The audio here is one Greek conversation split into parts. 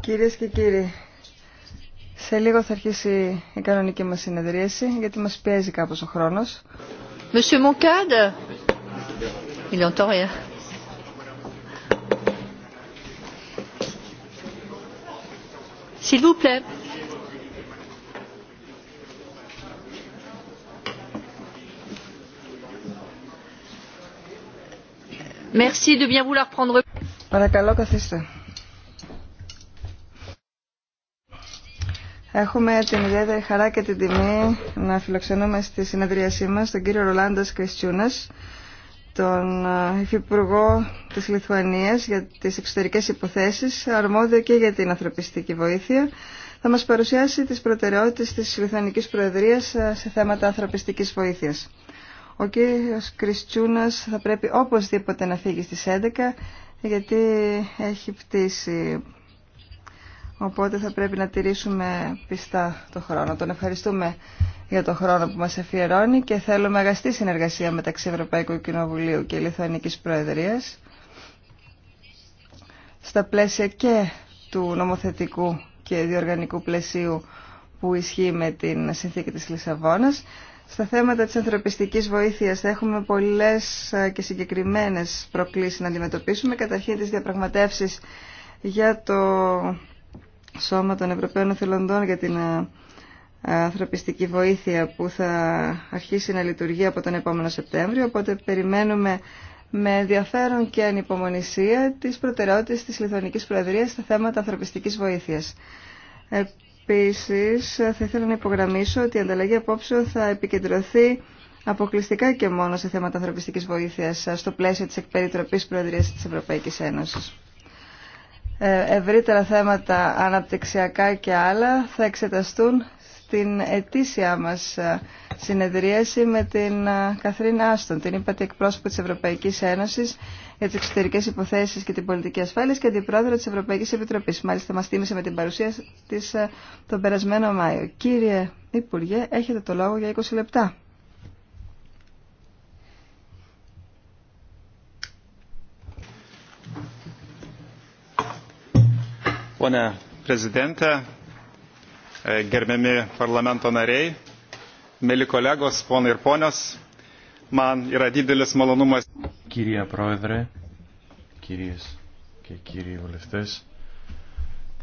Κυρίες και κύριοι, σε λίγο θα αρχίσει η κανονική μας συνεδρίαση, γιατί μας πιέζει κάπως ο χρόνος. Monsieur Moncade, il n'entend rien. S'il vous plaît. Merci de bien vouloir prendre. Παρακαλώ καθίστε. Έχουμε την ιδιαίτερη χαρά και την τιμή να φιλοξενούμε στη συνεδρίασή μας τον κύριο Ρολάντας Κριστιούνας, τον ε, Υφυπουργό της Λιθουανίας για τις εξωτερικές υποθέσεις, αρμόδιο και για την ανθρωπιστική βοήθεια. Θα μας παρουσιάσει τις προτεραιότητες της Λιθουανικής Προεδρίας ε, σε θέματα ανθρωπιστικής βοήθειας. Ο κύριος Κριστιούνας θα πρέπει οπωσδήποτε να φύγει στις 11 γιατί έχει πτήσει. Οπότε θα πρέπει να τηρήσουμε πιστά το χρόνο. Τον ευχαριστούμε για το χρόνο που μας αφιερώνει και θέλουμε αγαστή συνεργασία μεταξύ Ευρωπαϊκού Κοινοβουλίου και Λιθουανικής Προεδρίας στα πλαίσια και του νομοθετικού και διοργανικού πλαισίου που ισχύει με την συνθήκη της Λισαβόνας στα θέματα της ανθρωπιστικής βοήθειας έχουμε πολλές και συγκεκριμένες προκλήσεις να αντιμετωπίσουμε. Καταρχήν τις διαπραγματεύσεις για το Σώμα των Ευρωπαίων Εθελοντών για την ανθρωπιστική βοήθεια που θα αρχίσει να λειτουργεί από τον επόμενο Σεπτέμβριο. Οπότε περιμένουμε με ενδιαφέρον και ανυπομονησία τις προτεραιότητες της Λιθωνικής Προεδρίας στα θέματα ανθρωπιστικής βοήθειας. Ε, Επίση, θα ήθελα να υπογραμμίσω ότι η ανταλλαγή απόψεων θα επικεντρωθεί αποκλειστικά και μόνο σε θέματα ανθρωπιστική βοήθειας ε, στο πλαίσιο της εκπεριτροπής Προεδρίας της Ευρωπαϊκής Ένωσης. Ε, ευρύτερα θέματα αναπτυξιακά και άλλα θα εξεταστούν στην ετήσια μας ε, συνεδρίαση με την Καθρίν Άστον, την ΥΠΑΤΗ εκπρόσωπο της Ευρωπαϊκής Ένωσης για τι εξωτερικέ υποθέσει και την πολιτική ασφάλεια και αντιπρόεδρο τη Ευρωπαϊκή Επιτροπή. Μάλιστα, μα τίμησε με την παρουσία τη ε, τον περασμένο Μάιο. Κύριε Υπουργέ, έχετε το λόγο για 20 λεπτά. E, parlamento Ναρέι, Man Κυρία Πρόεδρε, κυρίες και κύριοι βουλευτές,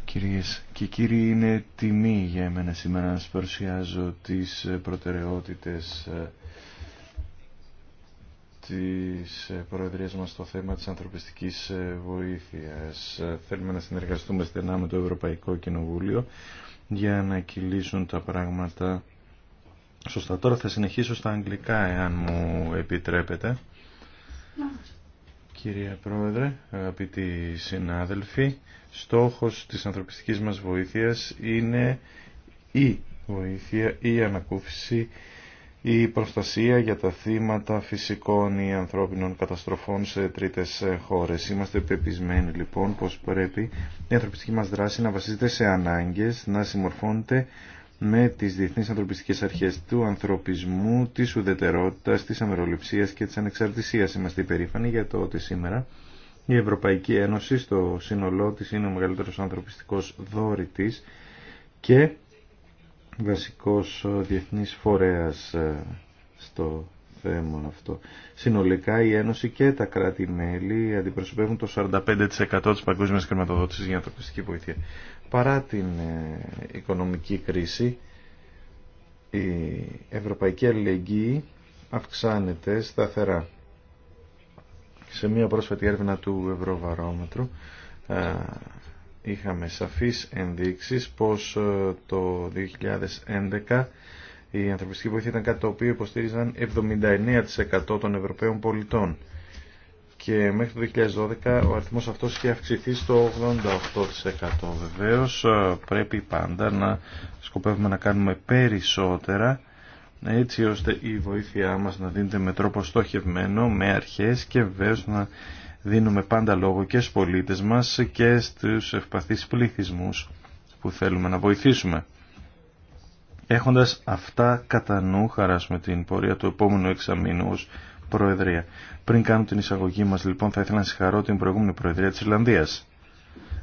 κυρίες και κύριοι, είναι τιμή για εμένα σήμερα να σας παρουσιάζω τις προτεραιότητες ε, της ε, Προεδρίας μας στο θέμα της ανθρωπιστικής ε, βοήθειας. Θέλουμε να συνεργαστούμε στενά με το Ευρωπαϊκό Κοινοβούλιο για να κυλήσουν τα πράγματα Σωστά, τώρα θα συνεχίσω στα αγγλικά, εάν μου επιτρέπετε. Κυρία Πρόεδρε, αγαπητοί συνάδελφοι, στόχος της ανθρωπιστικής μας βοήθειας είναι η βοήθεια, η ανακούφιση, η προστασία για τα θύματα φυσικών ή ανθρώπινων καταστροφών σε τρίτες χώρες. Είμαστε πεπισμένοι λοιπόν πως πρέπει η ανθρωπιστική μας δράση να βασίζεται σε ανάγκες, να συμμορφώνεται με τις διεθνείς ανθρωπιστικές αρχές του ανθρωπισμού, της ουδετερότητας, της αμεροληψίας και της ανεξαρτησίας. Είμαστε υπερήφανοι για το ότι σήμερα η Ευρωπαϊκή Ένωση στο σύνολό της είναι ο μεγαλύτερος ανθρωπιστικός δόρητης και βασικός διεθνής φορέας ε, στο θέμα αυτό. Συνολικά η Ένωση και τα κράτη-μέλη αντιπροσωπεύουν το 45% της παγκόσμιας χρηματοδότησης για ανθρωπιστική βοήθεια παρά την ε, οικονομική κρίση η ευρωπαϊκή αλληλεγγύη αυξάνεται σταθερά. Σε μία πρόσφατη έρευνα του Ευρωβαρόμετρου ε, είχαμε σαφείς ενδείξεις πως ε, το 2011 η ανθρωπιστική βοήθεια ήταν κάτι το οποίο υποστήριζαν 79% των Ευρωπαίων πολιτών και μέχρι το 2012 ο αριθμός αυτός είχε αυξηθεί στο 88%. Βεβαίως ε, πρέπει πάντα να σκοπεύουμε να κάνουμε περισσότερα έτσι ώστε η βοήθειά μας να δίνεται με τρόπο στοχευμένο, με αρχές και βεβαίω να δίνουμε πάντα λόγο και στους πολίτες μας και στους ευπαθείς πληθυσμούς που θέλουμε να βοηθήσουμε. Έχοντας αυτά κατά νου χαράσουμε την πορεία του επόμενου εξαμήνου Προεδρία. Πριν κάνω την εισαγωγή μας λοιπόν θα ήθελα να συγχαρώ την προηγούμενη Προεδρία της Ιρλανδίας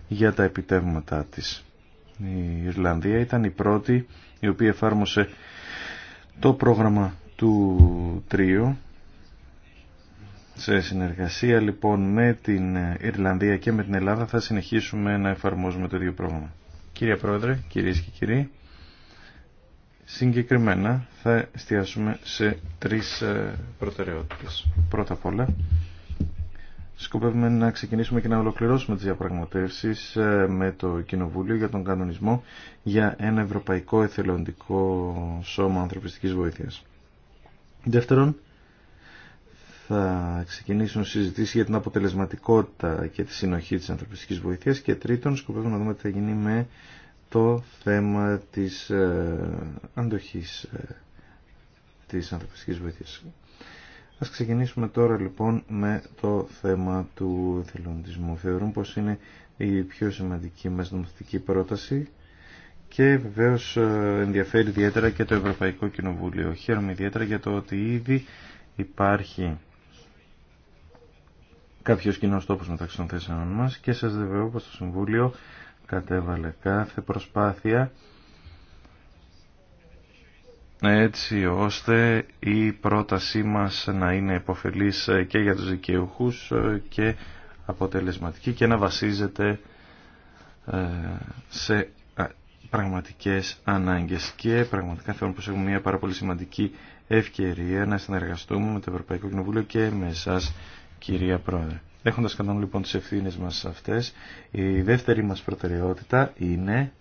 για τα επιτεύγματα της. Η Ιρλανδία ήταν η πρώτη η οποία εφάρμοσε το πρόγραμμα του τρίου σε συνεργασία λοιπόν με την Ιρλανδία και με την Ελλάδα θα συνεχίσουμε να εφαρμόζουμε το ίδιο πρόγραμμα. Κύριε Πρόεδρε, κυρίες και κύριοι, Συγκεκριμένα θα εστιάσουμε σε τρεις ε, προτεραιότητες. Πρώτα απ' όλα, σκοπεύουμε να ξεκινήσουμε και να ολοκληρώσουμε τις διαπραγματεύσεις ε, με το Κοινοβούλιο για τον κανονισμό για ένα Ευρωπαϊκό Εθελοντικό Σώμα Ανθρωπιστικής Βοήθειας. Δεύτερον, θα ξεκινήσουν συζητήσεις για την αποτελεσματικότητα και τη συνοχή της ανθρωπιστικής βοήθειας και τρίτον σκοπεύουμε να δούμε τι θα γίνει με το θέμα της ε, αντοχής ε, της ανθρωπιστικής βοήθειας. Ας ξεκινήσουμε τώρα λοιπόν με το θέμα του θελοντισμού. Θεωρούμε πως είναι η πιο σημαντική μας νομοθετική πρόταση και βεβαίως ε, ενδιαφέρει ιδιαίτερα και το Ευρωπαϊκό Κοινοβούλιο. Χαίρομαι ιδιαίτερα για το ότι ήδη υπάρχει κάποιος κοινός τόπος μεταξύ των θέσεων μας και σας βεβαιώ πως το Συμβούλιο κατέβαλε κάθε προσπάθεια έτσι ώστε η πρότασή μας να είναι υποφελής και για τους δικαιούχους και αποτελεσματική και να βασίζεται ε, σε πραγματικές ανάγκες και πραγματικά θεωρώ πως έχουμε μια πάρα πολύ σημαντική ευκαιρία να συνεργαστούμε με το Ευρωπαϊκό Κοινοβούλιο και με εσάς κυρία Πρόεδρε. Έχοντας κατά λοιπόν τις ευθύνες μας αυτές, η δεύτερη μας προτεραιότητα είναι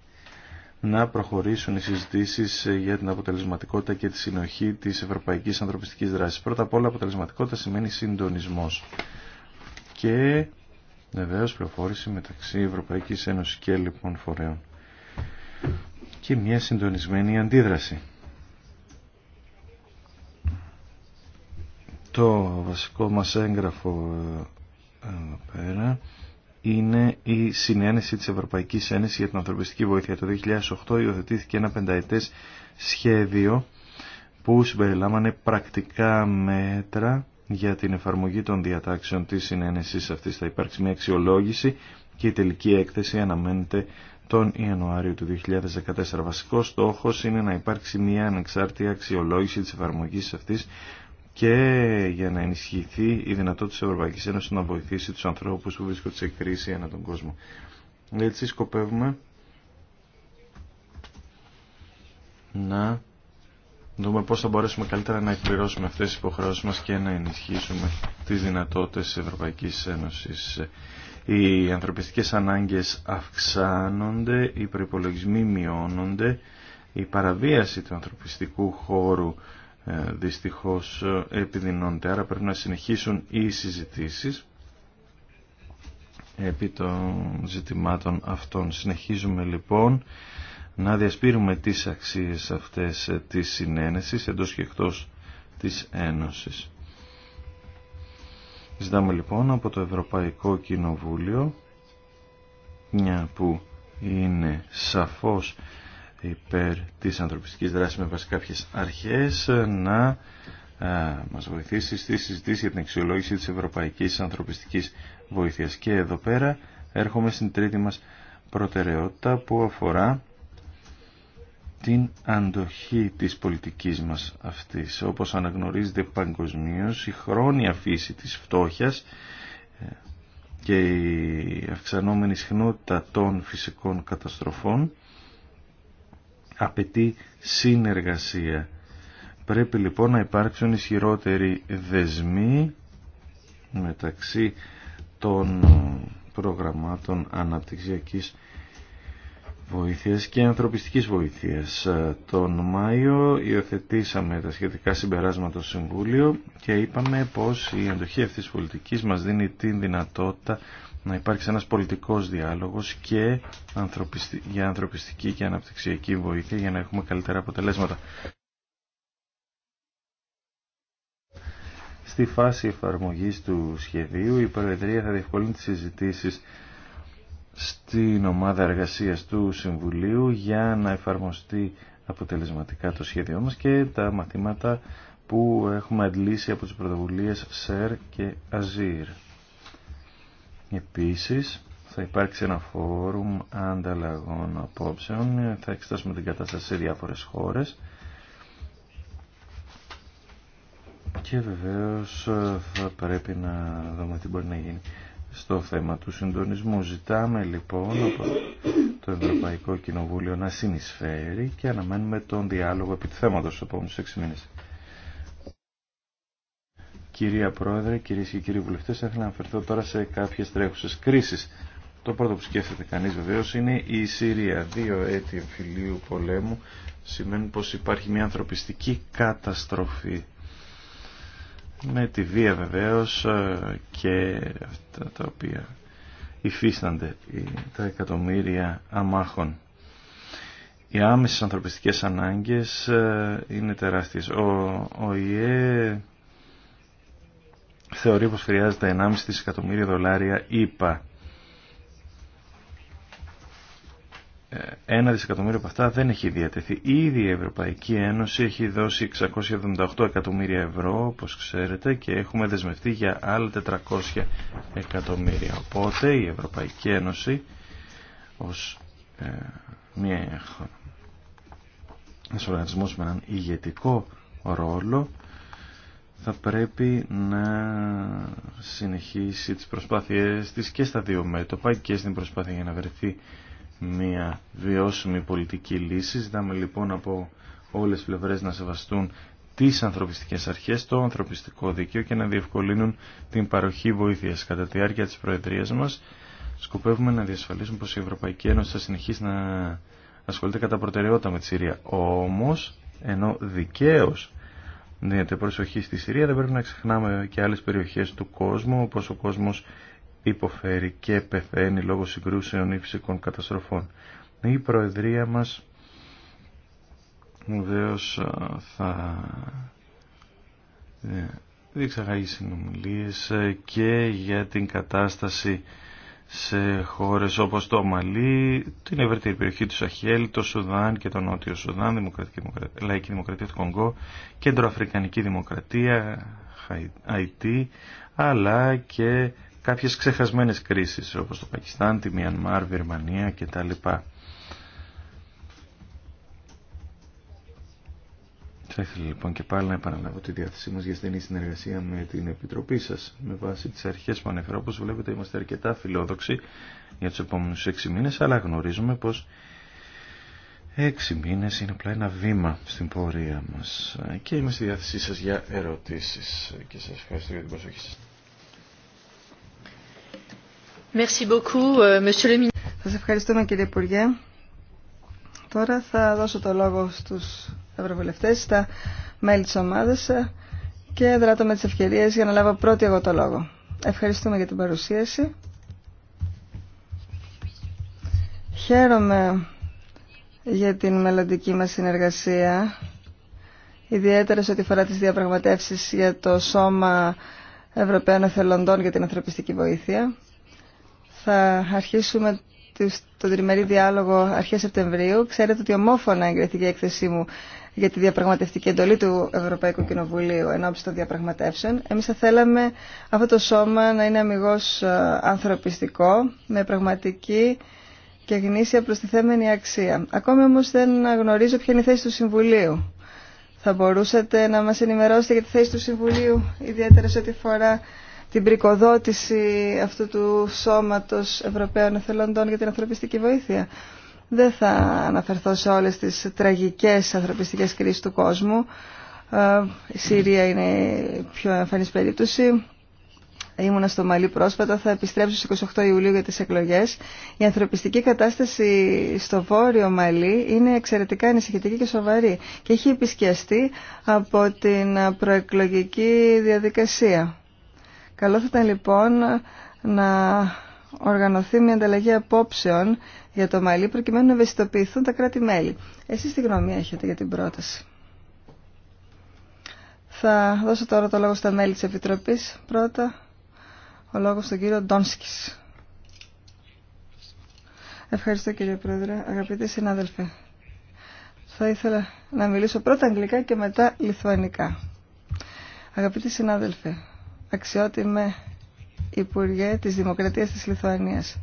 να προχωρήσουν οι συζητήσεις για την αποτελεσματικότητα και τη συνοχή της ευρωπαϊκής ανθρωπιστικής δράσης. Πρώτα απ' όλα αποτελεσματικότητα σημαίνει συντονισμός και βεβαίω πληροφόρηση μεταξύ Ευρωπαϊκής Ένωσης και λοιπόν φορέων και μια συντονισμένη αντίδραση. Το βασικό μας έγγραφο πέρα είναι η συνένεση της Ευρωπαϊκής Ένωσης για την ανθρωπιστική βοήθεια. Το 2008 υιοθετήθηκε ένα πενταετές σχέδιο που συμπεριλάμβανε πρακτικά μέτρα για την εφαρμογή των διατάξεων της συνένεσης αυτής. Θα υπάρξει μια αξιολόγηση και η τελική έκθεση αναμένεται τον Ιανουάριο του 2014. Βασικός στόχος είναι να υπάρξει μια ανεξάρτητη αξιολόγηση της εφαρμογής αυτής και για να ενισχυθεί η δυνατότητα της Ευρωπαϊκής Ένωσης να βοηθήσει τους ανθρώπους που βρίσκονται σε κρίση ανά τον κόσμο. Έτσι σκοπεύουμε να δούμε πώς θα μπορέσουμε καλύτερα να εκπληρώσουμε αυτές τις υποχρεώσεις μας και να ενισχύσουμε τις δυνατότητες της Ευρωπαϊκής Ένωσης. Οι ανθρωπιστικές ανάγκες αυξάνονται, οι προπολογισμοί μειώνονται, η παραβίαση του ανθρωπιστικού χώρου ε, δυστυχώς ε, επιδεινώνεται. Άρα πρέπει να συνεχίσουν οι συζητήσεις επί των ζητημάτων αυτών. Συνεχίζουμε λοιπόν να διασπείρουμε τις αξίες αυτές ε, της συνένεσης εντός και εκτός της Ένωσης. Ζητάμε λοιπόν από το Ευρωπαϊκό Κοινοβούλιο, μια που είναι σαφώς υπέρ της ανθρωπιστικής δράσης με βάση κάποιες αρχές ε, να ε, μας βοηθήσει στη συζήτηση για την αξιολόγηση της ευρωπαϊκής ανθρωπιστικής βοήθειας. Και εδώ πέρα έρχομαι στην τρίτη μας προτεραιότητα που αφορά την αντοχή της πολιτικής μας αυτής. Όπως αναγνωρίζεται παγκοσμίω, η χρόνια φύση της φτώχειας ε, και η αυξανόμενη συχνότητα των φυσικών καταστροφών απαιτεί συνεργασία. Πρέπει λοιπόν να υπάρξουν ισχυρότεροι δεσμοί μεταξύ των προγραμμάτων αναπτυξιακής βοήθειας και ανθρωπιστικής βοήθειας. Τον Μάιο υιοθετήσαμε τα σχετικά συμπεράσματα στο Συμβούλιο και είπαμε πως η αντοχή αυτής της πολιτικής μας δίνει την δυνατότητα να υπάρξει ένας πολιτικός διάλογος και για ανθρωπιστική και αναπτυξιακή βοήθεια για να έχουμε καλύτερα αποτελέσματα. Στη φάση εφαρμογής του σχεδίου η Προεδρία θα διευκολύνει τις συζητήσεις στην ομάδα εργασίας του Συμβουλίου για να εφαρμοστεί αποτελεσματικά το σχέδιό μας και τα μαθήματα που έχουμε αντλήσει από τις πρωτοβουλίες ΣΕΡ και ΑΖΙΡ. Επίσης, θα υπάρξει ένα φόρουμ ανταλλαγών απόψεων. Θα εξετάσουμε την κατάσταση σε διάφορες χώρες. Και βεβαίως ε, θα πρέπει να δούμε τι μπορεί να γίνει στο θέμα του συντονισμού. Ζητάμε λοιπόν από το Ευρωπαϊκό Κοινοβούλιο να συνεισφέρει και αναμένουμε τον διάλογο επί του θέματος στους επόμενους 6 μήνες. Κυρία Πρόεδρε, κυρίε και κύριοι βουλευτέ, θα ήθελα να αναφερθώ τώρα σε κάποιε τρέχουσε κρίσεις. Το πρώτο που σκέφτεται κανεί βεβαίω είναι η Συρία. Δύο έτη εμφυλίου πολέμου σημαίνουν πω υπάρχει μια ανθρωπιστική καταστροφή. Με τη βία βεβαίω ε, και αυτά τα οποία υφίστανται τα εκατομμύρια αμάχων. Οι άμεσες ανθρωπιστικές ανάγκες ε, είναι τεράστιες. Ο, ο ΙΕ θεωρεί πως χρειάζεται 1,5 δισεκατομμύρια δολάρια είπα ε, Ένα δισεκατομμύριο από αυτά δεν έχει διατεθεί. Ήδη η Ευρωπαϊκή Ένωση έχει δώσει 678 εκατομμύρια ευρώ, όπως ξέρετε, και έχουμε δεσμευτεί για άλλα 400 εκατομμύρια. Οπότε η Ευρωπαϊκή Ένωση, ως ε, μια, οργανισμός με έναν ηγετικό ρόλο, θα πρέπει να συνεχίσει τις προσπάθειές της και στα δύο μέτωπα και στην προσπάθεια για να βρεθεί μια βιώσιμη πολιτική λύση. Ζητάμε λοιπόν από όλες τις πλευρές να σεβαστούν τις ανθρωπιστικές αρχές, το ανθρωπιστικό δίκαιο και να διευκολύνουν την παροχή βοήθειας. Κατά τη διάρκεια της Προεδρίας μας σκοπεύουμε να διασφαλίσουμε πως η Ευρωπαϊκή Ένωση θα συνεχίσει να ασχολείται κατά προτεραιότητα με τη Συρία. Όμως, ενώ δικαίως δίνεται προσοχή στη Συρία, δεν πρέπει να ξεχνάμε και άλλες περιοχές του κόσμου, όπως ο κόσμος υποφέρει και πεθαίνει λόγω συγκρούσεων ή φυσικών καταστροφών. Η Προεδρία μας βεβαίω θα ε, διεξαγάγει συνομιλίες ε, και για την κατάσταση σε χώρες όπως το Μαλί, την ευρύτερη περιοχή του Σαχέλ, το Σουδάν και το Νότιο Σουδάν, Δημοκρατική, Λαϊκή Δημοκρατία του Κονγκό, Κεντροαφρικανική Δημοκρατία, Αιτή, αλλά και κάποιες ξεχασμένες κρίσεις όπως το Πακιστάν, τη Μιανμάρ, Βερμανία κτλ. Θα ήθελα λοιπόν και πάλι να επαναλάβω τη διάθεσή μας για στενή συνεργασία με την Επιτροπή σα Με βάση τις αρχέ που ανέφερα, όπω βλέπετε, είμαστε αρκετά φιλόδοξοι για του επόμενου έξι μήνε. αλλά γνωρίζουμε πω έξι μήνε είναι απλά ένα βήμα στην πορεία μα. Και είμαι στη διάθεσή σα για ερωτήσει και σα ευχαριστώ για την προσοχή Σα euh, Σα ευχαριστούμε κύριε Υπουργέ. Τώρα θα δώσω το λόγο στους ευρωβουλευτές, τα μέλη της ομάδας ε, και δράτω με τις για να λάβω πρώτη εγώ το λόγο. Ευχαριστούμε για την παρουσίαση. Χαίρομαι για την μελλοντική μας συνεργασία, ιδιαίτερα σε ό,τι αφορά τις διαπραγματεύσεις για το Σώμα Ευρωπαίων Εθελοντών για την Ανθρωπιστική Βοήθεια. Θα αρχίσουμε το τριμερή διάλογο αρχές Σεπτεμβρίου. Ξέρετε ότι ομόφωνα εγκριθήκε η έκθεσή μου για τη διαπραγματευτική εντολή του Ευρωπαϊκού Κοινοβουλίου ενώπιση των διαπραγματεύσεων. Εμείς θα θέλαμε αυτό το σώμα να είναι αμυγός ε, ανθρωπιστικό, με πραγματική και γνήσια προστιθέμενη αξία. Ακόμη όμως δεν γνωρίζω ποια είναι η θέση του Συμβουλίου. Θα μπορούσατε να μας ενημερώσετε για τη θέση του Συμβουλίου, ιδιαίτερα σε ό,τι φορά την πρικοδότηση αυτού του σώματος Ευρωπαίων Εθελοντών για την ανθρωπιστική βοήθεια. Δεν θα αναφερθώ σε όλες τις τραγικές ανθρωπιστικές κρίσεις του κόσμου. Ε, η Συρία είναι η πιο εμφανής περίπτωση. Ήμουνα στο Μαλί πρόσφατα, θα επιστρέψω στις 28 Ιουλίου για τις εκλογές. Η ανθρωπιστική κατάσταση στο βόρειο Μαλί είναι εξαιρετικά ανησυχητική και σοβαρή και έχει επισκιαστεί από την προεκλογική διαδικασία. Καλό θα ήταν λοιπόν να οργανωθεί μια ανταλλαγή απόψεων για το Μαλί προκειμένου να ευαισθητοποιηθούν τα κράτη-μέλη. Εσείς τι γνώμη έχετε για την πρόταση. Θα δώσω τώρα το λόγο στα μέλη της Επιτροπής. Πρώτα, ο λόγος στον κύριο Ντόνσκης. Ευχαριστώ κύριε Πρόεδρε, αγαπητοί συνάδελφοι. Θα ήθελα να μιλήσω πρώτα αγγλικά και μετά λιθουανικά. Αγαπητοί συνάδελφοι, αξιότιμε Υπουργέ της Δημοκρατίας της Λιθουανίας.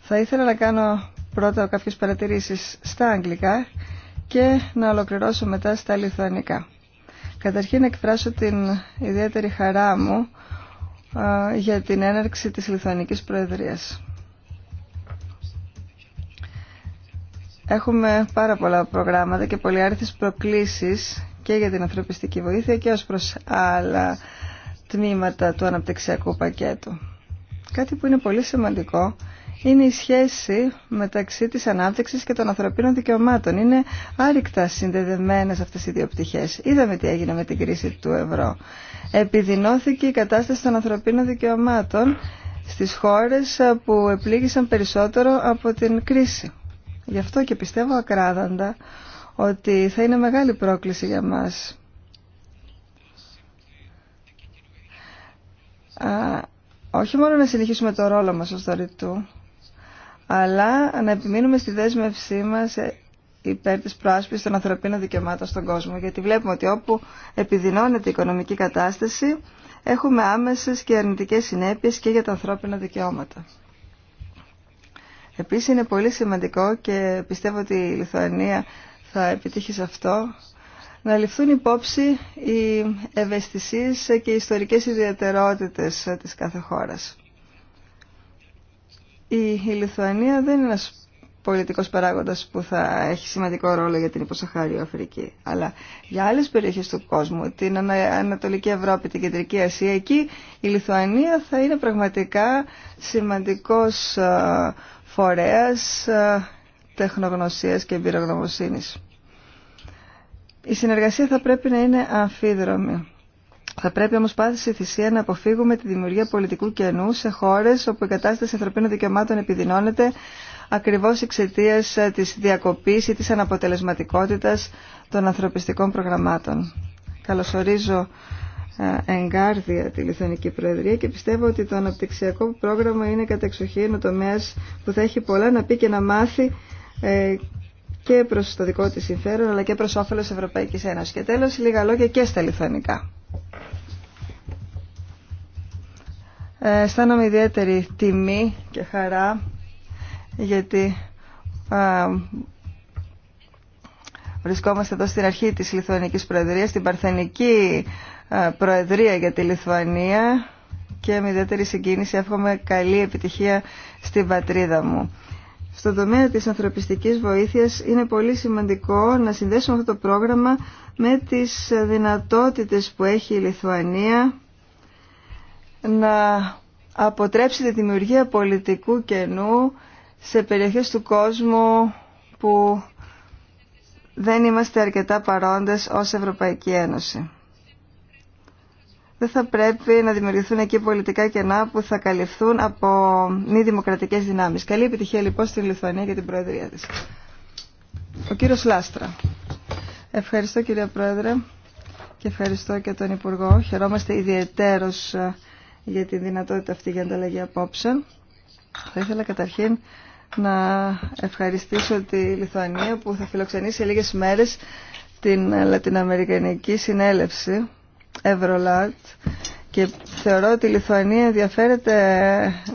Θα ήθελα να κάνω πρώτα κάποιες παρατηρήσεις στα αγγλικά και να ολοκληρώσω μετά στα λιθουανικά. Καταρχήν εκφράσω την ιδιαίτερη χαρά μου για την έναρξη της Λιθουανικής Προεδρίας. Έχουμε πάρα πολλά προγράμματα και πολυάριθμες προκλήσεις και για την ανθρωπιστική βοήθεια και ως προς άλλα τμήματα του αναπτυξιακού πακέτου. Κάτι που είναι πολύ σημαντικό είναι η σχέση μεταξύ της ανάπτυξης και των ανθρωπίνων δικαιωμάτων. Είναι άρρηκτα συνδεδεμένες αυτές οι δύο πτυχές. Είδαμε τι έγινε με την κρίση του ευρώ. Επιδεινώθηκε η κατάσταση των ανθρωπίνων δικαιωμάτων στις χώρες που επλήγησαν περισσότερο από την κρίση. Γι' αυτό και πιστεύω ακράδαντα ότι θα είναι μεγάλη πρόκληση για μας όχι μόνο να συνεχίσουμε το ρόλο μας ως δωρητού, αλλά να επιμείνουμε στη δέσμευσή μας ε, υπέρ της προάσπισης των ανθρωπίνων δικαιωμάτων στον κόσμο. Γιατί βλέπουμε ότι όπου επιδεινώνεται η οικονομική κατάσταση, έχουμε άμεσες και αρνητικές συνέπειες και για τα ανθρώπινα δικαιώματα. Επίσης είναι πολύ σημαντικό και πιστεύω ότι η Λιθουανία θα επιτύχει σε αυτό να ληφθούν υπόψη οι ευαισθησίες και οι ιστορικές ιδιαιτερότητες της κάθε χώρας. Η Λιθουανία δεν είναι ένας πολιτικός παράγοντας που θα έχει σημαντικό ρόλο για την υποσαχάριο Αφρική. Αλλά για άλλες περιοχές του κόσμου, την Ανατολική Ευρώπη, την Κεντρική Ασία, εκεί η Λιθουανία θα είναι πραγματικά σημαντικός ε, φορέας ε, τεχνογνωσίας και εμπειρογνωμοσύνης. Η συνεργασία θα πρέπει να είναι αμφίδρομη. Θα πρέπει όμω πάθηση στη θυσία να αποφύγουμε τη δημιουργία πολιτικού κενού σε χώρε όπου η κατάσταση ανθρωπίνων δικαιωμάτων επιδεινώνεται ακριβώ εξαιτία ε, τη διακοπή ή τη αναποτελεσματικότητα των ανθρωπιστικών προγραμμάτων. Καλωσορίζω ε, εγκάρδια τη Λιθουανική Προεδρία και πιστεύω ότι το αναπτυξιακό πρόγραμμα είναι κατεξοχήν ο τομέα που θα έχει πολλά να πει και να μάθει ε, και προ το δικό τη συμφέρον αλλά και προς όφελο Ευρωπαϊκή Ένωση. Και τέλος λίγα λόγια και στα λιθουανικά. Ε, αισθάνομαι ιδιαίτερη τιμή και χαρά γιατί βρισκόμαστε εδώ στην αρχή της Λιθουανικής Προεδρίας, στην Παρθενική Προεδρία για τη Λιθουανία και με ιδιαίτερη συγκίνηση εύχομαι καλή επιτυχία στην πατρίδα μου. Στον τομέα της ανθρωπιστικής βοήθειας είναι πολύ σημαντικό να συνδέσουμε αυτό το πρόγραμμα με τις δυνατότητες που έχει η Λιθουανία να αποτρέψει τη δημιουργία πολιτικού κενού σε περιοχές του κόσμου που δεν είμαστε αρκετά παρόντες ως Ευρωπαϊκή Ένωση δεν θα πρέπει να δημιουργηθούν εκεί πολιτικά κενά που θα καλυφθούν από μη δημοκρατικές δυνάμεις. Καλή επιτυχία λοιπόν στην Λιθουανία για την Προεδρία της. Ο κύριος Λάστρα. Ευχαριστώ κύριε Πρόεδρε και ευχαριστώ και τον Υπουργό. Χαιρόμαστε ιδιαιτέρως ε, για τη δυνατότητα αυτή για ανταλλαγή απόψε. Θα ήθελα καταρχήν να ευχαριστήσω τη Λιθουανία που θα φιλοξενήσει σε λίγες μέρες την Λατιναμερικανική συνέλευση Ευρωλάτ και θεωρώ ότι η Λιθουανία ενδιαφέρεται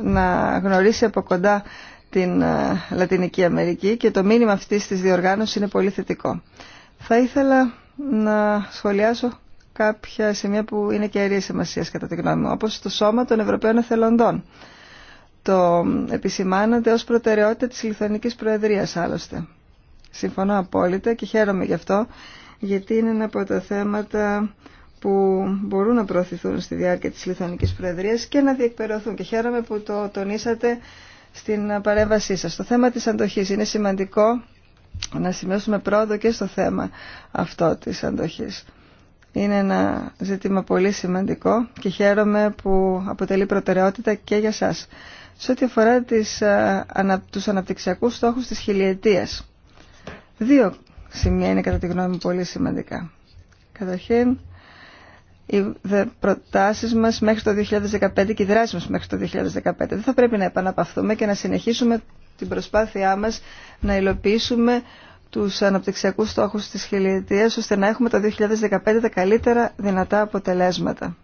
να γνωρίσει από κοντά την ε, Λατινική Αμερική και το μήνυμα αυτής της διοργάνωσης είναι πολύ θετικό. Θα ήθελα να σχολιάσω κάποια σημεία που είναι και σημασία κατά τη γνώμη μου, όπως το σώμα των Ευρωπαίων Εθελοντών. Το επισημάνονται ως προτεραιότητα της Λιθουανικής Προεδρίας άλλωστε. Συμφωνώ απόλυτα και χαίρομαι γι' αυτό, γιατί είναι ένα από τα θέματα που μπορούν να προωθηθούν στη διάρκεια της Λιθανικής Προεδρίας και να διεκπαιρεωθούν. Και χαίρομαι που το τονίσατε στην παρέμβασή σας. Το θέμα της αντοχής είναι σημαντικό να σημειώσουμε πρόοδο και στο θέμα αυτό της αντοχής. Είναι ένα ζήτημα πολύ σημαντικό και χαίρομαι που αποτελεί προτεραιότητα και για σας. Σε ό,τι αφορά τις, ανα, τους αναπτυξιακούς στόχους της Δύο σημεία είναι κατά τη γνώμη μου πολύ σημαντικά. Καταρχήν, οι προτάσεις μας μέχρι το 2015 και οι δράσεις μας μέχρι το 2015. Δεν θα πρέπει να επαναπαυθούμε και να συνεχίσουμε την προσπάθειά μας να υλοποιήσουμε τους αναπτυξιακούς στόχους της χιλιετίας ώστε να έχουμε το 2015 τα καλύτερα δυνατά αποτελέσματα.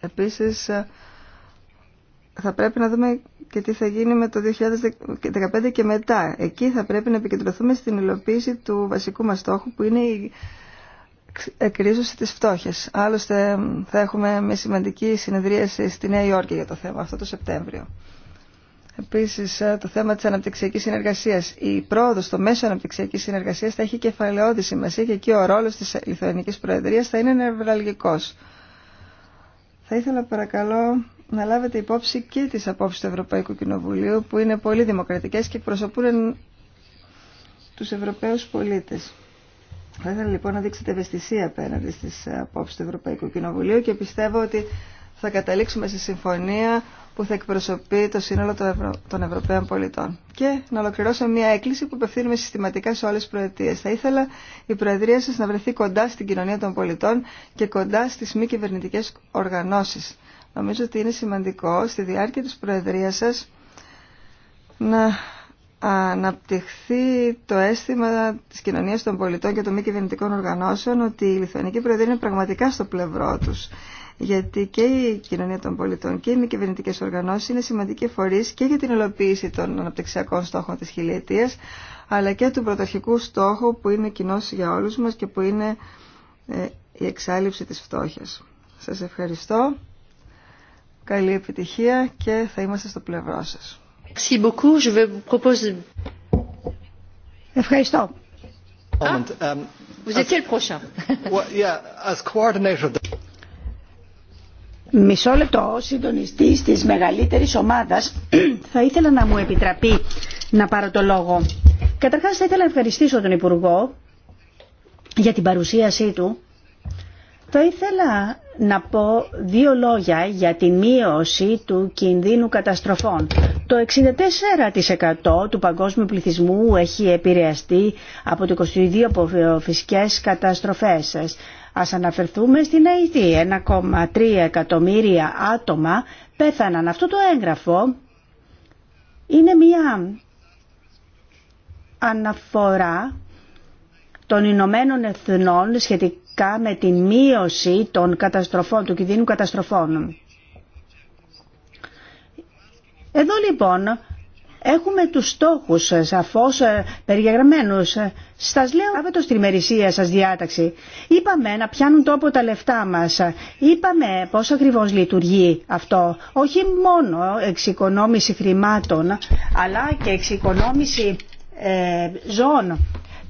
Επίσης θα πρέπει να δούμε και τι θα γίνει με το 2015 και μετά. Εκεί θα πρέπει να επικεντρωθούμε στην υλοποίηση του βασικού μας στόχου που είναι η εκρίζωση της φτώχειας. Άλλωστε θα έχουμε μια σημαντική συνεδρίαση στη Νέα Υόρκη για το θέμα αυτό το Σεπτέμβριο. Επίσης ε, το θέμα της αναπτυξιακής συνεργασίας. Η πρόοδος στο μέσο αναπτυξιακής συνεργασίας θα έχει κεφαλαιώδη σημασία και εκεί ο ρόλος της Λιθουανικής Προεδρίας θα είναι νευραλγικός. Θα ήθελα παρακαλώ να λάβετε υπόψη και τις απόψεις του Ευρωπαϊκού Κοινοβουλίου που είναι πολύ δημοκρατικές και εκπροσωπούν τους Ευρωπαίους πολίτες. Θα ήθελα λοιπόν να δείξετε ευαισθησία απέναντι στι απόψει του Ευρωπαϊκού Κοινοβουλίου και πιστεύω ότι θα καταλήξουμε σε συμφωνία που θα εκπροσωπεί το σύνολο των, Ευρω... των Ευρωπαίων πολιτών. Και να ολοκληρώσω μια έκκληση που απευθύνουμε συστηματικά σε όλε τι προεδρίε. Θα ήθελα η Προεδρία σα να βρεθεί κοντά στην κοινωνία των πολιτών και κοντά στι μη κυβερνητικέ οργανώσει. Νομίζω ότι είναι σημαντικό στη διάρκεια τη Προεδρία σα να αναπτυχθεί το αίσθημα της κοινωνίας των πολιτών και των μη κυβερνητικών οργανώσεων ότι η Λιθουανική Προεδρία είναι πραγματικά στο πλευρό τους. Γιατί και η κοινωνία των πολιτών και οι μη κυβερνητικέ οργανώσεις είναι σημαντικοί φορείς και για την υλοποίηση των αναπτυξιακών στόχων τη χιλιετία, αλλά και του πρωταρχικού στόχου που είναι κοινό για όλου μα και που είναι ε, η εξάλληψη τη φτώχεια. Σα ευχαριστώ. Καλή επιτυχία και θα είμαστε στο πλευρό σας. Ευχαριστώ. Um, Μισό λεπτό, συντονιστή τη μεγαλύτερη ομάδα, θα ήθελα να μου επιτραπεί να πάρω το λόγο. Καταρχά, θα ήθελα να ευχαριστήσω τον Υπουργό για την παρουσίασή του. Θα ήθελα να πω δύο λόγια για τη μείωση του κινδύνου καταστροφών. Το 64% του παγκόσμιου πληθυσμού έχει επηρεαστεί από το 22 από φυσικές καταστροφές. Ας αναφερθούμε στην ΑΕΤ. 1,3 εκατομμύρια άτομα πέθαναν. Αυτό το έγγραφο είναι μια αναφορά των Ηνωμένων Εθνών σχετικά με τη μείωση των καταστροφών, του κινδύνου καταστροφών. Εδώ λοιπόν έχουμε τους στόχους ε, σαφώς ε, περιγραμμένους ε, Σας λέω από το στην σας διάταξη. Είπαμε να πιάνουν τόπο τα λεφτά μας. Είπαμε πώς ακριβώς λειτουργεί αυτό. Όχι μόνο εξοικονόμηση χρημάτων αλλά και εξοικονόμηση ε, ζώων.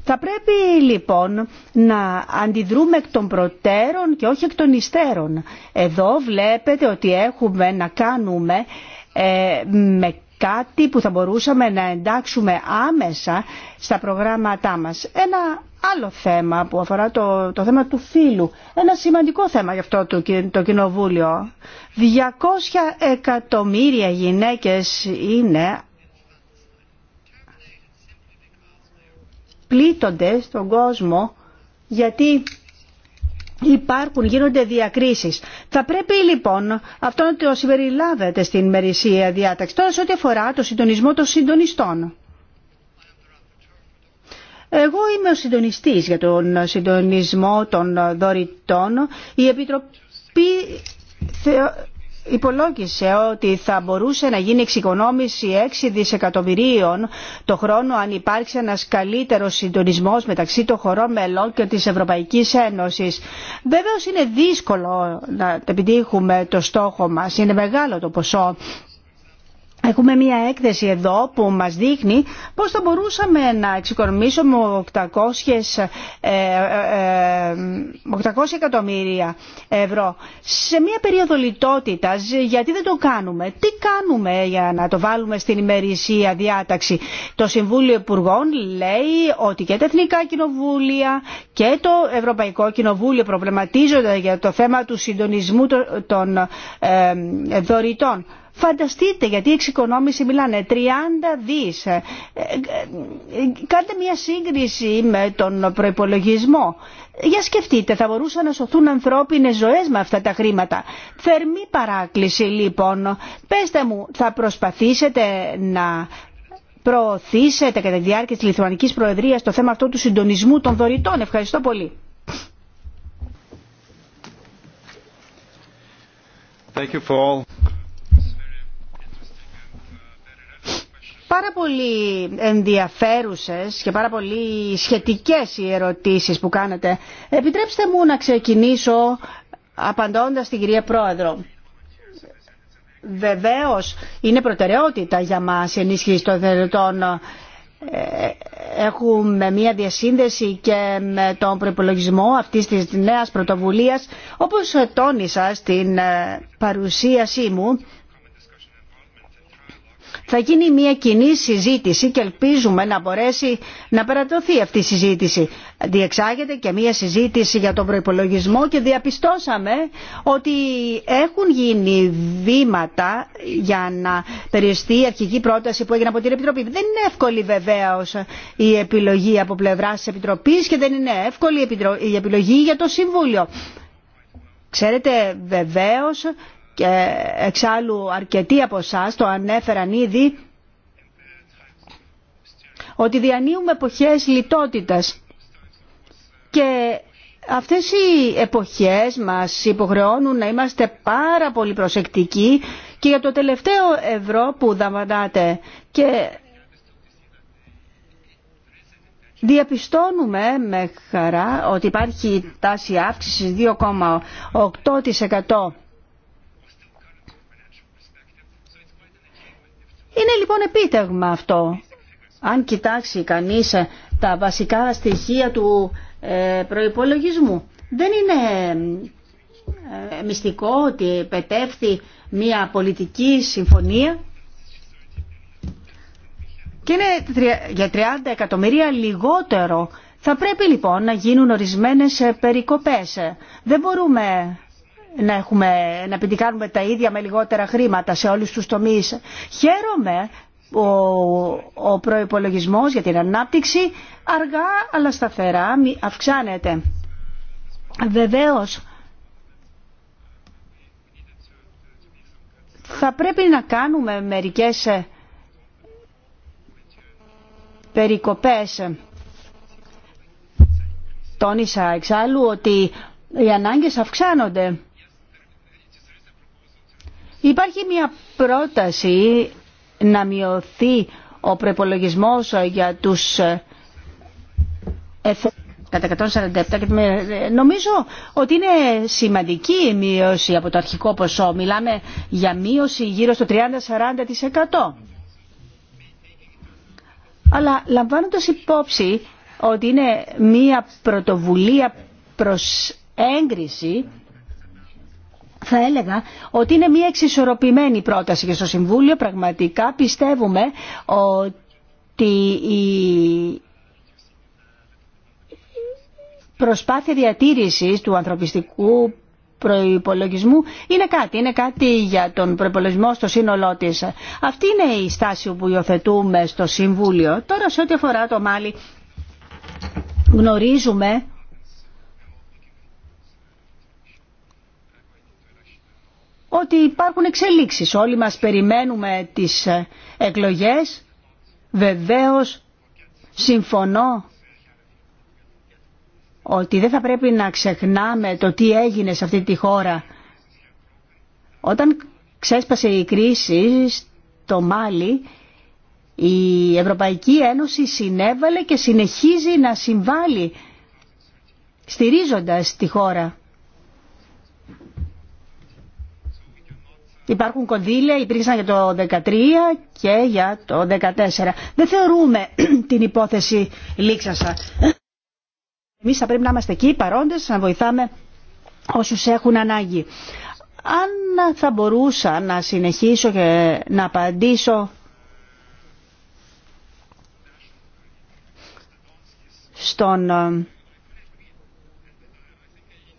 Θα πρέπει λοιπόν να αντιδρούμε εκ των προτέρων και όχι εκ των υστέρων. Εδώ βλέπετε ότι έχουμε να κάνουμε ε, με κάτι που θα μπορούσαμε να εντάξουμε άμεσα στα προγράμματά μας. Ένα άλλο θέμα που αφορά το, το θέμα του φύλου. Ένα σημαντικό θέμα γι' αυτό το, το Κοινοβούλιο. 200 εκατομμύρια γυναίκες είναι πλήττονται στον κόσμο γιατί υπάρχουν, γίνονται διακρίσεις. Θα πρέπει λοιπόν αυτό να το συμπεριλάβετε στην μερισία διάταξη. Τώρα σε ό,τι αφορά το συντονισμό των συντονιστών. Εγώ είμαι ο συντονιστής για τον συντονισμό των δωρητών. Η Επιτροπή υπολόγισε ότι θα μπορούσε να γίνει εξοικονόμηση 6 δισεκατομμυρίων το χρόνο αν υπάρξει ένας καλύτερος συντονισμός μεταξύ των χωρών μελών και της Ευρωπαϊκής Ένωσης. Βεβαίως είναι δύσκολο να επιτύχουμε το στόχο μας, είναι μεγάλο το ποσό Έχουμε μία έκθεση εδώ που μας δείχνει πώς θα μπορούσαμε να εξοικονομήσουμε 800, ε, ε, ε, εκατομμύρια ευρώ σε μία περίοδο λιτότητας, γιατί δεν το κάνουμε. Τι κάνουμε για να το βάλουμε στην ημερησία διάταξη. Το Συμβούλιο Υπουργών λέει ότι και τα Εθνικά Κοινοβούλια και το Ευρωπαϊκό Κοινοβούλιο προβληματίζονται για το θέμα του συντονισμού των δωρητών. Φανταστείτε γιατί η εξοικονόμηση μιλάνε 30 δις. Ε, ε, κάντε μια σύγκριση με τον προϋπολογισμό. Για σκεφτείτε, θα μπορούσαν να σωθούν ανθρώπινες ζωές με αυτά τα χρήματα. Θερμή παράκληση λοιπόν. Πέστε μου, θα προσπαθήσετε να προωθήσετε κατά τη διάρκεια της Λιθουανικής Προεδρίας το θέμα αυτό του συντονισμού των δωρητών. Ευχαριστώ πολύ. Thank you for all. πάρα πολύ ενδιαφέρουσες και πάρα πολύ σχετικές οι ερωτήσεις που κάνετε. Επιτρέψτε μου να ξεκινήσω απαντώντας στην κυρία Πρόεδρο. Βεβαίως είναι προτεραιότητα για μας η ενίσχυση των θελετών ε, έχουμε μία διασύνδεση και με τον προπολογισμό αυτής της νέας πρωτοβουλίας. Όπως τόνισα στην παρουσίασή μου, θα γίνει μια κοινή συζήτηση και ελπίζουμε να μπορέσει να περατωθεί αυτή η συζήτηση. Διεξάγεται και μια συζήτηση για τον προϋπολογισμό και διαπιστώσαμε ότι έχουν γίνει βήματα για να περιοριστεί η αρχική πρόταση που έγινε από την Επιτροπή. Δεν είναι εύκολη βεβαίω η επιλογή από πλευρά τη Επιτροπή και δεν είναι εύκολη η επιλογή για το Συμβούλιο. Ξέρετε βεβαίως και εξάλλου αρκετοί από εσά το ανέφεραν ήδη ότι διανύουμε εποχές λιτότητας και αυτές οι εποχές μας υποχρεώνουν να είμαστε πάρα πολύ προσεκτικοί και για το τελευταίο ευρώ που δαμβανάτε και Διαπιστώνουμε με χαρά ότι υπάρχει τάση αύξησης 2,8% Είναι λοιπόν επίτευγμα αυτό. Αν κοιτάξει κανείς ε, τα βασικά στοιχεία του ε, προϋπολογισμού. Δεν είναι ε, μυστικό ότι πετεύθη μια πολιτική συμφωνία και είναι για 30 εκατομμυρία λιγότερο. Θα πρέπει λοιπόν να γίνουν ορισμένες περικοπές. Δεν μπορούμε να, έχουμε, να τα ίδια με λιγότερα χρήματα σε όλους τους τομείς. Χαίρομαι ο, ο προϋπολογισμός για την ανάπτυξη αργά αλλά σταθερά αυξάνεται. Βεβαίως θα πρέπει να κάνουμε μερικές ε, περικοπές. Τόνισα εξάλλου ότι οι ανάγκες αυξάνονται. Υπάρχει μια πρόταση να μειωθεί ο προπολογισμό για τους ε, κατά 147 νομίζω ότι είναι σημαντική η μείωση από το αρχικό ποσό. Μιλάμε για μείωση γύρω στο 30-40%. Αλλά λαμβάνοντας υπόψη ότι είναι μία πρωτοβουλία προς έγκριση θα έλεγα ότι είναι μια εξισορροπημένη πρόταση και στο Συμβούλιο πραγματικά πιστεύουμε ότι η προσπάθεια διατήρησης του ανθρωπιστικού προϋπολογισμού είναι κάτι, είναι κάτι για τον προϋπολογισμό στο σύνολό της. Αυτή είναι η στάση που υιοθετούμε στο Συμβούλιο. Τώρα σε ό,τι αφορά το Μάλι γνωρίζουμε ότι υπάρχουν εξελίξεις. Όλοι μας περιμένουμε τις ε, εκλογές. Βεβαίως συμφωνώ ότι δεν θα πρέπει να ξεχνάμε το τι έγινε σε αυτή τη χώρα. Όταν ξέσπασε η κρίση στο Μάλι, η Ευρωπαϊκή Ένωση συνέβαλε και συνεχίζει να συμβάλλει στηρίζοντας τη χώρα. Υπάρχουν κονδύλια, υπήρξαν για το 2013 και για το 2014. Δεν θεωρούμε την υπόθεση λήξασα. Εμείς θα πρέπει να είμαστε εκεί παρόντες, να βοηθάμε όσους έχουν ανάγκη. Αν θα μπορούσα να συνεχίσω και να απαντήσω στον ε,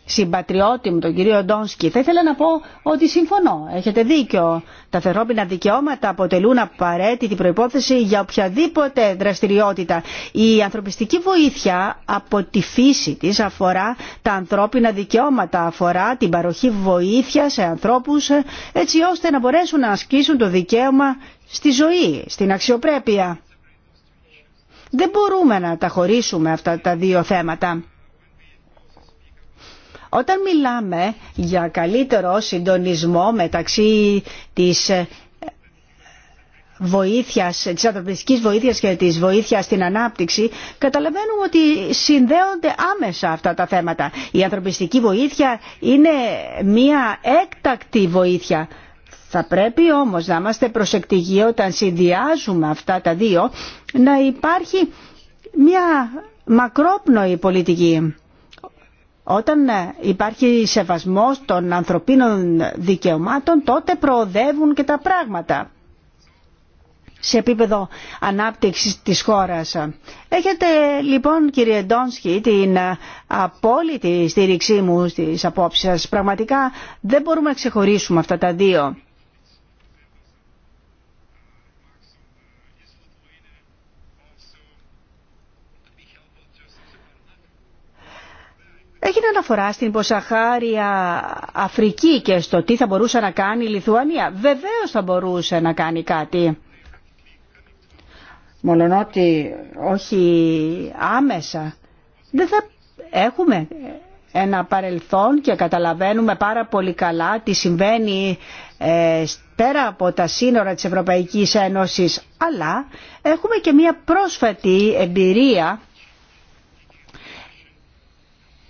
συμπατριώτη μου, τον κύριο Ντόνσκι, θα ήθελα να πω ότι συμφωνώ. Έχετε δίκιο. Τα ανθρώπινα δικαιώματα αποτελούν απαραίτητη προϋπόθεση για οποιαδήποτε δραστηριότητα. Η ανθρωπιστική βοήθεια από τη φύση της αφορά τα ανθρώπινα δικαιώματα, αφορά την παροχή βοήθεια σε ανθρώπους έτσι ώστε να μπορέσουν να ασκήσουν το δικαίωμα στη ζωή, στην αξιοπρέπεια. Δεν μπορούμε να τα χωρίσουμε αυτά τα δύο θέματα. Όταν μιλάμε για καλύτερο συντονισμό μεταξύ της ε, βοήθειας, της ανθρωπιστικής βοήθειας και της βοήθειας στην ανάπτυξη, καταλαβαίνουμε ότι συνδέονται άμεσα αυτά τα θέματα. Η ανθρωπιστική βοήθεια είναι μία έκτακτη βοήθεια. Θα πρέπει όμως να είμαστε προσεκτικοί όταν συνδυάζουμε αυτά τα δύο, να υπάρχει μία μακρόπνοη πολιτική. Όταν ε, υπάρχει σεβασμός των ανθρωπίνων δικαιωμάτων, τότε προοδεύουν και τα πράγματα σε επίπεδο ανάπτυξης της χώρας. Έχετε λοιπόν κύριε Ντόνσκι την ε, απόλυτη στήριξή μου στις απόψεις σας. Πραγματικά δεν μπορούμε να ξεχωρίσουμε αυτά τα δύο. να αναφορά στην Ποσαχάρια Αφρική και στο τι θα μπορούσε να κάνει η Λιθουανία. Βεβαίως θα μπορούσε να κάνει κάτι. ότι όχι άμεσα. Δεν θα έχουμε ένα παρελθόν και καταλαβαίνουμε πάρα πολύ καλά τι συμβαίνει ε, πέρα από τα σύνορα της Ευρωπαϊκής Ένωσης. Αλλά έχουμε και μία πρόσφατη εμπειρία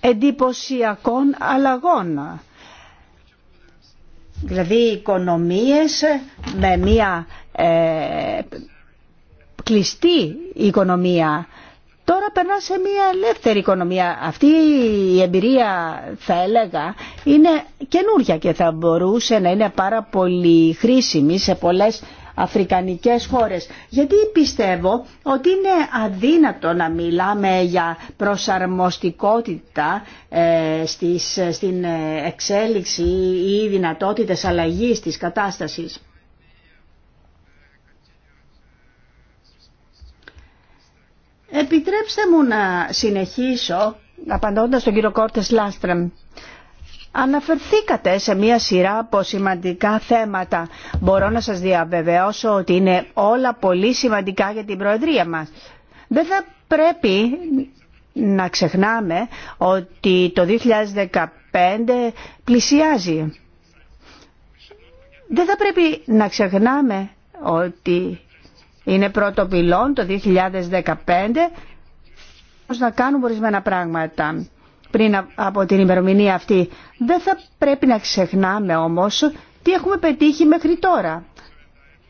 εντυπωσιακών αλλαγών. Δηλαδή οικονομίες με μία ε, κλειστή οικονομία. Τώρα περνά σε μια ελεύθερη οικονομία. Αυτή η εμπειρία θα έλεγα είναι καινούρια και θα μπορούσε να είναι πάρα πολύ χρήσιμη σε πολλές αφρικανικές χώρες. Γιατί πιστεύω ότι είναι αδύνατο να μιλάμε για προσαρμοστικότητα ε, στην εξέλιξη ή δυνατότητες αλλαγής της κατάστασης. Επιτρέψτε μου να συνεχίσω απαντώντας τον κύριο Κόρτες Λάστρεμ. Αναφερθήκατε σε μία σειρά από σημαντικά θέματα. Μπορώ να σας διαβεβαιώσω ότι είναι όλα πολύ σημαντικά για την Προεδρία μας. Δεν θα πρέπει να ξεχνάμε ότι το 2015 πλησιάζει. Δεν θα πρέπει να ξεχνάμε ότι είναι πρώτο πυλόν το 2015 να κάνουμε ορισμένα πράγματα πριν από την ημερομηνία αυτή. Δεν θα πρέπει να ξεχνάμε όμως τι έχουμε πετύχει μέχρι τώρα.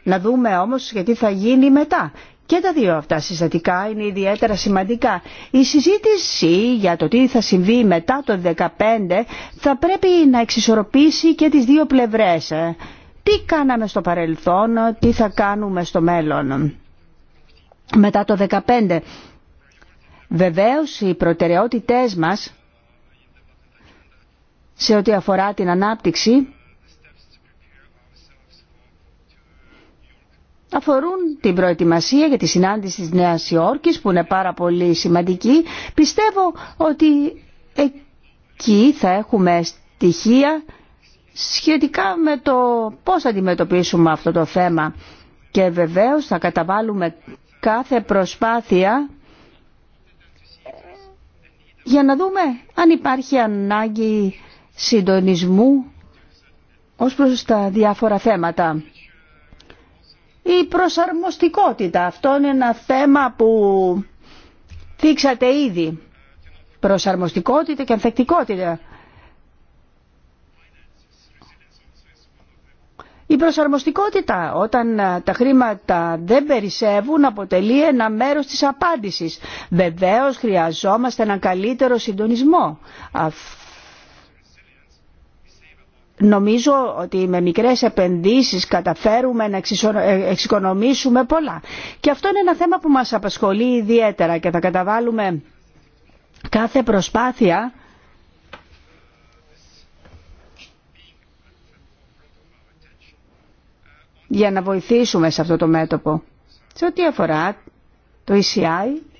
Να δούμε όμως γιατί θα γίνει μετά. Και τα δύο αυτά συστατικά είναι ιδιαίτερα σημαντικά. Η συζήτηση για το τι θα συμβεί μετά το 2015 θα πρέπει να εξισορροπήσει και τις δύο πλευρές. Τι κάναμε στο παρελθόν, τι θα κάνουμε στο μέλλον. Μετά το 2015. Βεβαίως οι προτεραιότητές μας σε ό,τι αφορά την ανάπτυξη αφορούν την προετοιμασία για τη συνάντηση της Νέας Υόρκης που είναι πάρα πολύ σημαντική. Πιστεύω ότι εκεί θα έχουμε στοιχεία σχετικά με το πώς αντιμετωπίσουμε αυτό το θέμα και βεβαίως θα καταβάλουμε κάθε προσπάθεια για να δούμε αν υπάρχει ανάγκη συντονισμού ως προς τα διάφορα θέματα. Η προσαρμοστικότητα, αυτό είναι ένα θέμα που θίξατε ήδη. Προσαρμοστικότητα και ανθεκτικότητα. Η προσαρμοστικότητα όταν τα χρήματα δεν περισσεύουν αποτελεί ένα μέρος της απάντησης. Βεβαίως χρειαζόμαστε έναν καλύτερο συντονισμό. Αυτό Νομίζω ότι με μικρές επενδύσεις καταφέρουμε να ε, εξοικονομήσουμε πολλά. Και αυτό είναι ένα θέμα που μας απασχολεί ιδιαίτερα και θα καταβάλουμε κάθε προσπάθεια για να βοηθήσουμε σε αυτό το μέτωπο. Σε ό,τι αφορά το ECI,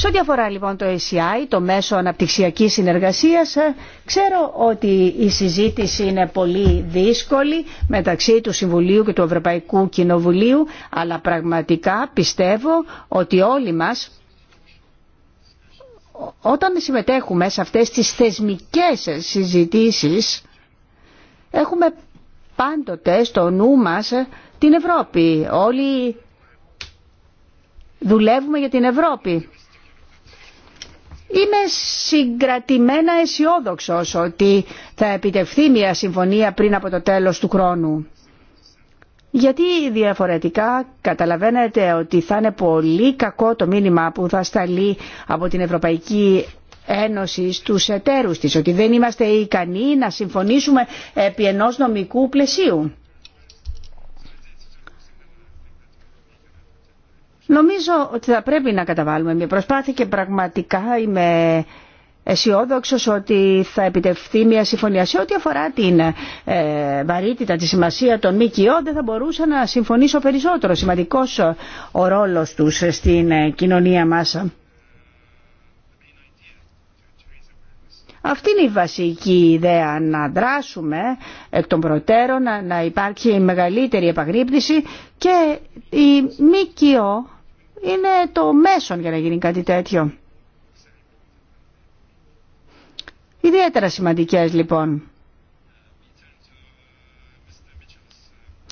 Σε ό,τι αφορά λοιπόν το ACI, το μέσο αναπτυξιακής συνεργασίας, ε, ξέρω ότι η συζήτηση είναι πολύ δύσκολη μεταξύ του Συμβουλίου και του Ευρωπαϊκού Κοινοβουλίου, αλλά πραγματικά πιστεύω ότι όλοι μας όταν συμμετέχουμε σε αυτές τις θεσμικές συζητήσεις έχουμε πάντοτε στο νου μας ε, την Ευρώπη. Όλοι δουλεύουμε για την Ευρώπη. Είμαι συγκρατημένα αισιόδοξο ότι θα επιτευχθεί μια συμφωνία πριν από το τέλος του χρόνου. Γιατί διαφορετικά καταλαβαίνετε ότι θα είναι πολύ κακό το μήνυμα που θα σταλεί από την Ευρωπαϊκή Ένωση στους εταίρους της, ότι δεν είμαστε ικανοί να συμφωνήσουμε επί ενός νομικού πλαισίου. Νομίζω ότι θα πρέπει να καταβάλουμε μια προσπάθεια και πραγματικά είμαι αισιόδοξο ότι θα επιτευχθεί μια συμφωνία. Σε ό,τι αφορά την ε, βαρύτητα, τη σημασία των ΜΚΟ, δεν θα μπορούσα να συμφωνήσω περισσότερο. Σημαντικό ο ρόλο του στην ε, κοινωνία μα. Αυτή είναι η βασική ιδέα, να δράσουμε εκ των προτέρων, να, υπάρχει μεγαλύτερη επαγρύπτηση και η ΜΚΟ είναι το μέσον για να γίνει κάτι τέτοιο. Ιδιαίτερα σημαντικές λοιπόν.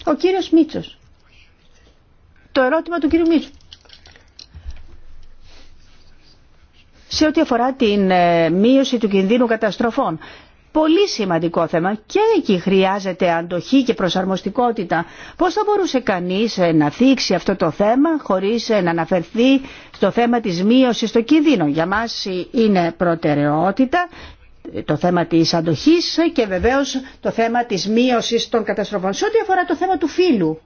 Ο κύριος Μίτσος. Το ερώτημα του κύριου Μίτσου. σε ό,τι αφορά την ε, μείωση του κινδύνου καταστροφών πολύ σημαντικό θέμα και εκεί χρειάζεται αντοχή και προσαρμοστικότητα. Πώς θα μπορούσε κανείς ε, να θίξει αυτό το θέμα χωρίς ε, να αναφερθεί στο θέμα της μείωσης των κινδύνων. Για μας ε, είναι προτεραιότητα το θέμα της αντοχής και βεβαίως το θέμα της μείωσης των καταστροφών. Σε ό,τι αφορά το θέμα του φύλου,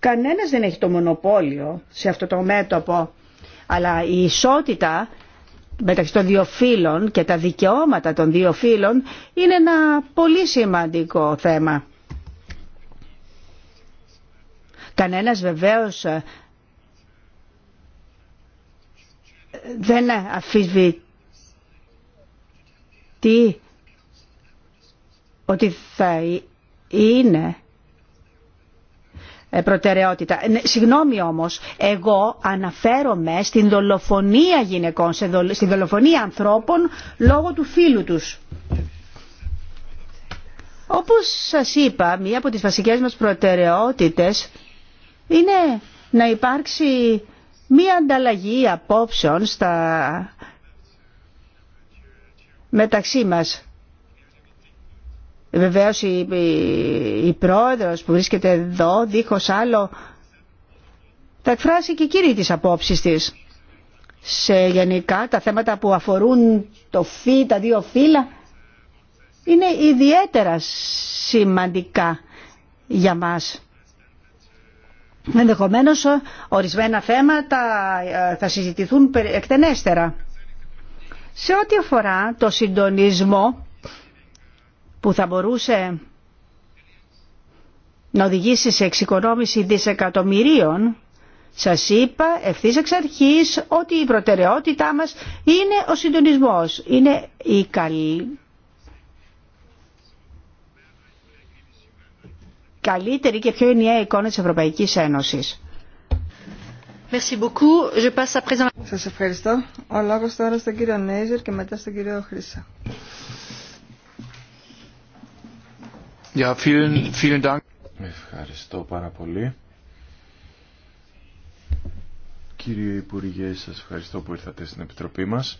Κανένας δεν έχει το μονοπόλιο σε αυτό το μέτωπο, αλλά η ισότητα μεταξύ των δύο φύλων και τα δικαιώματα των δύο φύλων είναι ένα πολύ σημαντικό θέμα. Κανένας βεβαίως δεν αφισβητεί ότι θα είναι ε, προτεραιότητα. Ε, ναι, συγγνώμη όμως, εγώ αναφέρομαι στην δολοφονία γυναικών, στην δολοφονία ανθρώπων λόγω του φίλου τους. Όπως σας είπα, μία από τις βασικές μας προτεραιότητες είναι να υπάρξει μία ανταλλαγή απόψεων στα... μεταξύ μας. Βεβαίω, η, η, που βρίσκεται εδώ δίχως άλλο θα εκφράσει και κύριοι τι απόψει της σε γενικά τα θέματα που αφορούν το φύ, τα δύο φύλλα είναι ιδιαίτερα σημαντικά για μας. Ενδεχομένω ορισμένα θέματα ε, θα συζητηθούν εκτενέστερα. Σε ό,τι αφορά το συντονισμό που θα μπορούσε να οδηγήσει σε εξοικονόμηση δισεκατομμυρίων, σας είπα ευθύς εξ αρχής ότι η προτεραιότητά μας είναι ο συντονισμός, είναι η καλή... καλύτερη και πιο ενιαία εικόνα της Ευρωπαϊκής Ένωσης. Σας ευχαριστώ. Ο λόγος τώρα στον κύριο Νέιζερ και μετά στον κύριο Χρύσα. Ευχαριστώ πάρα πολύ. Κύριε Υπουργέ, σας ευχαριστώ που ήρθατε στην Επιτροπή μας.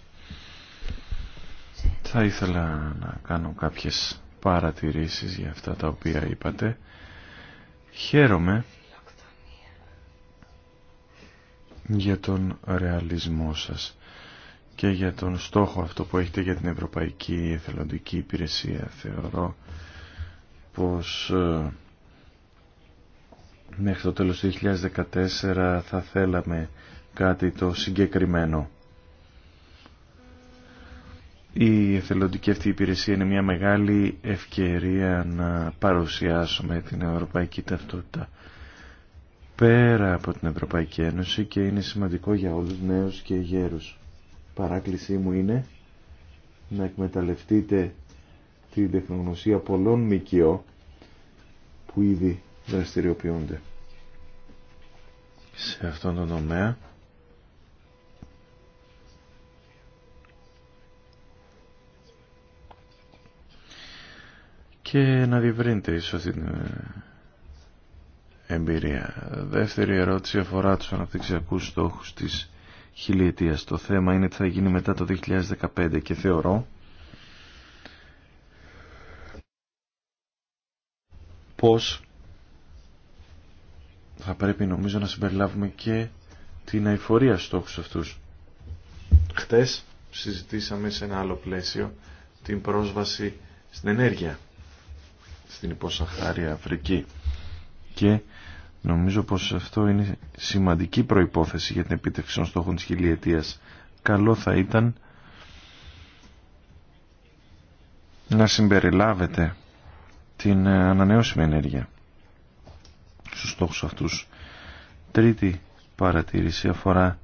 Θα ήθελα να κάνω κάποιες παρατηρήσεις για αυτά τα οποία είπατε. Χαίρομαι για τον ρεαλισμό σας και για τον στόχο αυτό που έχετε για την Ευρωπαϊκή Εθελοντική Υπηρεσία. Θεωρώ πως ε, μέχρι το τέλος του 2014 θα θέλαμε κάτι το συγκεκριμένο. Η εθελοντική αυτή υπηρεσία είναι μια μεγάλη ευκαιρία να παρουσιάσουμε την ευρωπαϊκή ταυτότητα πέρα από την Ευρωπαϊκή Ένωση και είναι σημαντικό για όλους νέους και γέρους. Παράκλησή μου είναι να εκμεταλλευτείτε την τεχνογνωσία πολλών ΜΚΟ που ήδη δραστηριοποιούνται σε αυτόν τον τομέα. και να διευρύνεται ίσως την ε, εμπειρία. Δεύτερη ερώτηση αφορά τους αναπτυξιακούς στόχους της χιλιετίας. Το θέμα είναι τι θα γίνει μετά το 2015 και θεωρώ πως θα πρέπει νομίζω να συμπεριλάβουμε και την αηφορία στόχους αυτούς. Χτες συζητήσαμε σε ένα άλλο πλαίσιο την πρόσβαση στην ενέργεια στην υποσαχάρια Αφρική και νομίζω πως αυτό είναι σημαντική προϋπόθεση για την επίτευξη των στόχων της χιλιετίας. Καλό θα ήταν να συμπεριλάβετε την ε, ανανεώσιμη ενέργεια στους στόχους αυτούς. Τρίτη παρατήρηση αφορά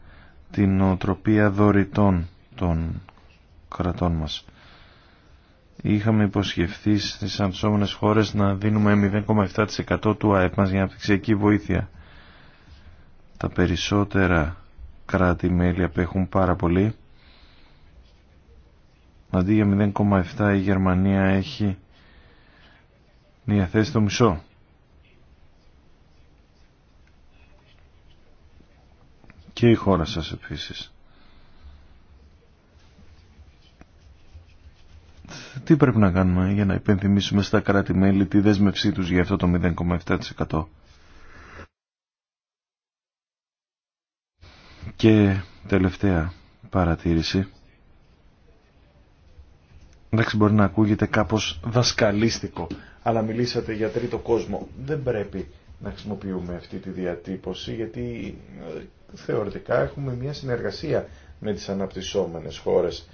την οτροπία δωρητών των κρατών μας. Είχαμε υποσχευθεί στις αντισόμενες χώρες να δίνουμε 0,7% του ΑΕΠ μας για αναπτυξιακή βοήθεια. Τα περισσότερα κράτη-μέλη απέχουν πάρα πολύ. Αντί για 0,7% η Γερμανία έχει μία θέση στο μισό. Και η χώρα σας επίσης. Τι πρέπει να κάνουμε για να υπενθυμίσουμε στα κράτη-μέλη τη δέσμευσή τους για αυτό το 0,7%. Και τελευταία παρατήρηση. Εντάξει μπορεί να ακούγεται κάπως δασκαλίστικο, αλλά μιλήσατε για τρίτο κόσμο. Δεν πρέπει να χρησιμοποιούμε αυτή τη διατύπωση γιατί ε, θεωρητικά έχουμε μια συνεργασία με τις αναπτυσσόμενες χώρες.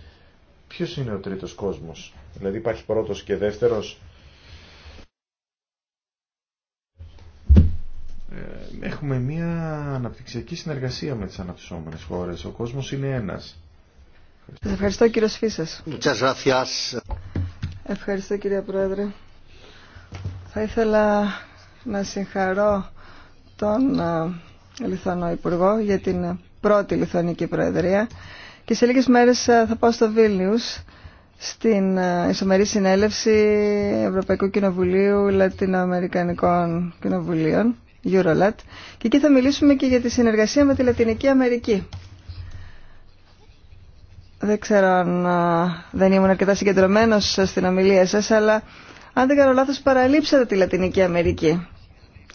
Ποιος είναι ο τρίτος κόσμος, δηλαδή υπάρχει πρώτος και δεύτερος. Ε, έχουμε μια αναπτυξιακή συνεργασία με τις αναπτυσσόμενες χώρες. Ο κόσμος είναι ένας. Σα ευχαριστώ κύριο gracias. Ευχαριστώ κύριε Πρόεδρε. Θα ήθελα να συγχαρώ τον ε, Λιθωνό Υπουργό για την πρώτη Λιθανική Προεδρία και σε λίγες μέρες ε, θα πάω στο Βίλνιους στην ε, Ισομερή Συνέλευση Ευρωπαϊκού Κοινοβουλίου Λατινοαμερικανικών Κοινοβουλίων Eurolat και εκεί θα μιλήσουμε και για τη συνεργασία με τη Λατινική Αμερική δεν ξέρω αν δεν ήμουν αρκετά συγκεντρωμένος στην ομιλία σας, αλλά αν δεν κάνω λάθος παραλείψατε τη Λατινική Αμερική.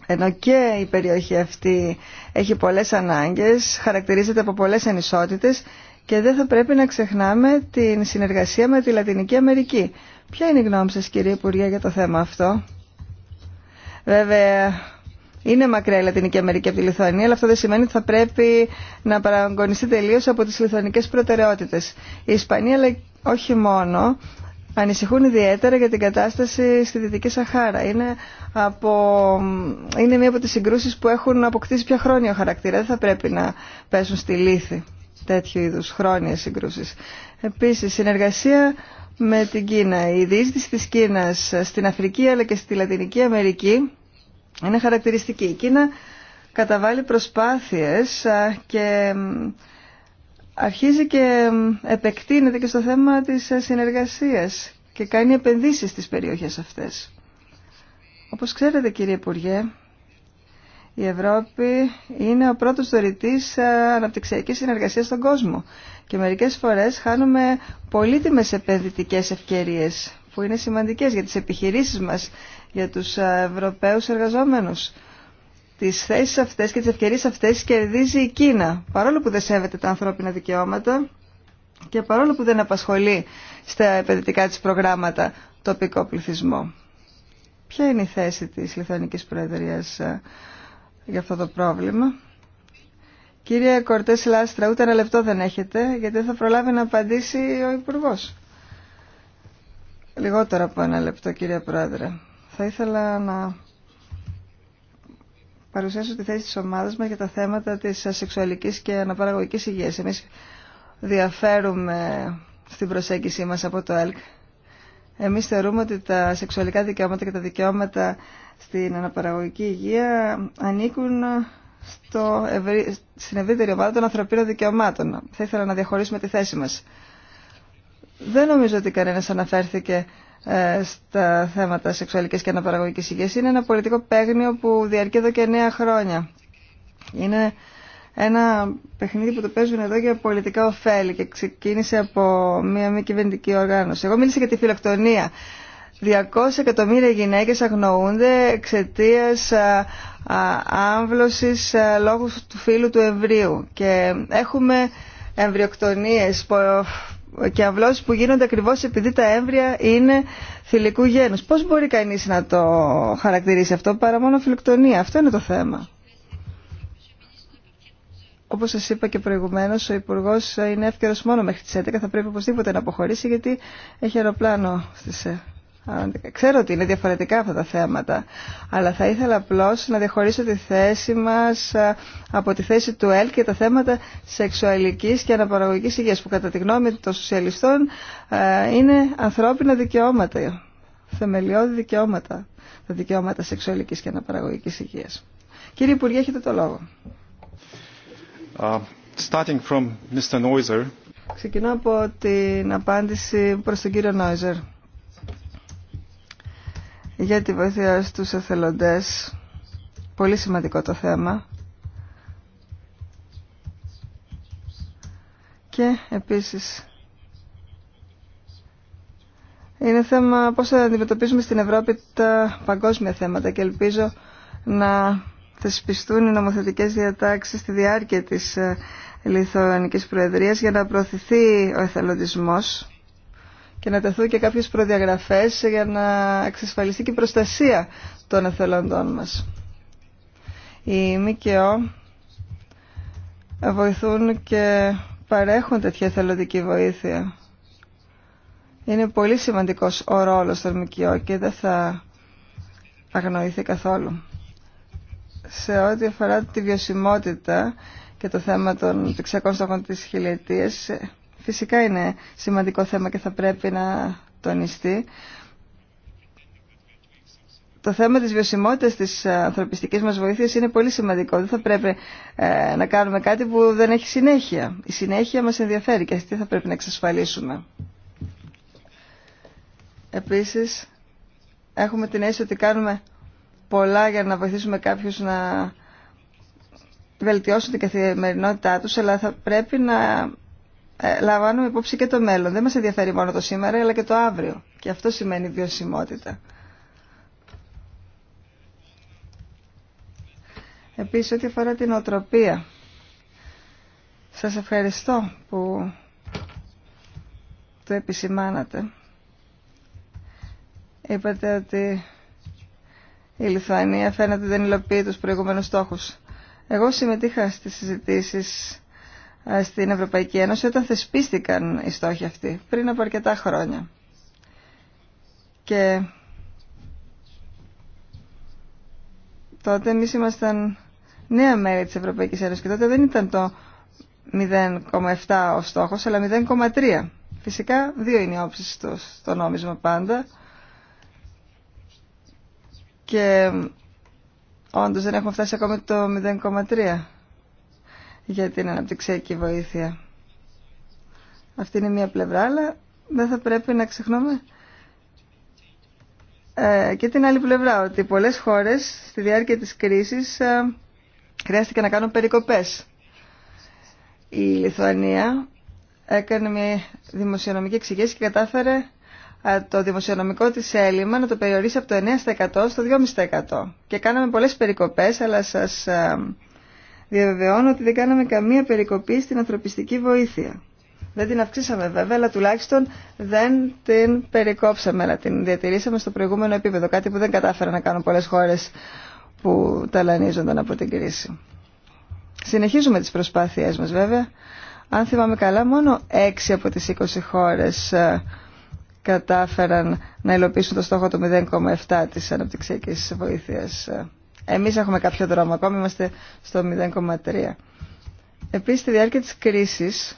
Ενώ και η περιοχή αυτή έχει πολλές ανάγκες, χαρακτηρίζεται από πολλές ανισότητες και δεν θα πρέπει να ξεχνάμε την συνεργασία με τη Λατινική Αμερική. Ποια είναι η γνώμη σας κύριε Υπουργέ για το θέμα αυτό. Βέβαια είναι μακριά η Λατινική Αμερική από τη Λιθουανία, αλλά αυτό δεν σημαίνει ότι θα πρέπει να παραγωνιστεί τελείω από τι λιθουανικέ προτεραιότητε. Η Ισπανία, αλλά όχι μόνο, ανησυχούν ιδιαίτερα για την κατάσταση στη Δυτική Σαχάρα. Είναι, από... είναι μία από τι συγκρούσει που έχουν αποκτήσει πια χρόνιο χαρακτήρα. Δεν θα πρέπει να πέσουν στη λύθη τέτοιου είδου χρόνια συγκρούσει. Επίση, συνεργασία με την Κίνα. Η διείσδυση της Κίνας στην Αφρική αλλά και στη Λατινική Αμερική είναι χαρακτηριστική. Η Κίνα καταβάλει προσπάθειες και αρχίζει και επεκτείνεται και στο θέμα της ε, συνεργασίας και κάνει επενδύσεις στις περιοχές αυτές. Όπως ξέρετε κύριε Υπουργέ, η Ευρώπη είναι ο πρώτος δωρητής ε, αναπτυξιακής συνεργασίας στον κόσμο και μερικές φορές χάνουμε πολύτιμες επενδυτικές ευκαιρίες που είναι σημαντικές για τις επιχειρήσεις μας για τους ε, Ευρωπαίους εργαζόμενους. Τις θέσεις αυτές και τις ευκαιρίες αυτές κερδίζει η Κίνα, παρόλο που δεν σέβεται τα ανθρώπινα δικαιώματα και παρόλο που δεν απασχολεί στα επενδυτικά της προγράμματα τοπικό πληθυσμό. Ποια είναι η θέση της Λιθανικής Προεδρίας ε, για αυτό το πρόβλημα. Κύριε Κορτές Λάστρα, ούτε ένα λεπτό δεν έχετε, γιατί θα προλάβει να απαντήσει ο Υπουργός. Λιγότερο από ένα λεπτό, κύριε Πρόεδρε. Θα ήθελα να παρουσιάσω τη θέση της ομάδας μας για τα θέματα της σεξουαλικής και αναπαραγωγικής υγείας. Εμείς διαφέρουμε στην προσέγγιση μας από το ΕΛΚ. Εμείς θεωρούμε ότι τα σεξουαλικά δικαιώματα και τα δικαιώματα στην αναπαραγωγική υγεία ανήκουν στο ευρύ, στην ευρύτερη ομάδα των ανθρωπίνων δικαιωμάτων. Θα ήθελα να διαχωρίσουμε τη θέση μας. Δεν νομίζω ότι κανένας αναφέρθηκε ε, στα θέματα σεξουαλικής και αναπαραγωγικής υγείας. Είναι ένα πολιτικό παίγνιο που διαρκεί εδώ και νέα χρόνια. Είναι ένα παιχνίδι που το παίζουν εδώ για πολιτικά ωφέλη και ξεκίνησε από μια μη κυβερνητική οργάνωση. Εγώ μίλησα για τη φιλοκτονία. 200 εκατομμύρια γυναίκες αγνοούνται εξαιτία ε, άμβλωσης ε, λόγω του φύλου του εμβρίου και έχουμε εμβριοκτονίες και αυλώσεις που γίνονται ακριβώς επειδή τα έμβρια είναι θηλυκού γένους. Πώς μπορεί κανείς να το χαρακτηρίσει αυτό παρά μόνο φιλοκτονία. Αυτό είναι το θέμα. Όπως σας είπα και προηγουμένως, ο υπουργό είναι εύκαιρος μόνο μέχρι τις 11. Θα πρέπει οπωσδήποτε να αποχωρήσει γιατί έχει αεροπλάνο στις Ξέρω ότι είναι διαφορετικά αυτά τα θέματα, αλλά θα ήθελα απλώ να διαχωρίσω τη θέση μας από τη θέση του ΕΛ και τα θέματα σεξουαλικής και αναπαραγωγικής υγείας, που κατά τη γνώμη των σοσιαλιστών είναι ανθρώπινα δικαιώματα, θεμελιώδη δικαιώματα, τα δικαιώματα σεξουαλικής και αναπαραγωγικής υγείας. Κύριε Υπουργέ, έχετε το λόγο. from Mr. Ξεκινώ από την απάντηση προς τον κύριο Νόιζερ για τη βοήθεια στους εθελοντές. Πολύ σημαντικό το θέμα. Και επίσης είναι θέμα πώς θα αντιμετωπίζουμε στην Ευρώπη τα παγκόσμια θέματα και ελπίζω να θεσπιστούν οι νομοθετικές διατάξεις στη διάρκεια της ε, Λιθουανικής Προεδρίας για να προωθηθεί ο εθελοντισμός και να τεθούν και κάποιες προδιαγραφές για να εξασφαλιστεί και η προστασία των εθελοντών μας. Οι ΜΚΟ βοηθούν και παρέχουν τέτοια εθελοντική βοήθεια. Είναι πολύ σημαντικός ο ρόλος των ΜΚΟ και δεν θα αγνοηθεί καθόλου. Σε ό,τι αφορά τη βιωσιμότητα και το θέμα των δεξιακών στόχων της χιλιετίας, φυσικά είναι σημαντικό θέμα και θα πρέπει να τονιστεί. Το θέμα της βιωσιμότητας της ε, ανθρωπιστικής μας βοήθειας είναι πολύ σημαντικό. Δεν θα πρέπει ε, να κάνουμε κάτι που δεν έχει συνέχεια. Η συνέχεια μας ενδιαφέρει και αυτή θα πρέπει να εξασφαλίσουμε. Επίσης, έχουμε την αίσθηση ότι κάνουμε πολλά για να βοηθήσουμε κάποιους να βελτιώσουν την καθημερινότητά τους, αλλά θα πρέπει να ε, λαμβάνουμε υπόψη και το μέλλον. Δεν μας ενδιαφέρει μόνο το σήμερα, αλλά και το αύριο. Και αυτό σημαίνει βιωσιμότητα. Επίσης, ό,τι αφορά την οτροπία. Σας ευχαριστώ που το επισημάνατε. Είπατε ότι η Λιθουανία φαίνεται δεν υλοποιεί τους προηγούμενους στόχους. Εγώ συμμετείχα στις συζητήσεις ε, στην Ευρωπαϊκή Ένωση όταν θεσπίστηκαν οι στόχοι αυτοί πριν από αρκετά χρόνια. Και τότε εμεί ήμασταν νέα μέρη της Ευρωπαϊκής Ένωσης και τότε δεν ήταν το 0,7 ο στόχος αλλά 0,3. Φυσικά δύο είναι οι όψεις στο, στο νόμισμα πάντα και ε, όντως δεν έχουμε φτάσει ακόμα το 0,3 για την αναπτυξιακή βοήθεια. Αυτή είναι μία πλευρά, αλλά δεν θα πρέπει να ξεχνούμε ε, και την άλλη πλευρά, ότι πολλές χώρες στη διάρκεια της κρίσης ε, χρειάστηκε να κάνουν περικοπές. Η Λιθουανία έκανε μια δημοσιονομική εξηγήση και κατάφερε ε, το δημοσιονομικό της έλλειμμα να το περιορίσει από το 9% στο 2,5%. Και κάναμε πολλές περικοπές, αλλά σας Διαβεβαιώνω ότι δεν κάναμε καμία περικοπή στην ανθρωπιστική βοήθεια. Δεν την αυξήσαμε βέβαια, αλλά τουλάχιστον δεν την περικόψαμε, αλλά την διατηρήσαμε στο προηγούμενο επίπεδο. Κάτι που δεν κατάφεραν να κάνουν πολλές χώρες που ταλανίζονταν από την κρίση. Συνεχίζουμε τις προσπάθειές μας βέβαια. Αν θυμάμαι καλά, μόνο 6 από τις 20 χώρες ε, κατάφεραν να υλοποιήσουν το στόχο του 0,7 της αναπτυξιακής βοήθειας ε. Εμείς έχουμε κάποιο δρόμο, Ακόμα είμαστε στο 0,3. Επίσης, στη διάρκεια της κρίσης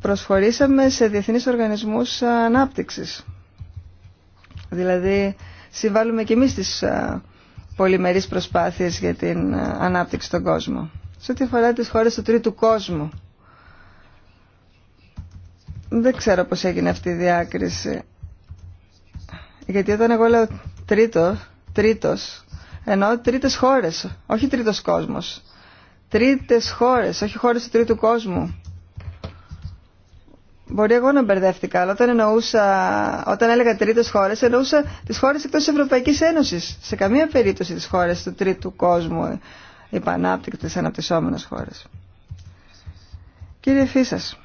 προσχωρήσαμε σε διεθνείς οργανισμούς ανάπτυξης. Δηλαδή, συμβάλλουμε και εμείς τις πολυμερείς προσπάθειες για την ανάπτυξη στον κόσμο. Σε ό,τι αφορά τις χώρες του τρίτου κόσμου, δεν ξέρω πώς έγινε αυτή η διάκριση. Γιατί όταν εγώ λέω τρίτο, τρίτος. Ενώ τρίτες χώρες, όχι τρίτος κόσμος. Τρίτες χώρες, όχι χώρες του τρίτου κόσμου. Μπορεί εγώ να μπερδεύτηκα, αλλά όταν, εννοούσα, όταν έλεγα τρίτες χώρες, εννοούσα τις χώρες εκτός της Ευρωπαϊκής Ένωσης. Σε καμία περίπτωση τις χώρες του τρίτου κόσμου, υπανάπτυκτες, αναπτυσσόμενες χώρες. Κύριε Φίσας,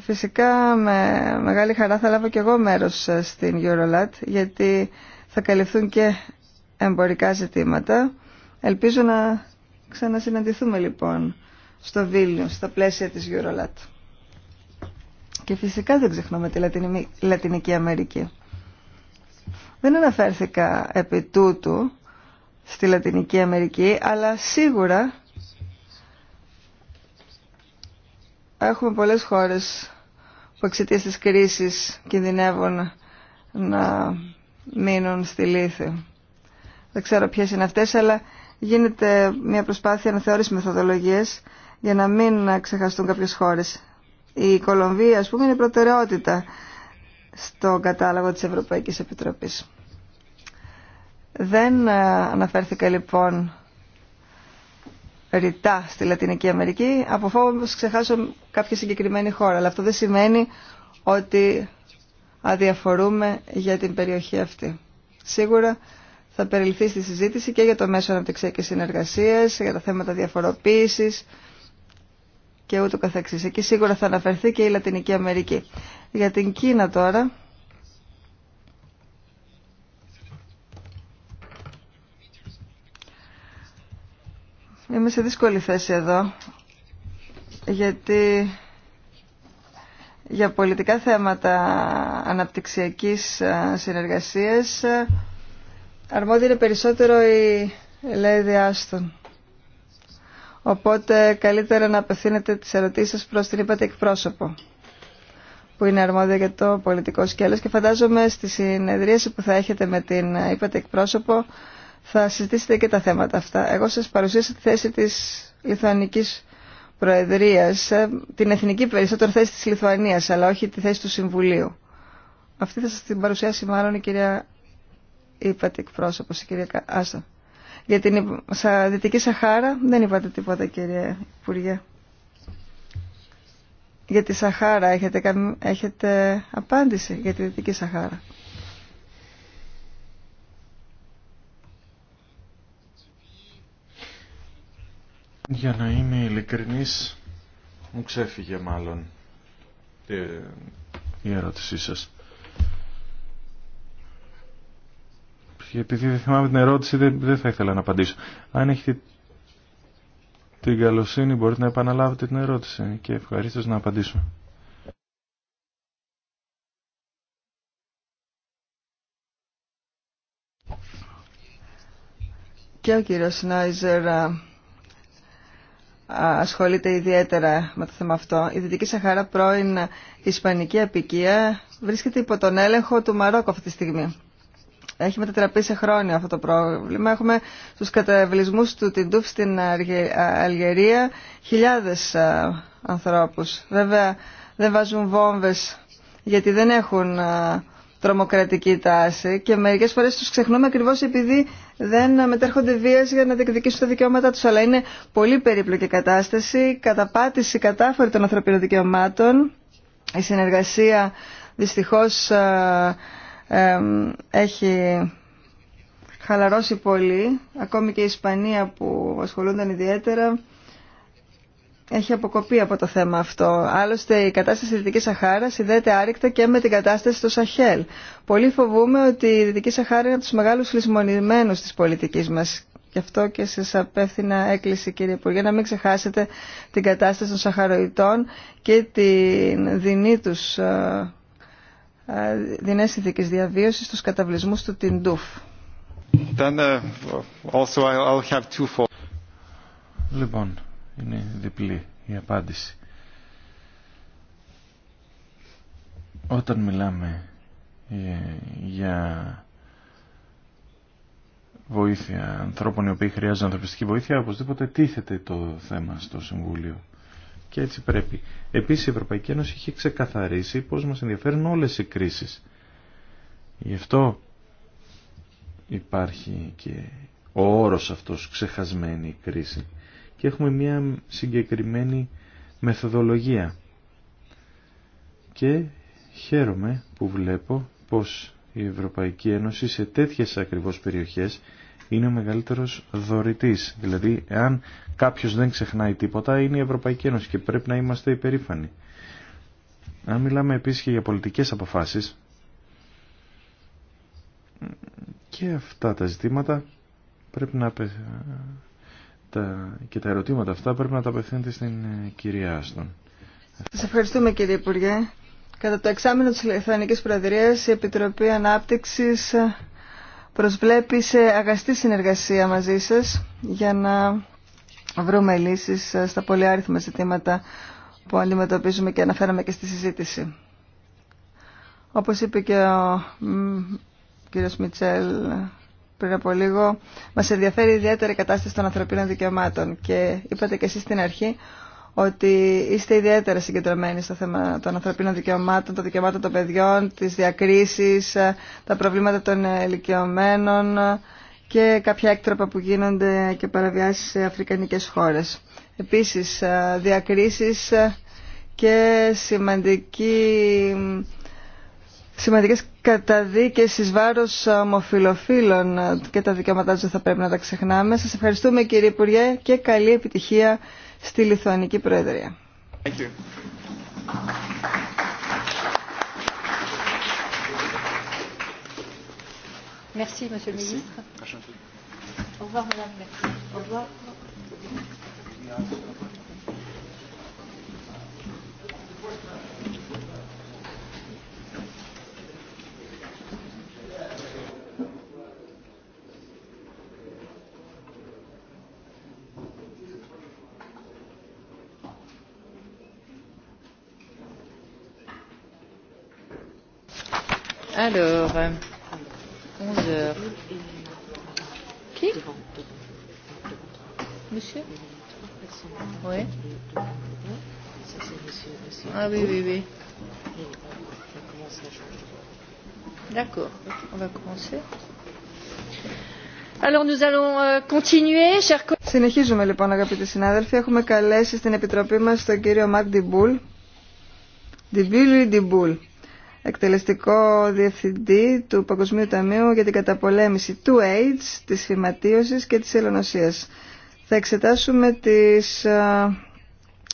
Φυσικά με μεγάλη χαρά θα λάβω και εγώ μέρος ε, στην Eurolat γιατί θα καλυφθούν και εμπορικά ζητήματα. Ελπίζω να ξανασυναντηθούμε λοιπόν στο Βίλνιο, στα πλαίσια της Eurolat. Και φυσικά δεν ξεχνάμε τη Λατινική Αμερική. Δεν αναφέρθηκα επί τούτου στη Λατινική Αμερική, αλλά σίγουρα έχουμε πολλές χώρες που εξαιτία της κρίσης κινδυνεύουν να μείνουν στη λύθη. Δεν ξέρω ποιες είναι αυτές, αλλά γίνεται μια προσπάθεια να θεωρήσει μεθοδολογίες για να μην ξεχαστούν κάποιες χώρες. Η Κολομβία, ας πούμε, είναι η προτεραιότητα στο κατάλογο της Ευρωπαϊκής Επιτροπής. Δεν ε, αναφέρθηκα λοιπόν ρητά στη Λατινική Αμερική από φόβο ξεχάσω κάποια συγκεκριμένη χώρα. Αλλά αυτό δεν σημαίνει ότι αδιαφορούμε για την περιοχή αυτή. Σίγουρα θα περιληφθεί στη συζήτηση και για το μέσο αναπτυξιακή συνεργασία, για τα θέματα διαφοροποίηση και ούτω καθεξής. Εκεί σίγουρα θα αναφερθεί και η Λατινική Αμερική. Για την Κίνα τώρα Είμαι σε δύσκολη θέση εδώ, γιατί για πολιτικά θέματα αναπτυξιακής ε, συνεργασίας ε, αρμόδιο είναι περισσότερο η Λέιδη Άστον. Οπότε καλύτερα να απευθύνετε τις ερωτήσεις σας προς την είπατε εκπρόσωπο που είναι αρμόδια για το πολιτικό σκέλος και φαντάζομαι στη συνεδρίαση που θα έχετε με την ε, είπατε εκπρόσωπο θα συζητήσετε και τα θέματα αυτά. Εγώ σας παρουσίασα τη θέση της Λιθουανικής Προεδρίας, ε, την εθνική περισσότερο θέση της Λιθουανίας, αλλά όχι τη θέση του Συμβουλίου. Αυτή θα σας την παρουσιάσει μάλλον η κυρία είπατε εκπρόσωπος, η κυρία Άσα. Για την σα, Δυτική Σαχάρα δεν είπατε τίποτα κύριε Υπουργέ. Για τη Σαχάρα έχετε, έχετε απάντηση για τη Δυτική Σαχάρα. Για να είμαι ειλικρινής, μου ξέφυγε μάλλον ε, η ερώτησή σας. Επειδή δεν θυμάμαι την ερώτηση, δεν θα ήθελα να απαντήσω. Αν έχετε την καλοσύνη, μπορείτε να επαναλάβετε την ερώτηση και ευχαρίστω να απαντήσω. Και ο κύριος ασχολείται ιδιαίτερα με το θέμα αυτό. Η Δυτική Σαχάρα, πρώην Ισπανική απικία, βρίσκεται υπό τον έλεγχο του Μαρόκου αυτή τη στιγμή. Έχει μετατραπεί σε χρόνια αυτό το πρόβλημα. Έχουμε στους καταβλισμούς του Τιντούφ στην Αλγερία χιλιάδες ανθρώπους. Βέβαια δεν βάζουν βόμβες γιατί δεν έχουν τρομοκρατική τάση και μερικές φορές τους ξεχνούμε ακριβώς επειδή δεν μετέρχονται βίας για να διεκδικήσουν τα δικαιώματά τους. Αλλά είναι πολύ περίπλοκη κατάσταση, καταπάτηση κατάφορη των ανθρωπίνων δικαιωμάτων. Η συνεργασία δυστυχώς ε, ε, έχει χαλαρώσει πολύ. Ακόμη και η Ισπανία που ασχολούνταν ιδιαίτερα έχει αποκοπεί από το θέμα αυτό. Άλλωστε η κατάσταση της Δυτική Σαχάρα συνδέεται άρρηκτα και με την κατάσταση του Σαχέλ. Πολύ φοβούμε ότι η Δυτική Σαχάρα είναι από τους μεγάλους λησμονημένους της πολιτικής μας. Γι' αυτό και σας απέφθηνα έκκληση κύριε Υπουργέ να μην ξεχάσετε την κατάσταση των Σαχαροϊτών και την δινή τους ε, ε, δινές συνθήκες διαβίωσης στους καταβλισμούς του Τιντούφ. Uh, λοιπόν, είναι διπλή η απάντηση. Όταν μιλάμε ε, για βοήθεια ανθρώπων οι οποίοι χρειάζονται ανθρωπιστική βοήθεια, οπωσδήποτε τίθεται το θέμα στο Συμβούλιο. Και έτσι πρέπει. Επίσης η Ευρωπαϊκή Ένωση έχει ξεκαθαρίσει πώς μας ενδιαφέρουν όλες οι κρίσεις. Γι' αυτό υπάρχει και ο όρος αυτός ξεχασμένη κρίση και έχουμε μια συγκεκριμένη μεθοδολογία. Και χαίρομαι που βλέπω πως η Ευρωπαϊκή Ένωση σε τέτοιες ακριβώς περιοχές είναι ο μεγαλύτερος δωρητής. Δηλαδή, εάν κάποιος δεν ξεχνάει τίποτα, είναι η Ευρωπαϊκή Ένωση και πρέπει να είμαστε υπερήφανοι. Αν μιλάμε επίσης και για πολιτικές αποφάσεις, και αυτά τα ζητήματα πρέπει να και τα ερωτήματα αυτά πρέπει να τα απευθύνετε στην ε, κυρία Άστον. Σας ευχαριστούμε κύριε Υπουργέ. Κατά το εξάμεινο της Λιθανικής Προεδρίας η Επιτροπή Ανάπτυξης ε, προσβλέπει σε αγαστή συνεργασία μαζί σας για να βρούμε λύσεις ε, στα πολυάριθμα ζητήματα που αντιμετωπίζουμε και αναφέραμε και στη συζήτηση. Όπως είπε και ο κύριος Μιτσέλ πριν από λίγο, μας ενδιαφέρει ιδιαίτερη κατάσταση των ανθρωπίνων δικαιωμάτων και είπατε και εσείς στην αρχή ότι είστε ιδιαίτερα συγκεντρωμένοι στο θέμα των ανθρωπίνων δικαιωμάτων, των δικαιωμάτων των παιδιών, της διακρίσεις, τα προβλήματα των ηλικιωμένων και κάποια έκτροπα που γίνονται και παραβιάσεις σε αφρικανικές χώρες. Επίσης, διακρίσεις και σημαντική σημαντικές καταδίκες εις βάρος ομοφιλοφίλων και τα δικαιώματά τους θα πρέπει να τα ξεχνάμε. Σας ευχαριστούμε κύριε Υπουργέ και καλή επιτυχία στη Λιθουανική Προεδρία. Thank you. Merci, Alors, 11 heures. Qui Monsieur Oui. Ah oui, oui, oui. D'accord, on va commencer. Alors nous allons euh, continuer, chers... collègues. Συνεχίζουμε λοιπόν αγαπητοί συνάδελφοι. Έχουμε καλέσει στην Επιτροπή μας τον κύριο Μαρκ Διμπούλ. Διμπούλ ή Διμπούλ εκτελεστικό διευθυντή του Παγκοσμίου Ταμείου για την καταπολέμηση του AIDS, της φυματίωσης και της ελονοσίας. Θα εξετάσουμε τις ε,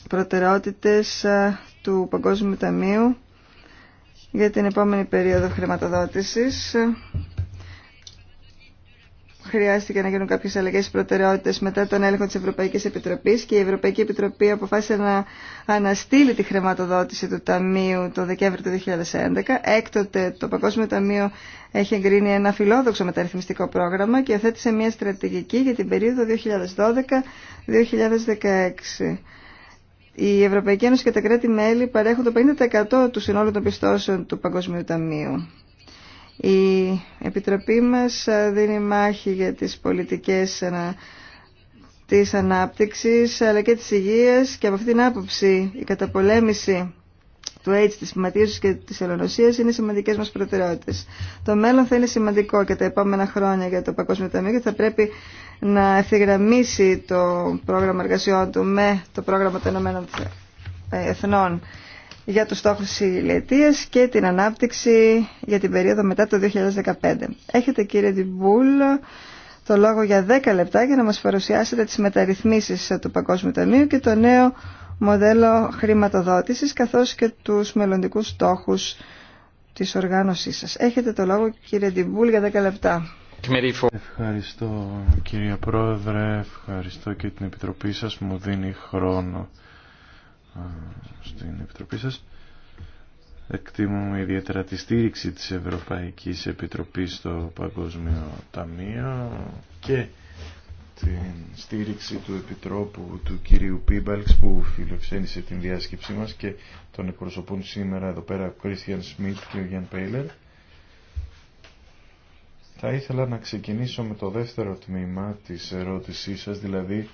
προτεραιότητες ε, του Παγκόσμιου Ταμείου για την επόμενη περίοδο χρηματοδότησης χρειάστηκε να γίνουν κάποιες αλλαγές προτεραιότητε μετά τον έλεγχο τη Ευρωπαϊκή Επιτροπή και η Ευρωπαϊκή Επιτροπή αποφάσισε να αναστείλει τη χρηματοδότηση του Ταμείου το Δεκέμβριο του 2011. Έκτοτε το Παγκόσμιο Ταμείο έχει εγκρίνει ένα φιλόδοξο μεταρρυθμιστικό πρόγραμμα και θέτησε μια στρατηγική για την περίοδο 2012-2016. Η Ευρωπαϊκή Ένωση και τα κράτη-μέλη παρέχουν το 50% του συνόλου των πιστώσεων του Παγκοσμίου Ταμείου. Η Επιτροπή μας ε, δίνει μάχη για τις πολιτικές ε, της ανάπτυξης αλλά και της υγείας και από αυτήν την άποψη η καταπολέμηση του AIDS, της πηματίωσης και της ελονοσίας είναι σημαντικές μας προτεραιότητες. Το μέλλον θα είναι σημαντικό και τα επόμενα χρόνια για το Παγκόσμιο Ταμείο και θα πρέπει να ευθυγραμμίσει το πρόγραμμα εργασιών του με το πρόγραμμα των Ηνωμένων Εθνών για τους στόχους ηλιετίας και την ανάπτυξη για την περίοδο μετά το 2015. Έχετε κύριε Τιμπούλ το λόγο για 10 λεπτά για να μας παρουσιάσετε τις μεταρρυθμίσεις του Παγκόσμιου Ταμείου και το νέο μοντέλο χρηματοδότησης καθώς και τους μελλοντικούς στόχους της οργάνωσής σας. Έχετε το λόγο κύριε Ντιμπούλ, για 10 λεπτά. Ευχαριστώ κύριε Πρόεδρε, ευχαριστώ και την Επιτροπή σας που μου δίνει χρόνο στην Επιτροπή σας. Εκτιμούμε ιδιαίτερα τη στήριξη της Ευρωπαϊκής Επιτροπής στο Παγκόσμιο Ταμείο και την στήριξη του Επιτρόπου του κυρίου Πίμπαλξ που φιλοξένησε την διάσκεψή μας και τον εκπροσωπούν σήμερα εδώ πέρα ο Κρίστιαν Σμιτ και ο Γιάν Πέιλερ. Θα ήθελα να ξεκινήσω με το δεύτερο τμήμα της ερώτησής σας, δηλαδή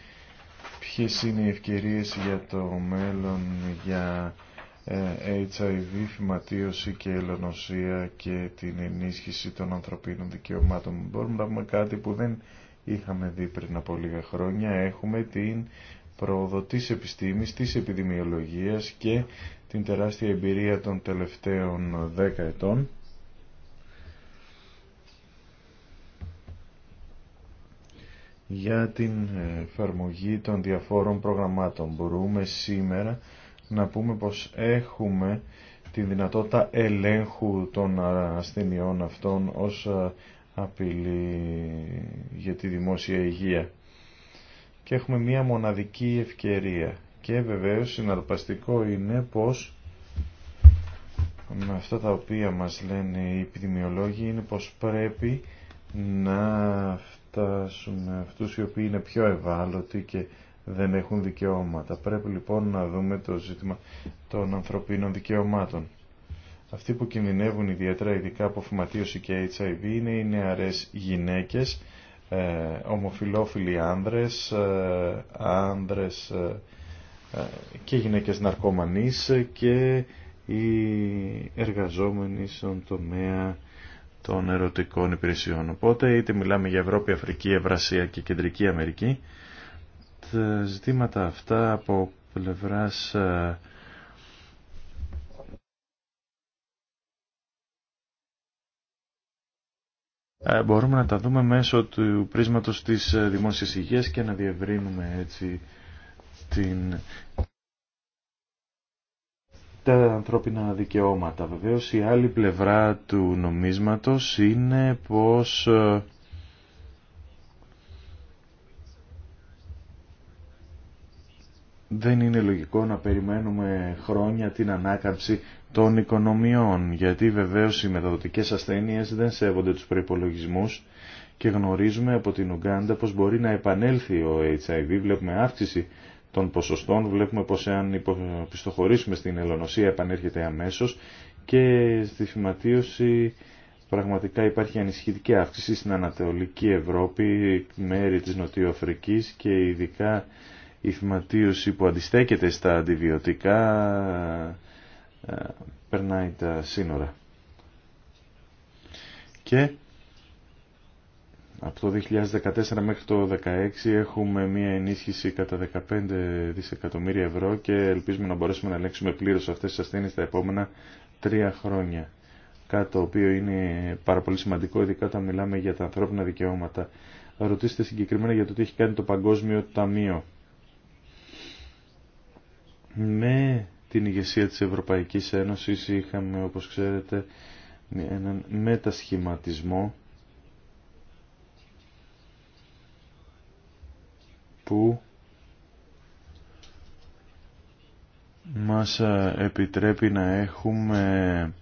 ποιες είναι οι ευκαιρίες για το μέλλον για ε, HIV, φυματίωση και ελονοσία και την ενίσχυση των ανθρωπίνων δικαιωμάτων. Μπορούμε να πούμε κάτι που δεν είχαμε δει πριν από λίγα χρόνια. Έχουμε την πρόοδο της επιστήμης, της επιδημιολογίας και την τεράστια εμπειρία των τελευταίων δέκα ετών για την εφαρμογή των διαφόρων προγραμμάτων. Μπορούμε σήμερα να πούμε πως έχουμε τη δυνατότητα ελέγχου των ασθενειών αυτών ως απειλή για τη δημόσια υγεία. Και έχουμε μία μοναδική ευκαιρία. Και βεβαίως συναρπαστικό είναι πως με αυτά τα οποία μας λένε οι επιδημιολόγοι είναι πως πρέπει να αυτού αυτούς οι οποίοι είναι πιο ευάλωτοι και δεν έχουν δικαιώματα. Πρέπει λοιπόν να δούμε το ζήτημα των ανθρωπίνων δικαιωμάτων. Αυτοί που κινδυνεύουν ιδιαίτερα ειδικά από φυματίωση και HIV είναι οι νεαρές γυναίκες, ε, ομοφιλόφιλοι άνδρες, ε, άνδρες ε, ε, και γυναίκες ναρκωμανείς και οι εργαζόμενοι στον τομέα των ερωτικών υπηρεσιών. Οπότε είτε μιλάμε για Ευρώπη, Αφρική, Ευρασία και Κεντρική Αμερική, τα ζητήματα αυτά από πλευράς ε, ε, μπορούμε να τα δούμε μέσω του πρίσματος της ε, δημόσιας υγείας και να διευρύνουμε έτσι την τα ανθρώπινα δικαιώματα. Βεβαίως η άλλη πλευρά του νομίσματος είναι πως ε, δεν είναι λογικό να περιμένουμε χρόνια την ανάκαμψη των οικονομιών, γιατί βεβαίως οι μεταδοτικές ασθένειες δεν σέβονται τους προϋπολογισμούς και γνωρίζουμε από την Ουγγάντα πως μπορεί να επανέλθει ο HIV, βλέπουμε αύξηση των ποσοστών βλέπουμε πως εάν πιστοχωρήσουμε στην ελονοσία επανέρχεται αμέσως και στη φυματίωση πραγματικά υπάρχει ανισχυτική αύξηση στην Ανατολική Ευρώπη, μέρη της Νοτιοαφρικής και ειδικά η φυματίωση που αντιστέκεται στα αντιβιωτικά ε, περνάει τα σύνορα. Και από το 2014 μέχρι το 2016 έχουμε μία ενίσχυση κατά 15 δισεκατομμύρια ευρώ και ελπίζουμε να μπορέσουμε να ελέγξουμε πλήρως αυτές τις ασθένειες τα επόμενα τρία χρόνια. Κάτι το οποίο είναι πάρα πολύ σημαντικό, ειδικά όταν μιλάμε για τα ανθρώπινα δικαιώματα. Ρωτήστε συγκεκριμένα για το τι έχει κάνει το Παγκόσμιο Ταμείο. Με την ηγεσία της Ευρωπαϊκής Ένωσης είχαμε, όπως ξέρετε, έναν μετασχηματισμό που μας ε, επιτρέπει να έχουμε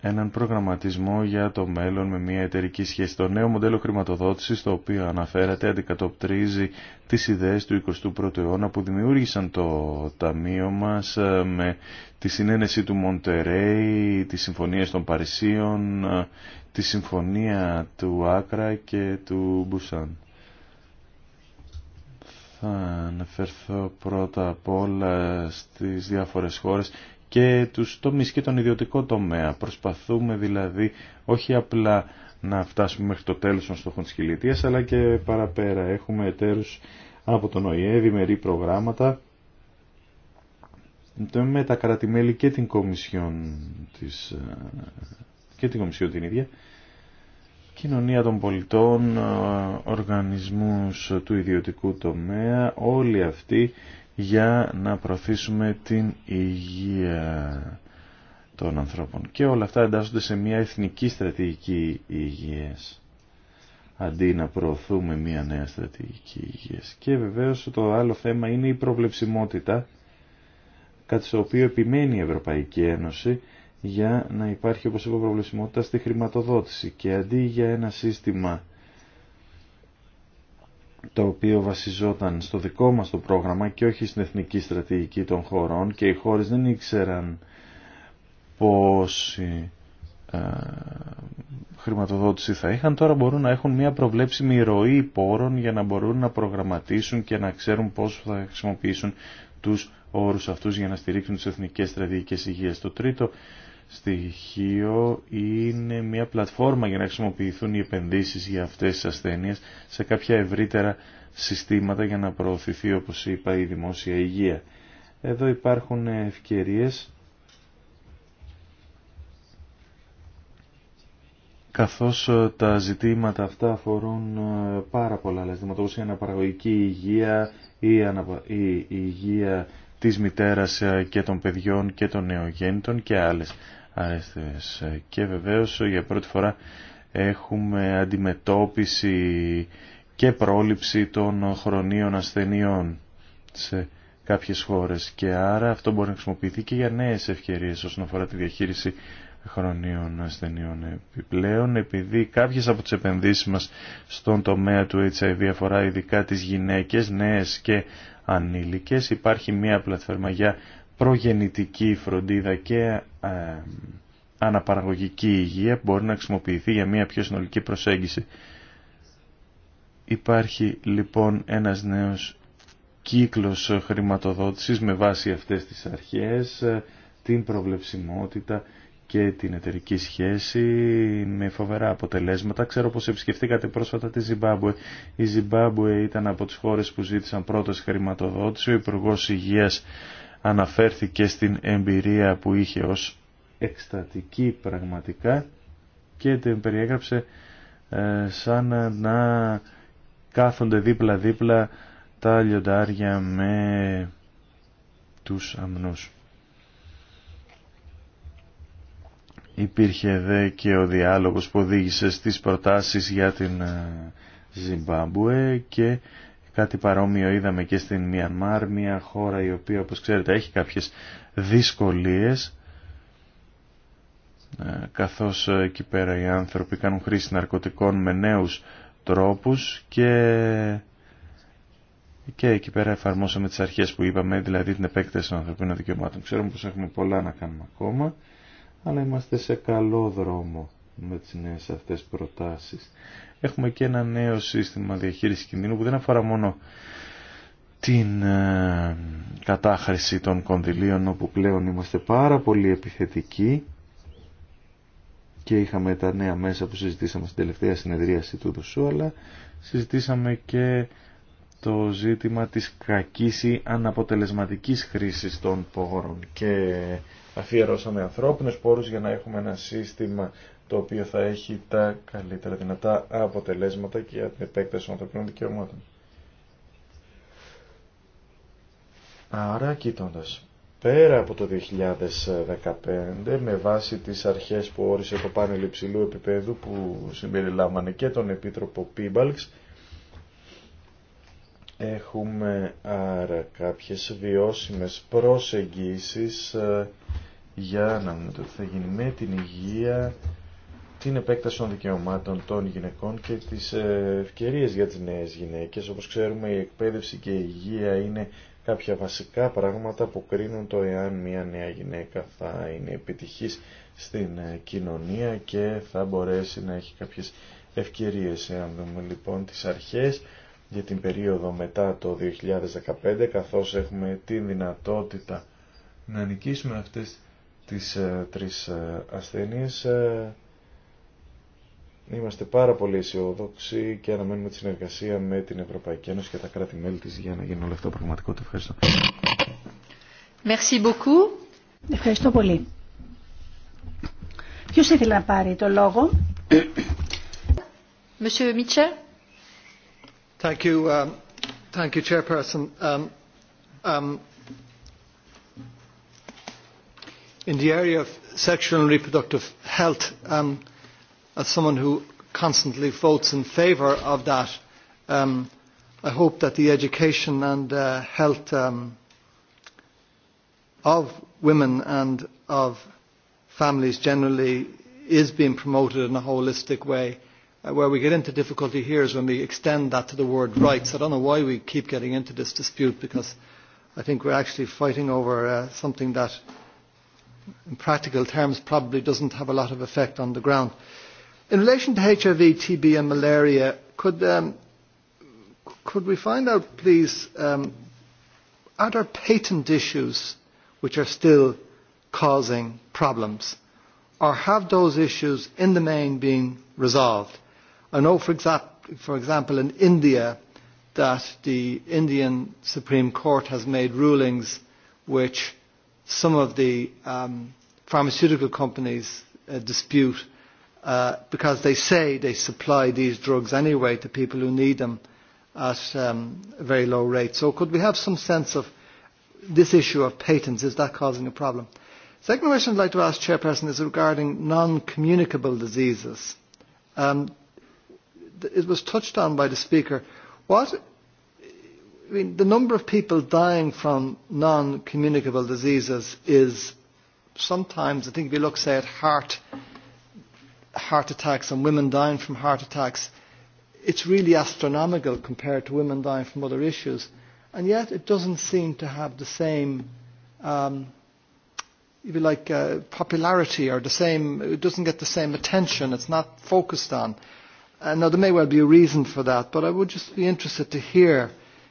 έναν προγραμματισμό για το μέλλον με μια εταιρική σχέση. Το νέο μοντέλο χρηματοδότησης, το οποίο αναφέρατε, αντικατοπτρίζει τις ιδέες του 21ου αιώνα που δημιούργησαν το Ταμείο μας ε, με τη συνένεση του Μοντερέι, τη συμφωνία των Παρισίων, ε, τη συμφωνία του Άκρα και του Μπουσάν. Θα αναφερθώ πρώτα απ' όλα στις διάφορες χώρες και τους τομείς και τον ιδιωτικό τομέα. Προσπαθούμε δηλαδή όχι απλά να φτάσουμε μέχρι το τέλος των στόχων της αλλά και παραπέρα. Έχουμε εταίρους από τον ΟΗΕ, διμερεί προγράμματα, με τα κρατημέλη και την Κομισιόν της, ε, και την Κομισιόν την ίδια, κοινωνία των πολιτών, ε, οργανισμούς του ιδιωτικού τομέα, όλοι αυτοί για να προωθήσουμε την υγεία των ανθρώπων. Και όλα αυτά εντάσσονται σε μια εθνική στρατηγική υγείας, αντί να προωθούμε μια νέα στρατηγική υγείας. Και βεβαίως το άλλο θέμα είναι η προβλεψιμότητα, κάτι στο οποίο επιμένει η Ευρωπαϊκή Ένωση για να υπάρχει, όπως είπα, προβλησιμότητα στη χρηματοδότηση. Και αντί για ένα σύστημα το οποίο βασιζόταν στο δικό μας το πρόγραμμα και όχι στην εθνική στρατηγική των χωρών και οι χώρες δεν ήξεραν πόση ε, χρηματοδότηση θα είχαν, τώρα μπορούν να έχουν μια προβλέψιμη ροή πόρων για να μπορούν να προγραμματίσουν και να ξέρουν πώς θα χρησιμοποιήσουν τους όρους αυτούς για να στηρίξουν τις εθνικές στρατηγικές υγείας. Το τρίτο στοιχείο είναι μια πλατφόρμα για να χρησιμοποιηθούν οι επενδύσεις για αυτές τις ασθένειες σε κάποια ευρύτερα συστήματα για να προωθηθεί όπως είπα η δημόσια υγεία. Εδώ υπάρχουν ευκαιρίες καθώς ε, τα ζητήματα αυτά αφορούν ε, πάρα πολλά άλλα ζητήματα όπως η αναπαραγωγική υγεία, η, η υγεία της μητέρας ε, και των παιδιών και των νεογέννητων και άλλες αρέστες. Και βεβαίως ε, για πρώτη φορά έχουμε αντιμετώπιση και πρόληψη των χρονίων ασθενειών σε κάποιες χώρες και άρα αυτό μπορεί να χρησιμοποιηθεί και για νέες ευκαιρίες όσον αφορά τη διαχείριση χρονίων ασθενειών επιπλέον επειδή κάποιες από τις επενδύσεις μας στον τομέα του HIV αφορά ειδικά τις γυναίκες νέες και ανήλικες υπάρχει μια πλατφόρμα για προγεννητική φροντίδα και αναπαραγωγική υγεία μπορεί να χρησιμοποιηθεί για μια πιο συνολική προσέγγιση. Υπάρχει λοιπόν ένας νέος κύκλος χρηματοδότησης με βάση αυτές τις αρχές, την προβλεψιμότητα και την εταιρική σχέση με φοβερά αποτελέσματα. Ξέρω πως επισκεφτήκατε πρόσφατα τη Ζιμπάμπουε. Η Ζιμπάμπουε ήταν από τις χώρες που ζήτησαν πρώτος χρηματοδότηση. Ο Υπουργός Υγείας αναφέρθηκε στην εμπειρία που είχε ως εκστατική πραγματικά και την περιέγραψε ε, σαν να κάθονται δίπλα-δίπλα τα λιοντάρια με τους αμνούς. Υπήρχε δε και ο διάλογος που οδήγησε στις προτάσεις για την ε, Ζιμπάμπουε και Κάτι παρόμοιο είδαμε και στην Μιανμάρ, μια χώρα η οποία όπως ξέρετε έχει κάποιες δυσκολίες ε, καθώς εκεί πέρα οι άνθρωποι κάνουν χρήση ναρκωτικών με νέους τρόπους και, και εκεί πέρα εφαρμόσαμε τις αρχές που είπαμε, δηλαδή την επέκταση των ανθρωπίνων δικαιωμάτων. Ξέρουμε πως έχουμε πολλά να κάνουμε ακόμα, αλλά είμαστε σε καλό δρόμο με τις νέες αυτές προτάσεις έχουμε και ένα νέο σύστημα διαχείρισης κινδύνου που δεν αφορά μόνο την ε, κατάχρηση των κονδυλίων όπου πλέον είμαστε πάρα πολύ επιθετικοί και είχαμε τα νέα μέσα που συζητήσαμε στην τελευταία συνεδρίαση του Δουσού αλλά συζητήσαμε και το ζήτημα της κακής ή αναποτελεσματικής χρήσης των πόρων και αφιερώσαμε ανθρώπινους πόρους για να έχουμε ένα σύστημα το οποίο θα έχει τα καλύτερα δυνατά αποτελέσματα και για την επέκταση των ανθρωπίνων δικαιωμάτων. Άρα, κοιτώντα πέρα από το 2015, με βάση τις αρχές που όρισε το πάνελ υψηλού επίπεδου που συμπεριλάμβανε και τον Επίτροπο Πίμπαλξ, έχουμε άρα κάποιες βιώσιμες προσεγγίσεις ε, για να δούμε τι θα γίνει με την υγεία, την επέκταση των δικαιωμάτων των γυναικών και τις ε, ευκαιρίες για τις νέες γυναίκες. Όπως ξέρουμε η εκπαίδευση και η υγεία είναι κάποια βασικά πράγματα που κρίνουν το εάν μια νέα γυναίκα θα είναι επιτυχής στην ε, κοινωνία και θα μπορέσει να έχει κάποιες ευκαιρίες. Εάν δούμε λοιπόν τις αρχές για την περίοδο μετά το 2015 καθώς έχουμε τη δυνατότητα να νικήσουμε αυτές τις ε, τρεις ασθένειες Είμαστε πάρα πολύ αισιόδοξοι και αναμένουμε τη συνεργασία με την Ευρωπαϊκή Ένωση και τα κράτη-μέλη της για να γίνει όλο αυτό πραγματικό. Του Ευχαριστώ. Merci beaucoup. Ευχαριστώ πολύ. Ποιος ήθελε να πάρει το λόγο? Monsieur Mitchell. Thank you, um, thank you, Chairperson. Um, um, in the area of sexual and reproductive health, um, as someone who constantly votes in favour of that, I hope that the education and health of women and of families generally is being promoted in a holistic way. Where we get into difficulty here is when we extend that to the word rights. I don't know why we keep getting into this dispute because I think we're actually fighting over something that in practical terms probably doesn't have a lot of effect on the ground. In relation to HIV, TB and malaria, could could we find out, please, are there patent issues which are still causing problems, or have those issues in the main been resolved? I know, for example, in India, that the Indian Supreme Court has made rulings which some of the pharmaceutical companies dispute because they say they supply these drugs anyway to people who need them at very low rates. So could we have some sense of this issue of patents? Is that causing a problem? Second question I'd like to ask Chairperson is regarding non-communicable diseases. It was touched on by the speaker. What I mean, the number of people dying from non-communicable diseases is sometimes, I think if you look, say, at heart heart attacks and women dying from heart attacks, it's really astronomical compared to women dying from other issues. And yet it doesn't seem to have the same, um, if you like, uh, popularity or the same, it doesn't get the same attention. It's not focused on. Uh, now, there may well be a reason for that, but I would just be interested to hear,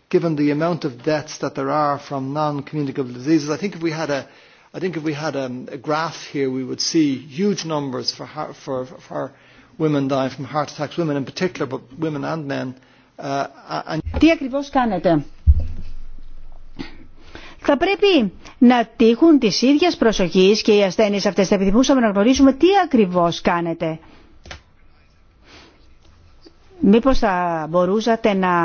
given the amount of deaths that there are from non-communicable diseases, I think if we had a, I think if we had um, a graph here, we would see huge numbers for for, for women dying from heart attacks, women in particular, but women and men. Uh, τι ακριβώς κάνετε. Θα πρέπει να τύχουν τις ίδιες προσοχής και οι ασθένειες αυτές. Θα επιθυμούσαμε να γνωρίσουμε τι ακριβώς κάνετε. Μήπως θα μπορούσατε να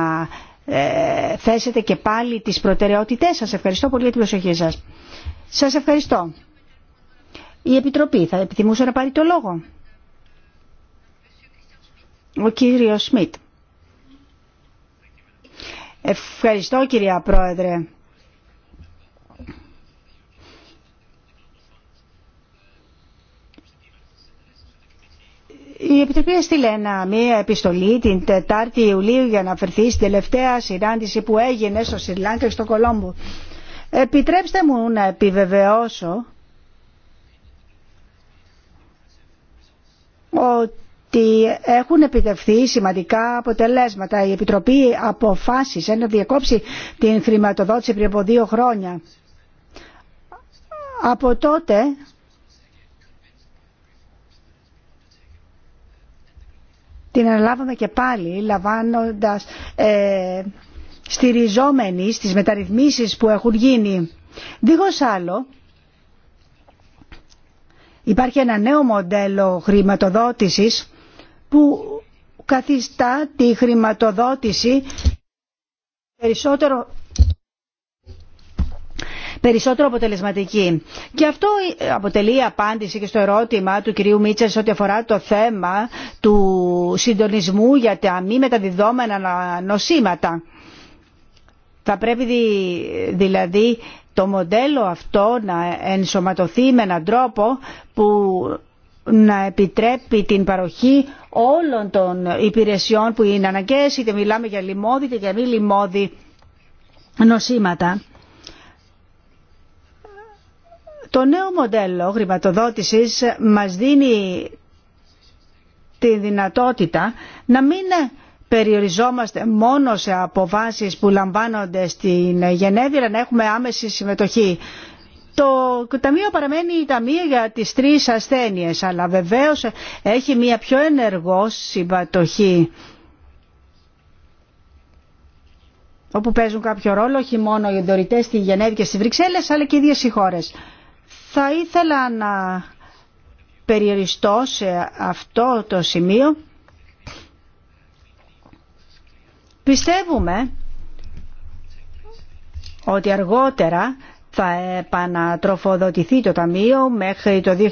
ε, θέσετε και πάλι τις προτεραιότητές σας. Ευχαριστώ πολύ για την προσοχή σας. Σας ευχαριστώ. Η Επιτροπή θα επιθυμούσε να πάρει το λόγο. Ο κύριος Σμιτ. Ευχαριστώ κυρία Πρόεδρε. Η Επιτροπή έστειλε ένα, μία επιστολή την 4η Ιουλίου για να αφαιρθεί στην τελευταία συνάντηση που έγινε στο Σιρλάνκα και στο Κολόμπου. Επιτρέψτε μου να επιβεβαιώσω ότι έχουν επιτευχθεί σημαντικά αποτελέσματα. Η Επιτροπή αποφάσισε να διακόψει την χρηματοδότηση πριν από δύο χρόνια. Από τότε την αναλάβαμε και πάλι λαμβάνοντας ε, στηριζόμενοι στις μεταρρυθμίσεις που έχουν γίνει. Δίχως άλλο, υπάρχει ένα νέο μοντέλο χρηματοδότησης που καθιστά τη χρηματοδότηση περισσότερο περισσότερο αποτελεσματική. Και αυτό αποτελεί απάντηση και στο ερώτημα του κυρίου Μίτσελ ό,τι αφορά το θέμα του συντονισμού για τα μη μεταδιδόμενα νοσήματα. Θα πρέπει δηλαδή το μοντέλο αυτό να ενσωματωθεί με έναν τρόπο που να επιτρέπει την παροχή όλων των υπηρεσιών που είναι αναγκαίες, είτε μιλάμε για λοιμώδη είτε για μη λοιμώδη νοσήματα. Το νέο μοντέλο χρηματοδότησης μας δίνει τη δυνατότητα να μην περιοριζόμαστε μόνο σε αποφάσεις που λαμβάνονται στην Γενέβη να έχουμε άμεση συμμετοχή. Το Ταμείο παραμένει η Ταμεία για τις τρεις ασθένειες, αλλά βεβαίως έχει μια πιο ενεργό συμμετοχή όπου παίζουν κάποιο ρόλο όχι μόνο οι εντορητές στη Γενέβη και στις Βρυξέλλες, αλλά και οι ίδιες οι χώρες. Θα ήθελα να περιοριστώ σε αυτό το σημείο Πιστεύουμε ότι αργότερα θα επανατροφοδοτηθεί το Ταμείο μέχρι το 2016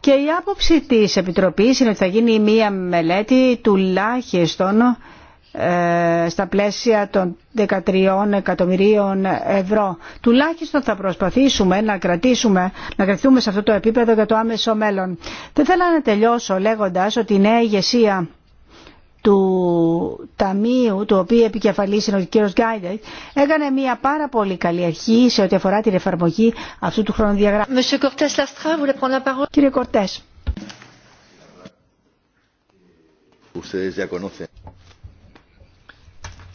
και η άποψη της Επιτροπής είναι ότι θα γίνει μία μελέτη τουλάχιστον ε, στα πλαίσια των 13 εκατομμυρίων ευρώ. Τουλάχιστον θα προσπαθήσουμε να, κρατήσουμε, να κρατηθούμε σε αυτό το επίπεδο για το άμεσο μέλλον. Δεν θέλω να τελειώσω λέγοντας ότι η νέα ηγεσία του Ταμείου, του οποίου επικεφαλής ο κύριος Γκάιντερ, έκανε μια πάρα πολύ καλή αρχή σε ό,τι αφορά την εφαρμογή αυτού του χρονοδιαγράμματος. Κύριε Κορτές.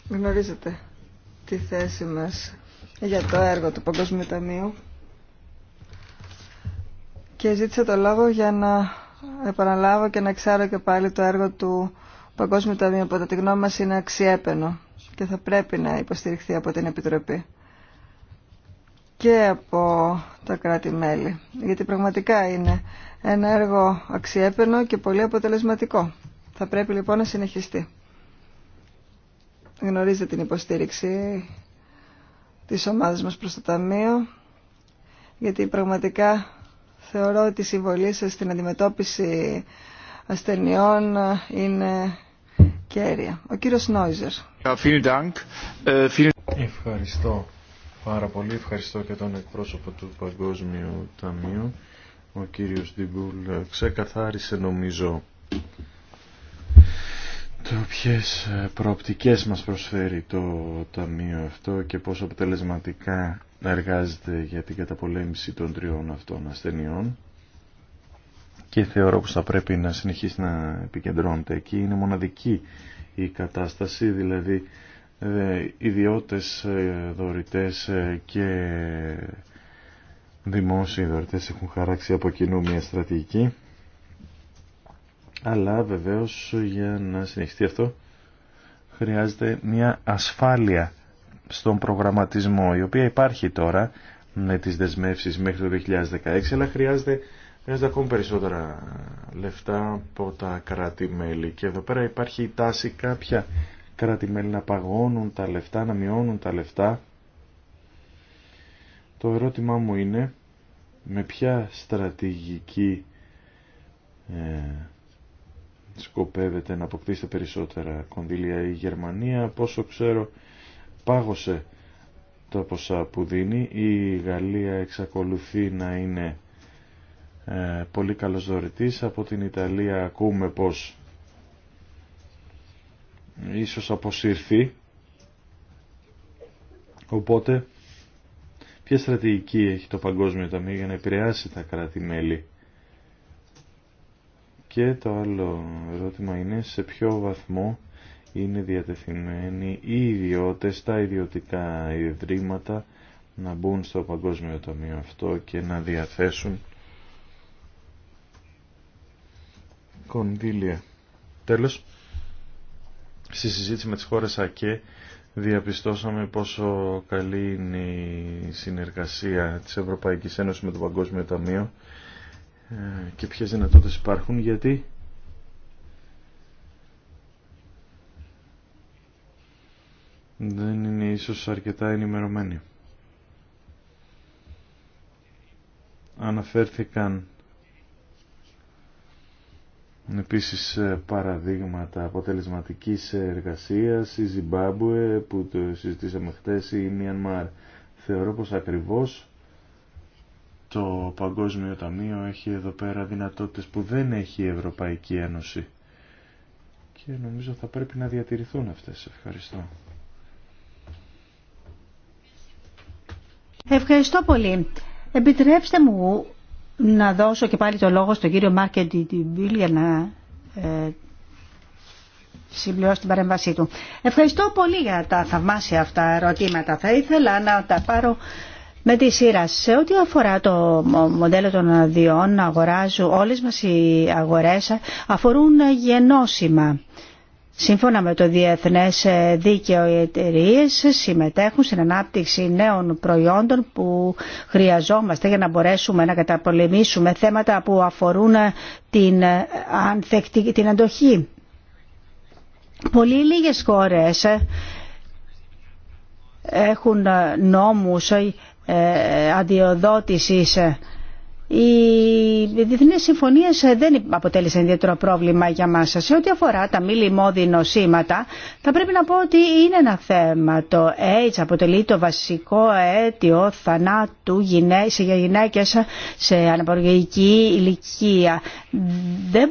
Γνωρίζετε τη θέση μας για το έργο του Παγκοσμίου Ταμείου και ζήτησα το λόγο για να επαναλάβω και να ξέρω και πάλι το έργο του Παγκόσμιο Ταμείο, από τη γνώμη μας είναι αξιέπαινο και θα πρέπει να υποστηριχθεί από την Επιτροπή και από τα κράτη-μέλη, γιατί πραγματικά είναι ένα έργο αξιέπαινο και πολύ αποτελεσματικό. Θα πρέπει λοιπόν να συνεχιστεί. Γνωρίζετε την υποστήριξη της ομάδας μας προς το Ταμείο, γιατί πραγματικά θεωρώ ότι η συμβολή σας στην αντιμετώπιση ασθενειών ε, είναι κέρια. Ο κύριος Νόιζερ. Äh, Ευχαριστώ πάρα πολύ. Ευχαριστώ και τον εκπρόσωπο του Παγκόσμιου Ταμείου. Ο κύριος Ντιμπούλ ε, ξεκαθάρισε νομίζω το ποιες ε, προοπτικές μας προσφέρει το Ταμείο αυτό και πόσο αποτελεσματικά εργάζεται για την καταπολέμηση των τριών αυτών ασθενειών και θεωρώ πως θα πρέπει να συνεχίσει να επικεντρώνεται εκεί. Είναι μοναδική η κατάσταση, δηλαδή ε, ιδιώτες ε, δωρητές ε, και δημόσιοι δωρητές έχουν χαράξει από κοινού μια στρατηγική αλλά βεβαίως για να συνεχιστεί αυτό χρειάζεται μια ασφάλεια στον προγραμματισμό η οποία υπάρχει τώρα με τις δεσμεύσεις μέχρι το 2016 αλλά χρειάζεται Χρειάζεται ακόμη περισσότερα λεφτά από τα κράτη-μέλη. Και εδώ πέρα υπάρχει η τάση κάποια κράτη-μέλη να παγώνουν τα λεφτά, να μειώνουν τα λεφτά. Το ερώτημά μου είναι με ποια στρατηγική ε, σκοπεύετε να αποκτήσετε περισσότερα κονδύλια η Γερμανία. Πόσο ξέρω πάγωσε τα ποσά που δίνει. Η Γαλλία εξακολουθεί να είναι ε, πολύ καλός δωρητής. Από την Ιταλία ακούμε πως ίσως αποσύρθει. Οπότε, ποια στρατηγική έχει το Παγκόσμιο Ταμείο για να επηρεάσει τα κράτη-μέλη. Και το άλλο ερώτημα είναι σε ποιο βαθμό είναι διατεθειμένοι οι ιδιώτες, τα ιδιωτικά ιδρύματα να μπουν στο Παγκόσμιο Ταμείο αυτό και να διαθέσουν κονδύλια. Τέλος, στη συζήτηση με τις χώρες ΑΚΕ διαπιστώσαμε πόσο καλή είναι η συνεργασία της Ευρωπαϊκής Ένωσης με το Παγκόσμιο Ταμείο ε, και ποιες δυνατότητες υπάρχουν γιατί δεν είναι ίσως αρκετά ενημερωμένοι. Αναφέρθηκαν Επίσης ε, παραδείγματα αποτελεσματικής εργασίας, η Ζιμπάμπουε που το συζητήσαμε χθες, η Μιανμάρ. Θεωρώ πως ακριβώς το Παγκόσμιο Ταμείο έχει εδώ πέρα δυνατότητες που δεν έχει η Ευρωπαϊκή Ένωση. Και νομίζω θα πρέπει να διατηρηθούν αυτές. Ευχαριστώ. Ευχαριστώ πολύ. Επιτρέψτε μου να δώσω και πάλι το λόγο στον κύριο Μάρκεντι Τιμπίλ για να ε, συμπληρώσει την παρέμβασή του. Ευχαριστώ πολύ για τα θαυμάσια αυτά ερωτήματα. Θα ήθελα να τα πάρω με τη σειρά. Σε ό,τι αφορά το μοντέλο των αδειών, αγοράζω, όλες μας οι αγορές αφορούν γενώσιμα. Σύμφωνα με το Διεθνές Δίκαιο οι εταιρείε συμμετέχουν στην ανάπτυξη νέων προϊόντων που χρειαζόμαστε για να μπορέσουμε να καταπολεμήσουμε θέματα που αφορούν την, ανθεκτη, την αντοχή. Πολύ λίγες χώρες έχουν νόμους ή ε, αντιοδότησης οι διεθνεί συμφωνίε ε, δεν αποτέλεσαν ιδιαίτερο πρόβλημα για μα. Σε ό,τι αφορά τα μη λοιμώδη νοσήματα, θα πρέπει να πω ότι είναι ένα θέμα. Το AIDS αποτελεί το βασικό αίτιο θανάτου για γυναίκε σε αναπαραγωγική ηλικία. Δεν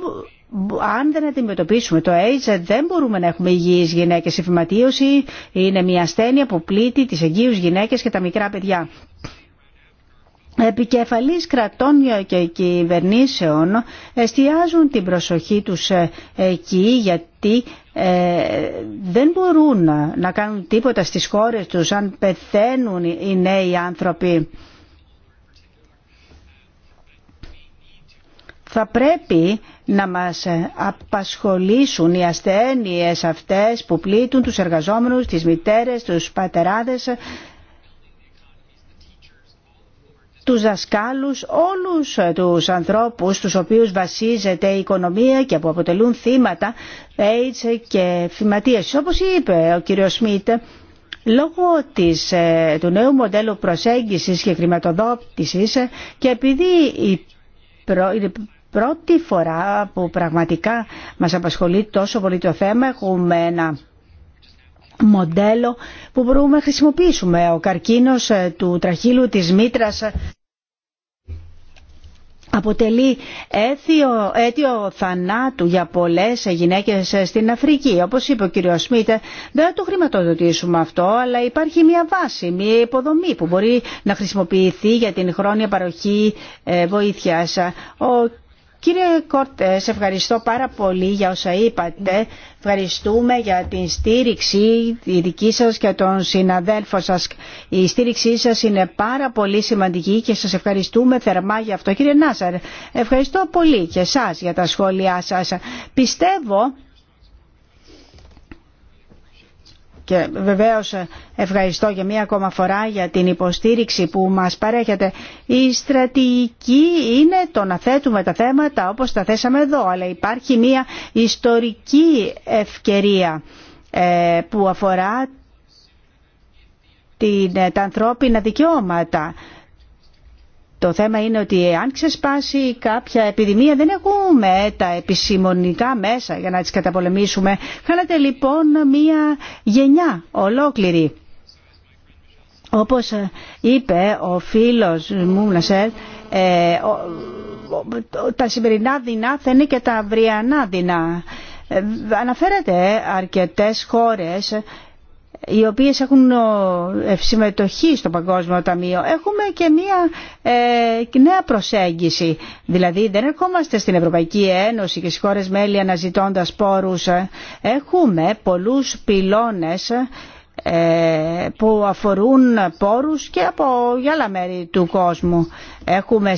αν δεν αντιμετωπίσουμε το AIDS δεν μπορούμε να έχουμε υγιείς γυναίκες. Η φυματίωση είναι μια ασθένεια που πλήττει τι εγγύου γυναίκε και τα μικρά παιδιά επικεφαλής κρατών και κυβερνήσεων εστιάζουν την προσοχή τους ε, εκεί γιατί ε, δεν μπορούν να κάνουν τίποτα στις χώρες τους αν πεθαίνουν οι νέοι άνθρωποι. Θα πρέπει να μας απασχολήσουν οι ασθένειες αυτές που πλήττουν τους εργαζόμενους, τις μητέρες, τους πατεράδες τους δασκάλους, όλους ε, τους ανθρώπους τους οποίους βασίζεται η οικονομία και που αποτελούν θύματα AIDS και φυματίες. Όπως είπε ο κύριος Σμίτ, λόγω της, ε, του νέου μοντέλου προσέγγισης και χρηματοδότησης ε, και επειδή η πρώτη φορά που πραγματικά μας απασχολεί τόσο πολύ το θέμα έχουμε ένα μοντέλο που μπορούμε να χρησιμοποιήσουμε. Ο καρκίνος του τραχύλου της μήτρας αποτελεί αίτιο, θανάτου για πολλές γυναίκες στην Αφρική. Όπως είπε ο κύριος Σμίτ, δεν το χρηματοδοτήσουμε αυτό, αλλά υπάρχει μια βάση, μια υποδομή που μπορεί να χρησιμοποιηθεί για την χρόνια παροχή ε, βοήθειας. Ο Κύριε Κόρτε, ευχαριστώ πάρα πολύ για όσα είπατε. Ευχαριστούμε για την στήριξη η δική σας και των συναδέλφων σας. Η στήριξή σας είναι πάρα πολύ σημαντική και σας ευχαριστούμε θερμά για αυτό. Κύριε Νάσαρ, ευχαριστώ πολύ και εσάς για τα σχόλιά σας. Πιστεύω Και βεβαίως ευχαριστώ για μία ακόμα φορά για την υποστήριξη που μας παρέχετε. Η στρατηγική είναι το να θέτουμε τα θέματα όπως τα θέσαμε εδώ, αλλά υπάρχει μία ιστορική ευκαιρία ε, που αφορά την, τα ανθρώπινα δικαιώματα το θέμα είναι ότι αν ξεσπάσει κάποια επιδημία δεν έχουμε τα επισημονικά μέσα για να τις καταπολεμήσουμε. Χάνατε λοιπόν μία γενιά ολόκληρη. Όπως είπε ο φίλος μου, ε, τα σημερινά δεινά θα είναι και τα αυριανά δεινά. Ε, αναφέρεται αρκετές χώρες οι οποίες έχουν ε, συμμετοχή στο Παγκόσμιο Ταμείο. Έχουμε και μία ε, νέα προσέγγιση. Δηλαδή δεν ερχόμαστε στην Ευρωπαϊκή Ένωση και στις χώρες μέλη αναζητώντας πόρους. Ε, έχουμε πολλούς πυλώνες που αφορούν πόρους και από άλλα μέρη του κόσμου. Έχουμε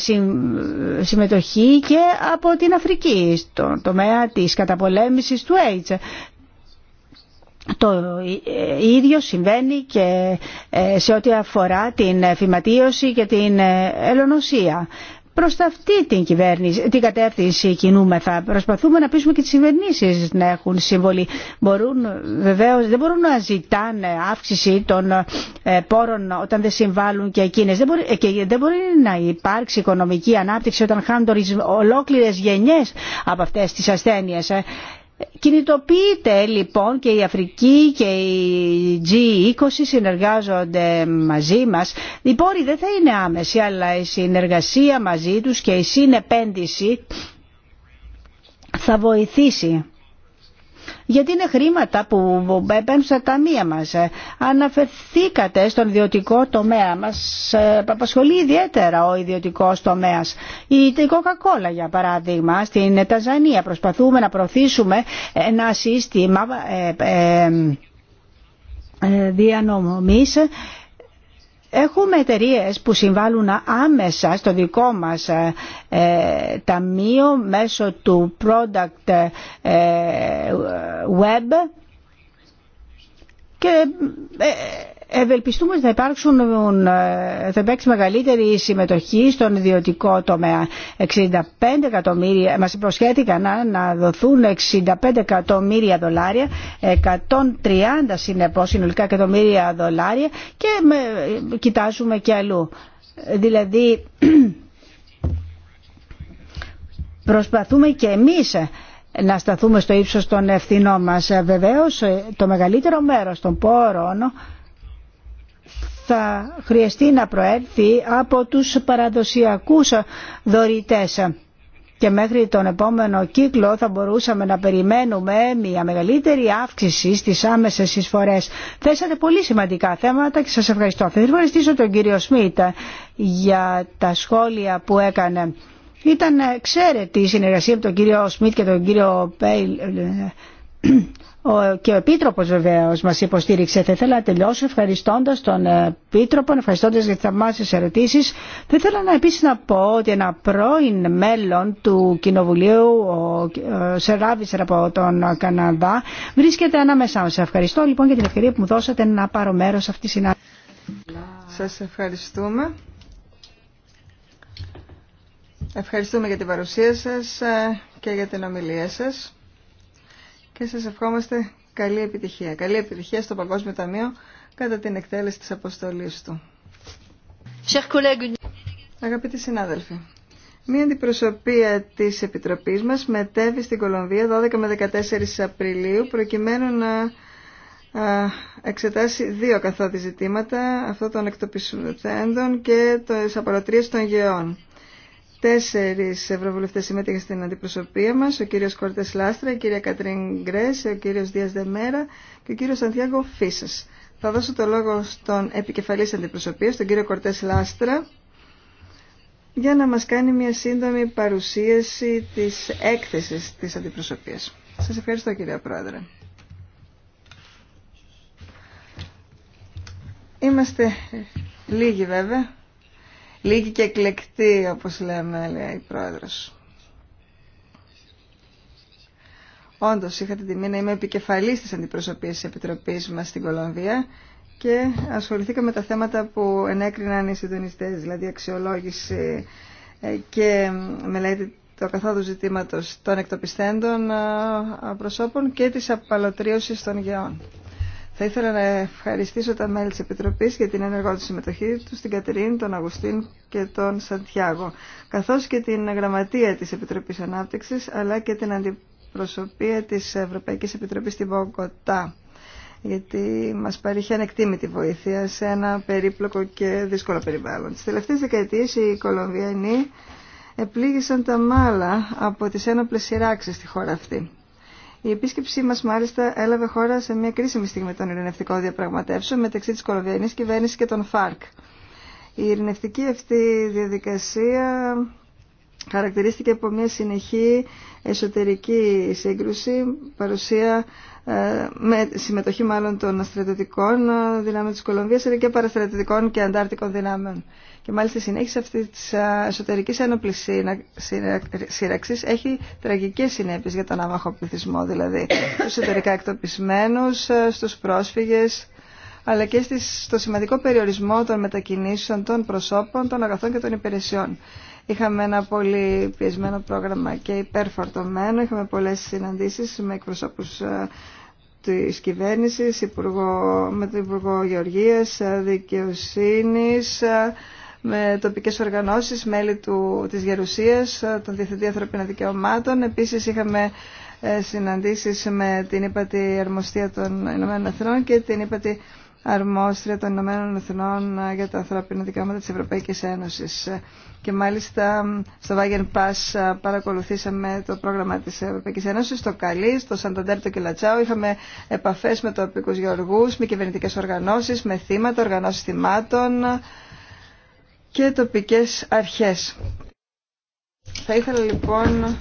συμμετοχή και από την Αφρική το τομέα της καταπολέμησης του AIDS. Το ίδιο συμβαίνει και ε, σε ό,τι αφορά την φυματίωση και την ε, ελονοσία. Προς αυτή την, κυβέρνηση, την κατεύθυνση κινούμεθα. Προσπαθούμε να πείσουμε και τι κυβερνήσει να έχουν συμβολή. Μπορούν, δεν μπορούν να ζητάνε αύξηση των ε, πόρων όταν δεν συμβάλλουν και εκείνε. Δεν μπορεί, δεν μπορεί να υπάρξει οικονομική ανάπτυξη όταν χάνουν ολόκληρε γενιέ από αυτές τις ασθένειες. Κινητοποιείται λοιπόν και η Αφρική και η G20 συνεργάζονται μαζί μας. Οι πόροι δεν θα είναι άμεση αλλά η συνεργασία μαζί τους και η συνεπένδυση θα βοηθήσει γιατί είναι χρήματα που μπαίνουν στα ταμεία μας. Αναφερθήκατε στον ιδιωτικό τομέα μας, ε, απασχολεί ιδιαίτερα ο ιδιωτικός τομέας. Η Coca-Cola για παράδειγμα στην Ταζανία προσπαθούμε να προωθήσουμε ένα σύστημα ε, ε, διανομής Έχουμε εταιρείε που συμβάλλουν άμεσα στο δικό μας ε, ε, ταμείο μέσω του product ε, web Ευελπιστούμε ότι θα, υπάρξουν, ε, θα υπάρξει μεγαλύτερη συμμετοχή στον ιδιωτικό τομέα. 65 εκατομμύρια, μας υποσχέθηκαν να, να δοθούν 65 εκατομμύρια δολάρια, 130 συνεπώς συνολικά εκατομμύρια δολάρια και με, κοιτάζουμε και αλλού. Δηλαδή προσπαθούμε και εμείς να σταθούμε στο ύψος των ευθυνών μας. Βεβαίως το μεγαλύτερο μέρος των πόρων θα χρειαστεί να προέλθει από τους παραδοσιακούς δωρητές. Και μέχρι τον επόμενο κύκλο θα μπορούσαμε να περιμένουμε μια μεγαλύτερη αύξηση στις άμεσες εισφορές. Θέσατε πολύ σημαντικά θέματα και σας ευχαριστώ. Θα ευχαριστήσω τον κύριο Σμίτ για τα σχόλια που έκανε. Ήταν εξαίρετη η συνεργασία με τον κύριο Σμιτ και τον κύριο Πέιλ ε, και ο Επίτροπος βεβαίως μας υποστήριξε. Θα ήθελα να τελειώσω ευχαριστώντας τον Επίτροπο, ευχαριστώντας για τις θαυμάσιε ερωτήσεις. Θα ήθελα να επίσης να πω ότι ένα πρώην μέλλον του Κοινοβουλίου, ο Σεράβισερ από τον Καναδά, βρίσκεται ανάμεσά μας. Ευχαριστώ λοιπόν για την ευκαιρία που μου δώσατε να πάρω μέρος σε αυτή τη συνάντηση. Σας ευχαριστούμε. Ευχαριστούμε για την παρουσία σας και για την ομιλία σας και σας ευχόμαστε καλή επιτυχία. Καλή επιτυχία στο Παγκόσμιο Ταμείο κατά την εκτέλεση της αποστολής του. Αγαπητοί συνάδελφοι, μία αντιπροσωπεία της Επιτροπής μας μετέβη στην Κολομβία 12 με 14 Απριλίου προκειμένου να εξετάσει δύο καθόδη ζητήματα, αυτό των εκτοπιστέντων και της απολωτρίας των γεών. Τέσσερις ευρωβουλευτές συμμετείχαν στην αντιπροσωπεία μας, ο κύριος Κόρτες Λάστρα, η κυρία Κατρίν Γκρέση, ο κύριος Δίας Δεμέρα και ο κύριος Σαντιάγκο Φίσας. Θα δώσω το λόγο στον επικεφαλής αντιπροσωπείας, τον κύριο Κορτές Λάστρα, για να μας κάνει μια σύντομη παρουσίαση της έκθεσης της αντιπροσωπείας. Σας ευχαριστώ κύριε Πρόεδρε. Είμαστε λίγοι βέβαια, λίγη και εκλεκτή, όπως λέμε, λέει η Πρόεδρος. Όντως, είχα την τιμή να είμαι επικεφαλής της αντιπροσωπείας Επιτροπής μας στην Κολομβία και ασχοληθήκαμε με τα θέματα που ενέκριναν οι συντονιστές, δηλαδή αξιολόγηση ε, και μελέτη το καθόδου ζητήματος των εκτοπιστέντων ε, προσώπων και της απαλωτρίωσης των γεών. Θα ήθελα να ευχαριστήσω τα μέλη της Επιτροπής για την ενεργό του συμμετοχή του, την Κατερίνη, τον Αγουστίν και τον Σαντιάγο, καθώς και την γραμματεία της Επιτροπής Ανάπτυξης, αλλά και την αντιπροσωπεία της Ευρωπαϊκής Επιτροπής στην Βογκοτά, γιατί μας παρήχε ανεκτήμητη βοήθεια σε ένα περίπλοκο και δύσκολο περιβάλλον. Τις τελευταίες δεκαετίες οι Κολομβιανοί επλήγησαν τα μάλα από τις ένοπλες σειράξεις στη χώρα αυτή. Η επίσκεψή μας μάλιστα έλαβε χώρα σε μια κρίσιμη στιγμή των ειρηνευτικών διαπραγματεύσεων μεταξύ τη Κολοβιανή κυβέρνηση και των ΦΑΡΚ. Η ειρηνευτική αυτή διαδικασία χαρακτηρίστηκε από μια συνεχή εσωτερική σύγκρουση, παρουσία ε, με συμμετοχή μάλλον των στρατιωτικών ε, δυνάμεων της Κολομβίας αλλά και παραστρατιωτικών και αντάρτικων δυνάμεων. Και μάλιστα η συνέχιση αυτή της ε, εσωτερικής ένοπλης σύραξης έχει τραγικές συνέπειες για τον άμαχο πληθυσμό, δηλαδή στους εσωτερικά εκτοπισμένους, στους πρόσφυγες, αλλά και στο σημαντικό περιορισμό των μετακινήσεων των προσώπων, των αγαθών και των υπηρεσιών. Είχαμε ένα πολύ πιεσμένο πρόγραμμα και υπερφορτωμένο. Είχαμε πολλές συναντήσεις με εκπροσώπους ε, της κυβέρνησης, υπουργό, με τον Υπουργό Γεωργίας, ε, Δικαιοσύνης, ε, με τοπικές οργανώσεις, μέλη του, της Γερουσίας, των Διευθυντή Ανθρωπίνων Δικαιωμάτων. Επίσης είχαμε συναντήσεις με την ύπατη αρμοστία των Ηνωμένων Εθνών και την ύπατη αρμόστρια των Ηνωμένων Εθνών ε, για τα ανθρώπινα δικαιώματα της Ευρωπαϊκής Ένωσης. Ε, και μάλιστα στο Wagen Pass ε, παρακολουθήσαμε το πρόγραμμα της Ευρωπαϊκής Ένωσης, το Καλή, στο Σανταντέρ, το Κιλατσάου. Είχαμε επαφές με τοπικούς γεωργούς, με κυβερνητικές οργανώσεις, με θύματα, οργανώσεις θυμάτων και τοπικές αρχές. Θα ήθελα λοιπόν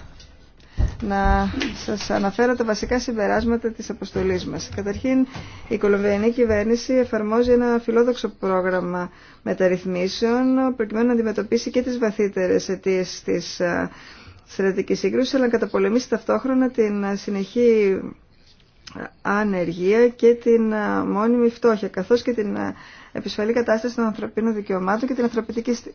να σας αναφέρω τα βασικά συμπεράσματα της αποστολής μας. Καταρχήν, η Κολομβιανή κυβέρνηση εφαρμόζει ένα φιλόδοξο πρόγραμμα μεταρρυθμίσεων προκειμένου να αντιμετωπίσει και τις βαθύτερες αιτίε της ε, στρατηγική σύγκρουση, αλλά να καταπολεμήσει ταυτόχρονα την συνεχή ανεργία και την ε, μόνιμη φτώχεια, καθώς και την ε, επισφαλή κατάσταση των ανθρωπίνων δικαιωμάτων και την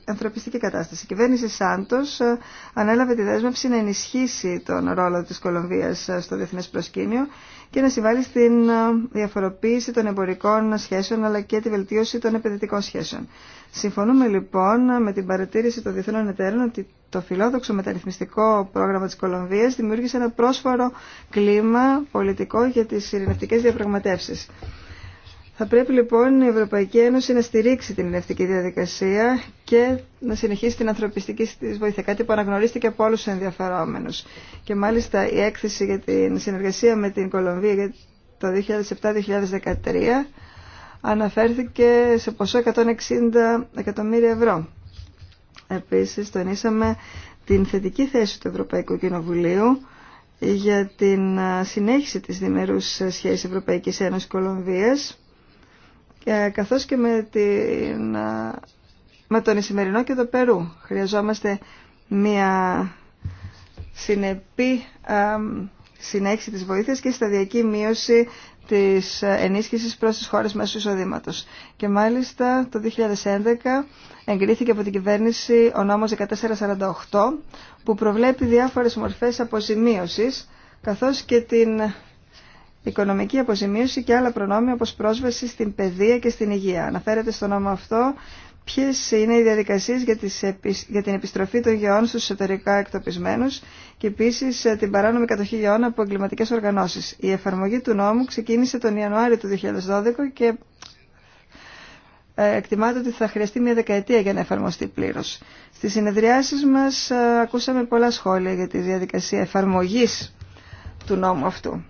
ανθρωπιστική κατάσταση. Η κυβέρνηση Σάντος ε, ανέλαβε τη δέσμευση να ενισχύσει τον ρόλο της Κολομβίας στο διεθνές προσκήνιο και να συμβάλλει στην ε, διαφοροποίηση των εμπορικών σχέσεων αλλά και τη βελτίωση των επενδυτικών σχέσεων. Συμφωνούμε λοιπόν με την παρατήρηση των διεθνών εταίρων ότι το φιλόδοξο μεταρρυθμιστικό πρόγραμμα της Κολομβίας δημιούργησε ένα πρόσφορο κλίμα πολιτικό για τις ειρηνευτικές διαπραγματεύσεις. Θα πρέπει λοιπόν η Ευρωπαϊκή Ένωση να στηρίξει την ενευτική διαδικασία και να συνεχίσει την ανθρωπιστική τη βοήθεια. Κάτι που αναγνωρίστηκε από όλου του ενδιαφερόμενου. Και μάλιστα η έκθεση για την συνεργασία με την Κολομβία για το 2007-2013 αναφέρθηκε σε ποσό 160 εκατομμύρια ευρώ. Επίσης τονίσαμε την θετική θέση του Ευρωπαϊκού Κοινοβουλίου για την συνέχιση της διμερούς σχέσης Ευρωπαϊκής Ένωσης Κολομβίας ε, καθώς και με, με τον Ισημερινό και το Περού. Χρειαζόμαστε μια συνεπή συνέχιση της βοήθειας και σταδιακή μείωση της ενίσχυσης προς τις χώρες μέσω εισοδήματο. Και μάλιστα το 2011 εγκρίθηκε από την κυβέρνηση ο νόμος 1448 που προβλέπει διάφορες μορφές αποζημίωσης καθώς και την οικονομική αποζημίωση και άλλα προνόμια όπως πρόσβαση στην παιδεία και στην υγεία. Αναφέρεται στο νόμο αυτό ποιες είναι οι διαδικασίες για, την επιστροφή των γεών στους εσωτερικά εκτοπισμένους και επίσης ε, την παράνομη κατοχή γεών από εγκληματικέ οργανώσεις. Η εφαρμογή του νόμου ξεκίνησε τον Ιανουάριο του 2012 και ε, εκτιμάται ότι θα χρειαστεί μια δεκαετία για να εφαρμοστεί πλήρως. Στις συνεδριάσεις μας ε, ακούσαμε πολλά σχόλια για τη διαδικασία εφαρμογής του νόμου αυτού.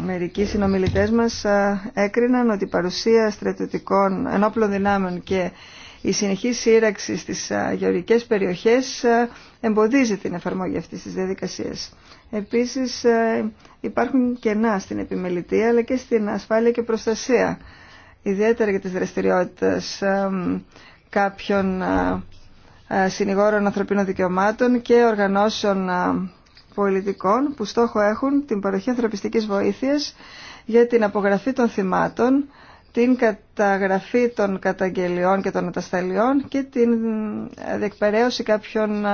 Μερικοί συνομιλητές μας έκριναν ότι η παρουσία στρατιωτικών ενόπλων δυνάμεων και η συνεχή σύραξη στις γεωργικές περιοχές εμποδίζει την εφαρμογή αυτής της διαδικασίας. Επίσης υπάρχουν κενά στην επιμελητία αλλά και στην ασφάλεια και προστασία, ιδιαίτερα για τις δραστηριότητες κάποιων συνηγόρων ανθρωπίνων δικαιωμάτων και οργανώσεων πολιτικών που στόχο έχουν την παροχή ανθρωπιστικής βοήθειας για την απογραφή των θυμάτων, την καταγραφή των καταγγελιών και των ατασταλιών και την διεκπαιρέωση κάποιων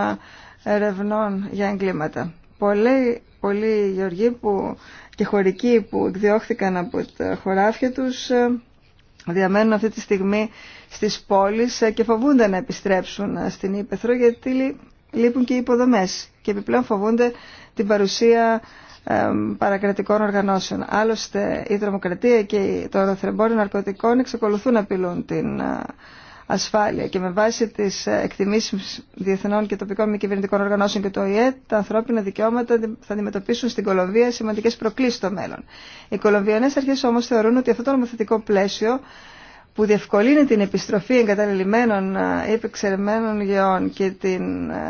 ερευνών για εγκλήματα. Πολλοί, πολλοί γεωργοί που, και χωρικοί που εκδιώχθηκαν από τα χωράφια τους διαμένουν αυτή τη στιγμή στις πόλεις και φοβούνται να επιστρέψουν στην Ήπεθρο γιατί λείπουν και οι υποδομές και επιπλέον φοβούνται την παρουσία παρακρατικών οργανώσεων. Άλλωστε η τρομοκρατία και το ραθρεμπόριο ναρκωτικών εξακολουθούν να απειλούν την ε, ασφάλεια και με βάση τις ε, εκτιμήσεις διεθνών και τοπικών μη κυβερνητικών οργανώσεων και το ΟΗΕ τα ανθρώπινα δικαιώματα θα αντιμετωπίσουν στην Κολομβία σημαντικές προκλήσεις στο μέλλον. Οι κολομβιανές αρχές όμως θεωρούν ότι αυτό το νομοθετικό πλαίσιο που διευκολύνει την επιστροφή εγκαταλελειμμένων ή επεξερεμένων γεών και την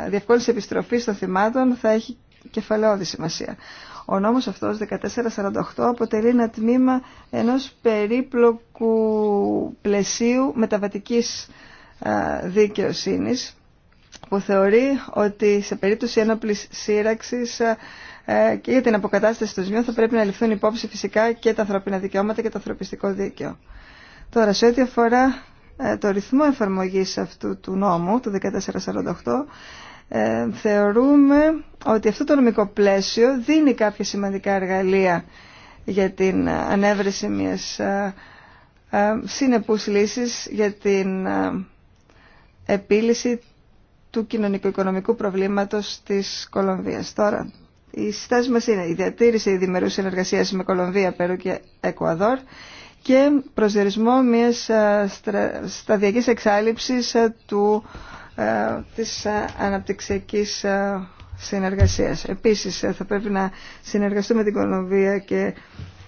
διευκόλυνση επιστροφής των θυμάτων θα έχει κεφαλαιώδη σημασία. Ο νόμος αυτός 1448 αποτελεί ένα τμήμα ενός περίπλοκου πλαισίου μεταβατικής δικαιοσύνης που θεωρεί ότι σε περίπτωση ένοπλης σύραξης ε, και για την αποκατάσταση των ζημιών θα πρέπει να ληφθούν υπόψη φυσικά και τα ανθρώπινα δικαιώματα και το ανθρωπιστικό δίκαιο. Τώρα, σε ό,τι αφορά ε, το ρυθμό εφαρμογής αυτού του νόμου, του 1448, ε, θεωρούμε ότι αυτό το νομικό πλαίσιο δίνει κάποια σημαντικά εργαλεία για την ανέβρεση μιας ε, ε συνεπούς λύσης για την επίλυση του κοινωνικο-οικονομικού προβλήματος της Κολομβίας. Τώρα, η στάση μας είναι η διατήρηση διμερούς συνεργασίας με Κολομβία, Περού και Εκουαδόρ και προσδιορισμό μιας ε, σταδιακής εξάλληψης ε, του, ε, της αναπτυξιακής συνεργασίας. Επίσης θα πρέπει να συνεργαστούμε την Κολομβία και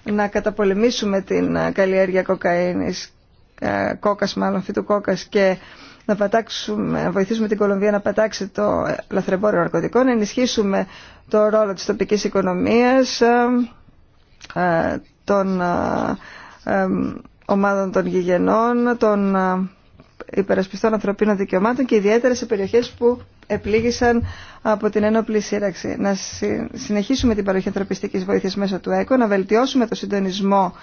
να καταπολεμήσουμε την καλλιέργεια κοκαίνης, κόκας μάλλον, φύτου κόκας και να, πατάξουμε, βοηθήσουμε την Κολομβία να πατάξει το λαθρεμπόριο ναρκωτικών, να ενισχύσουμε το ρόλο της τοπικής οικονομίας, των ομάδων των γηγενών, των ε, υπερασπιστών ανθρωπίνων δικαιωμάτων και ιδιαίτερα σε περιοχές που επλήγησαν από την ένοπλη σύραξη. Να συνεχίσουμε την παροχή ανθρωπιστικής βοήθειας μέσω του ΕΚΟ, να βελτιώσουμε το συντονισμό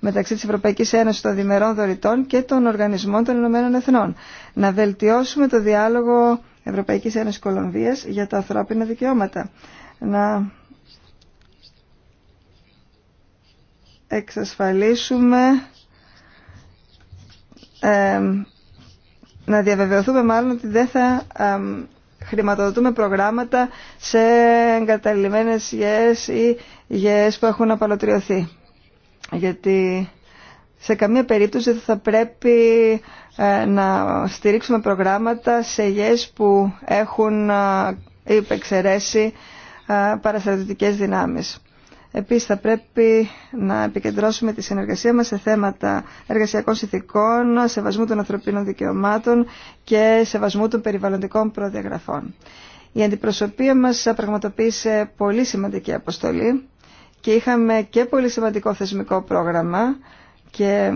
μεταξύ της Ευρωπαϊκής Ένωσης των Διμερών Δωρητών και των Οργανισμών των Ηνωμένων Εθνών. Να βελτιώσουμε το διάλογο Ευρωπαϊκής Ένωσης Κολομβίας για τα ανθρώπινα δικαιώματα. Να εξασφαλίσουμε να διαβεβαιωθούμε μάλλον ότι δεν θα χρηματοδοτούμε προγράμματα σε εγκαταλειμμένες γεές ή γεές που έχουν απαλωτριωθεί. Γιατί σε καμία περίπτωση θα πρέπει ε, να στηρίξουμε προγράμματα σε γεές που έχουν ε, υπεξαιρέσει ε, παραστατικές δυνάμεις. Επίσης θα πρέπει να επικεντρώσουμε τη συνεργασία μας σε θέματα εργασιακών συνθηκών, σεβασμού των ανθρωπίνων δικαιωμάτων και σεβασμού των περιβαλλοντικών προδιαγραφών. Η αντιπροσωπεία μας πραγματοποίησε πολύ σημαντική αποστολή και είχαμε και πολύ σημαντικό θεσμικό πρόγραμμα και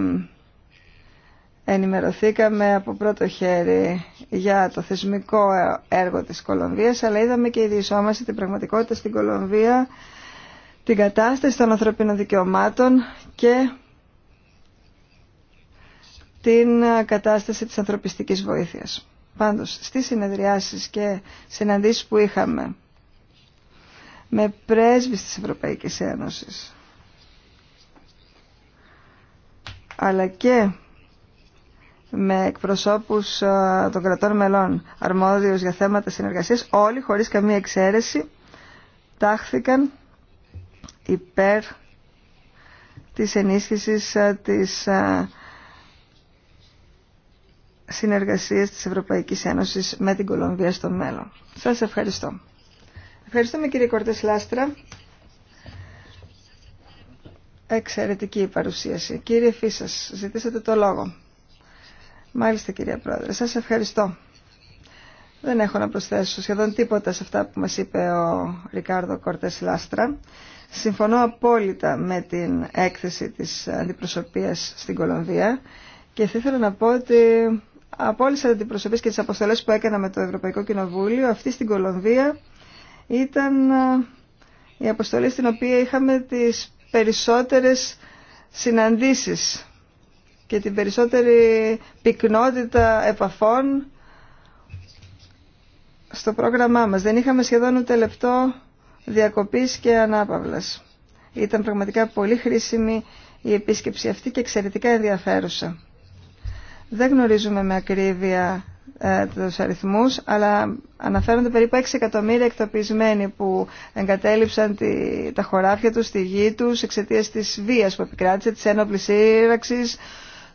ενημερωθήκαμε από πρώτο χέρι για το θεσμικό έργο της Κολομβίας αλλά είδαμε και η την πραγματικότητα στην Κολομβία την κατάσταση των ανθρωπίνων δικαιωμάτων και την κατάσταση της ανθρωπιστικής βοήθειας. Πάντως, στις συνεδριάσεις και συναντήσεις που είχαμε με πρέσβεις της Ευρωπαϊκής Ένωσης αλλά και με εκπροσώπους ε, των κρατών μελών αρμόδιους για θέματα συνεργασίας όλοι χωρίς καμία εξαίρεση τάχθηκαν υπέρ της ενίσχυσης ε, της ε, συνεργασίας της Ευρωπαϊκής Ένωσης με την Κολομβία στο μέλλον. Σας ευχαριστώ. Ευχαριστούμε κύριε Κορτές Λάστρα. Εξαιρετική η παρουσίαση. Κύριε Φίσας, ζητήσατε το λόγο. Μάλιστα κύριε Πρόεδρε, σας ευχαριστώ. Δεν έχω να προσθέσω σχεδόν τίποτα σε αυτά που μας είπε ο Ρικάρδο Κορτές Λάστρα. Συμφωνώ απόλυτα με την έκθεση της αντιπροσωπείας στην Κολομβία και θα ήθελα να πω ότι από όλες τις αντιπροσωπείες και τις αποστολές που έκανα με το Ευρωπαϊκό Κοινοβούλιο, αυτή στην Κολομβία ήταν ε, η αποστολή στην οποία είχαμε τις περισσότερες συναντήσεις και την περισσότερη πυκνότητα επαφών στο πρόγραμμά μας. Δεν είχαμε σχεδόν ούτε λεπτό διακοπής και ανάπαυλας. Ήταν πραγματικά πολύ χρήσιμη η επίσκεψη αυτή και εξαιρετικά ενδιαφέρουσα. Δεν γνωρίζουμε με ακρίβεια ε, τους αριθμούς, αλλά αναφέρονται περίπου 6 εκατομμύρια εκτοπισμένοι που εγκατέλειψαν τη, τα χωράφια τους, τη γη τους, εξαιτίας της βίας που επικράτησε, της ένοπλης σύραξης,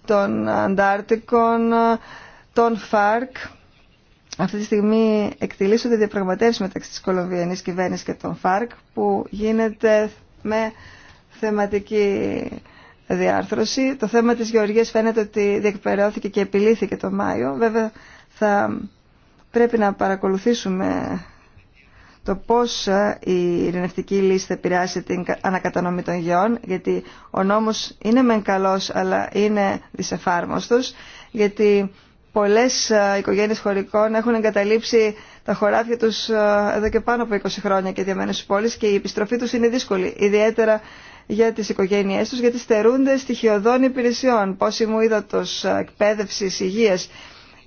των Αντάρτικων, των ΦΑΡΚ αυτή τη στιγμή εκτελήσονται διαπραγματεύσει μεταξύ της Κολομβιανής κυβέρνησης και των ΦΑΡΚ που γίνεται με θεματική διάρθρωση. Το θέμα της γεωργίας φαίνεται ότι διεκπαιρεώθηκε και επιλύθηκε το Μάιο. Βέβαια θα πρέπει να παρακολουθήσουμε το πώς ε, η ειρηνευτική λύση θα επηρεάσει την ανακατανομή των γεών, γιατί ο νόμος είναι μεν καλός, αλλά είναι δυσεφάρμοστος, γιατί πολλές ε, οικογένειες χωρικών έχουν εγκαταλείψει τα χωράφια τους ε, εδώ και πάνω από 20 χρόνια και διαμένουν στις πόλεις και η επιστροφή τους είναι δύσκολη, ιδιαίτερα για τις οικογένειές τους, γιατί στερούνται στοιχειωδών υπηρεσιών, μου είδατος ε, εκπαίδευσης, υγείας.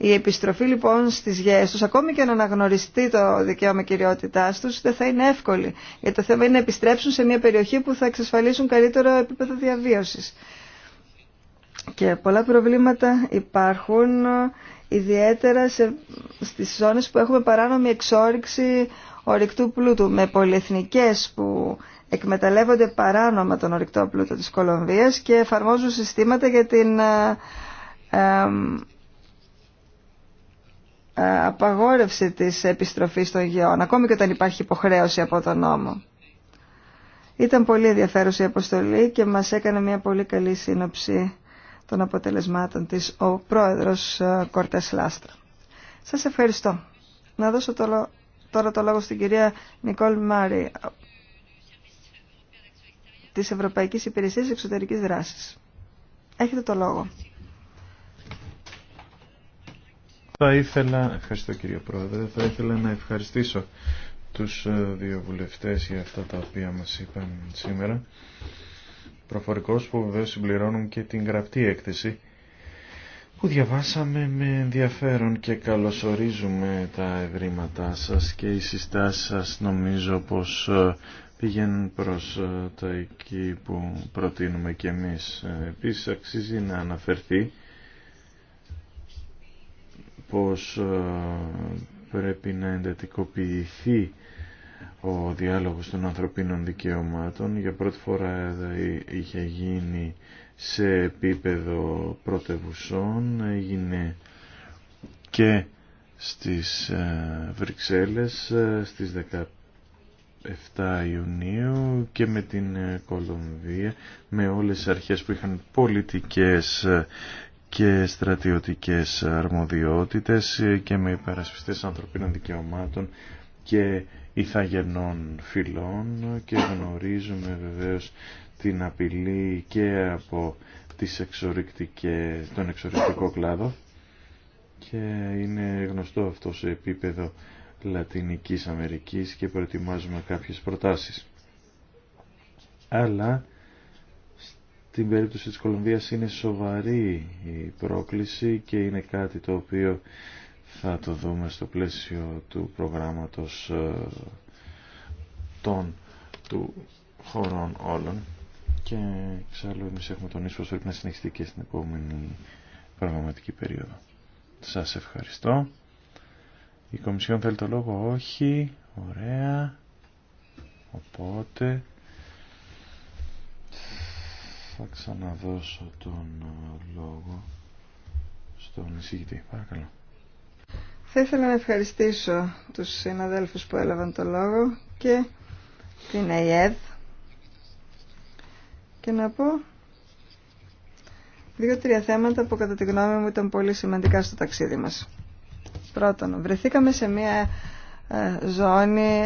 Η επιστροφή λοιπόν στις γέες τους, ακόμη και να αναγνωριστεί το δικαίωμα κυριότητάς τους, δεν θα είναι εύκολη. Γιατί το θέμα είναι να επιστρέψουν σε μια περιοχή που θα εξασφαλίσουν καλύτερο επίπεδο διαβίωσης. Και πολλά προβλήματα υπάρχουν ιδιαίτερα σε, στις ζώνες που έχουμε παράνομη εξόριξη ορυκτού πλούτου με πολυεθνικές που εκμεταλλεύονται παράνομα τον ορυκτό πλούτο της Κολομβίας και εφαρμόζουν συστήματα για την ε, ε, απαγόρευση της επιστροφής των γεών, ακόμη και όταν υπάρχει υποχρέωση από τον νόμο. Ήταν πολύ ενδιαφέρουσα η αποστολή και μας έκανε μια πολύ καλή σύνοψη των αποτελεσμάτων της ο πρόεδρος ε, Κορτές Λάστρα. Σας ευχαριστώ. Να δώσω τώρα το λόγο στην κυρία Νικόλ Μάρη της Ευρωπαϊκής Υπηρεσίας Εξωτερικής Δράσης. Έχετε το λόγο. Θα ήθελα, ευχαριστώ κύριε Πρόεδρε, θα ήθελα να ευχαριστήσω τους ε, δύο βουλευτές για αυτά τα οποία μας είπαν σήμερα προφορικός που βεβαίως συμπληρώνουν και την γραπτή έκθεση που διαβάσαμε με ενδιαφέρον και καλωσορίζουμε τα ευρήματά σας και οι συστάσεις σας νομίζω πως ε, πηγαίνουν προς ε, το εκεί που προτείνουμε και εμείς. Ε, επίσης αξίζει να αναφερθεί πως πρέπει να εντατικοποιηθεί ο διάλογος των ανθρωπίνων δικαιωμάτων για πρώτη φορά είχε γίνει σε επίπεδο πρωτευουσών έγινε και στις ε, Βρυξέλλες ε, στις 17 Ιουνίου και με την ε, Κολομβία με όλες τις αρχές που είχαν πολιτικές και στρατιωτικές αρμοδιότητες και με υπερασπιστές ανθρωπίνων δικαιωμάτων και ηθαγενών φυλών και γνωρίζουμε βεβαίως την απειλή και από τις τον εξορυκτικό κλάδο και είναι γνωστό αυτό σε επίπεδο Λατινικής Αμερικής και προετοιμάζουμε κάποιες προτάσεις. Αλλά στην περίπτωση της Κολομβίας είναι σοβαρή η πρόκληση και είναι κάτι το οποίο θα το δούμε στο πλαίσιο του προγράμματος ε, των του χωρών όλων και εξάλλου εμείς έχουμε τονίσει πως πρέπει να συνεχιστεί και στην επόμενη πραγματική περίοδο. Σας ευχαριστώ. Η Κομισιόν θέλει το λόγο όχι. Ωραία. Οπότε θα ξαναδώσω τον ε, λόγο στον εισηγητή. Παρακαλώ. Θα ήθελα να ευχαριστήσω τους συναδέλφους που έλαβαν το λόγο και την ΕΕΔ και να πω δύο-τρία θέματα που κατά τη γνώμη μου ήταν πολύ σημαντικά στο ταξίδι μας. Πρώτον, βρεθήκαμε σε μια ε, ζώνη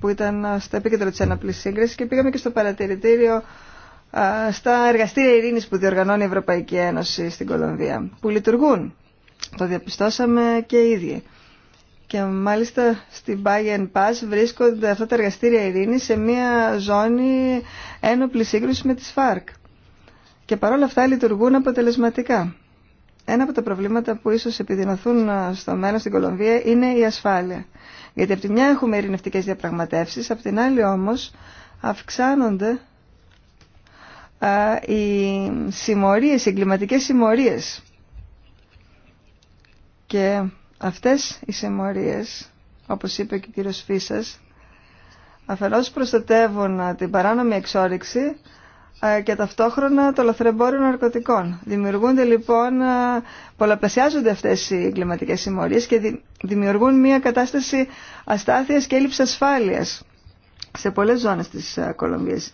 που ήταν στο επίκεντρο της αναπλής σύγκρισης και πήγαμε και στο παρατηρητήριο ε, στα εργαστήρια ειρήνης που διοργανώνει η Ευρωπαϊκή Ένωση στην Κολομβία, που λειτουργούν το διαπιστώσαμε και οι ίδιοι. Και μάλιστα στην Bayern Pass βρίσκονται αυτά τα εργαστήρια ειρήνη σε μια ζώνη ένοπλη σύγκρουση με τις ΦΑΡΚ. Και παρόλα αυτά λειτουργούν αποτελεσματικά. Ένα από τα προβλήματα που ίσως επιδεινωθούν ε, στο μέλλον στην Κολομβία είναι η ασφάλεια. Γιατί από τη μια έχουμε ειρηνευτικές διαπραγματεύσεις, από την άλλη όμως αυξάνονται ε, οι συμμορίες, οι εγκληματικές συμμορίες και αυτές οι συμμορίες, όπως είπε και ο κύριος Φίσας, αφενός προστατεύουν ε, την παράνομη εξόριξη ε, και ταυτόχρονα το λαθρεμπόριο ναρκωτικών. Δημιουργούνται λοιπόν, ε, πολλαπλασιάζονται αυτές οι εγκληματικέ συμμορίες και δημιουργούν μια κατάσταση αστάθειας και έλλειψη ασφάλειας σε πολλές ζώνες της Κολομβίας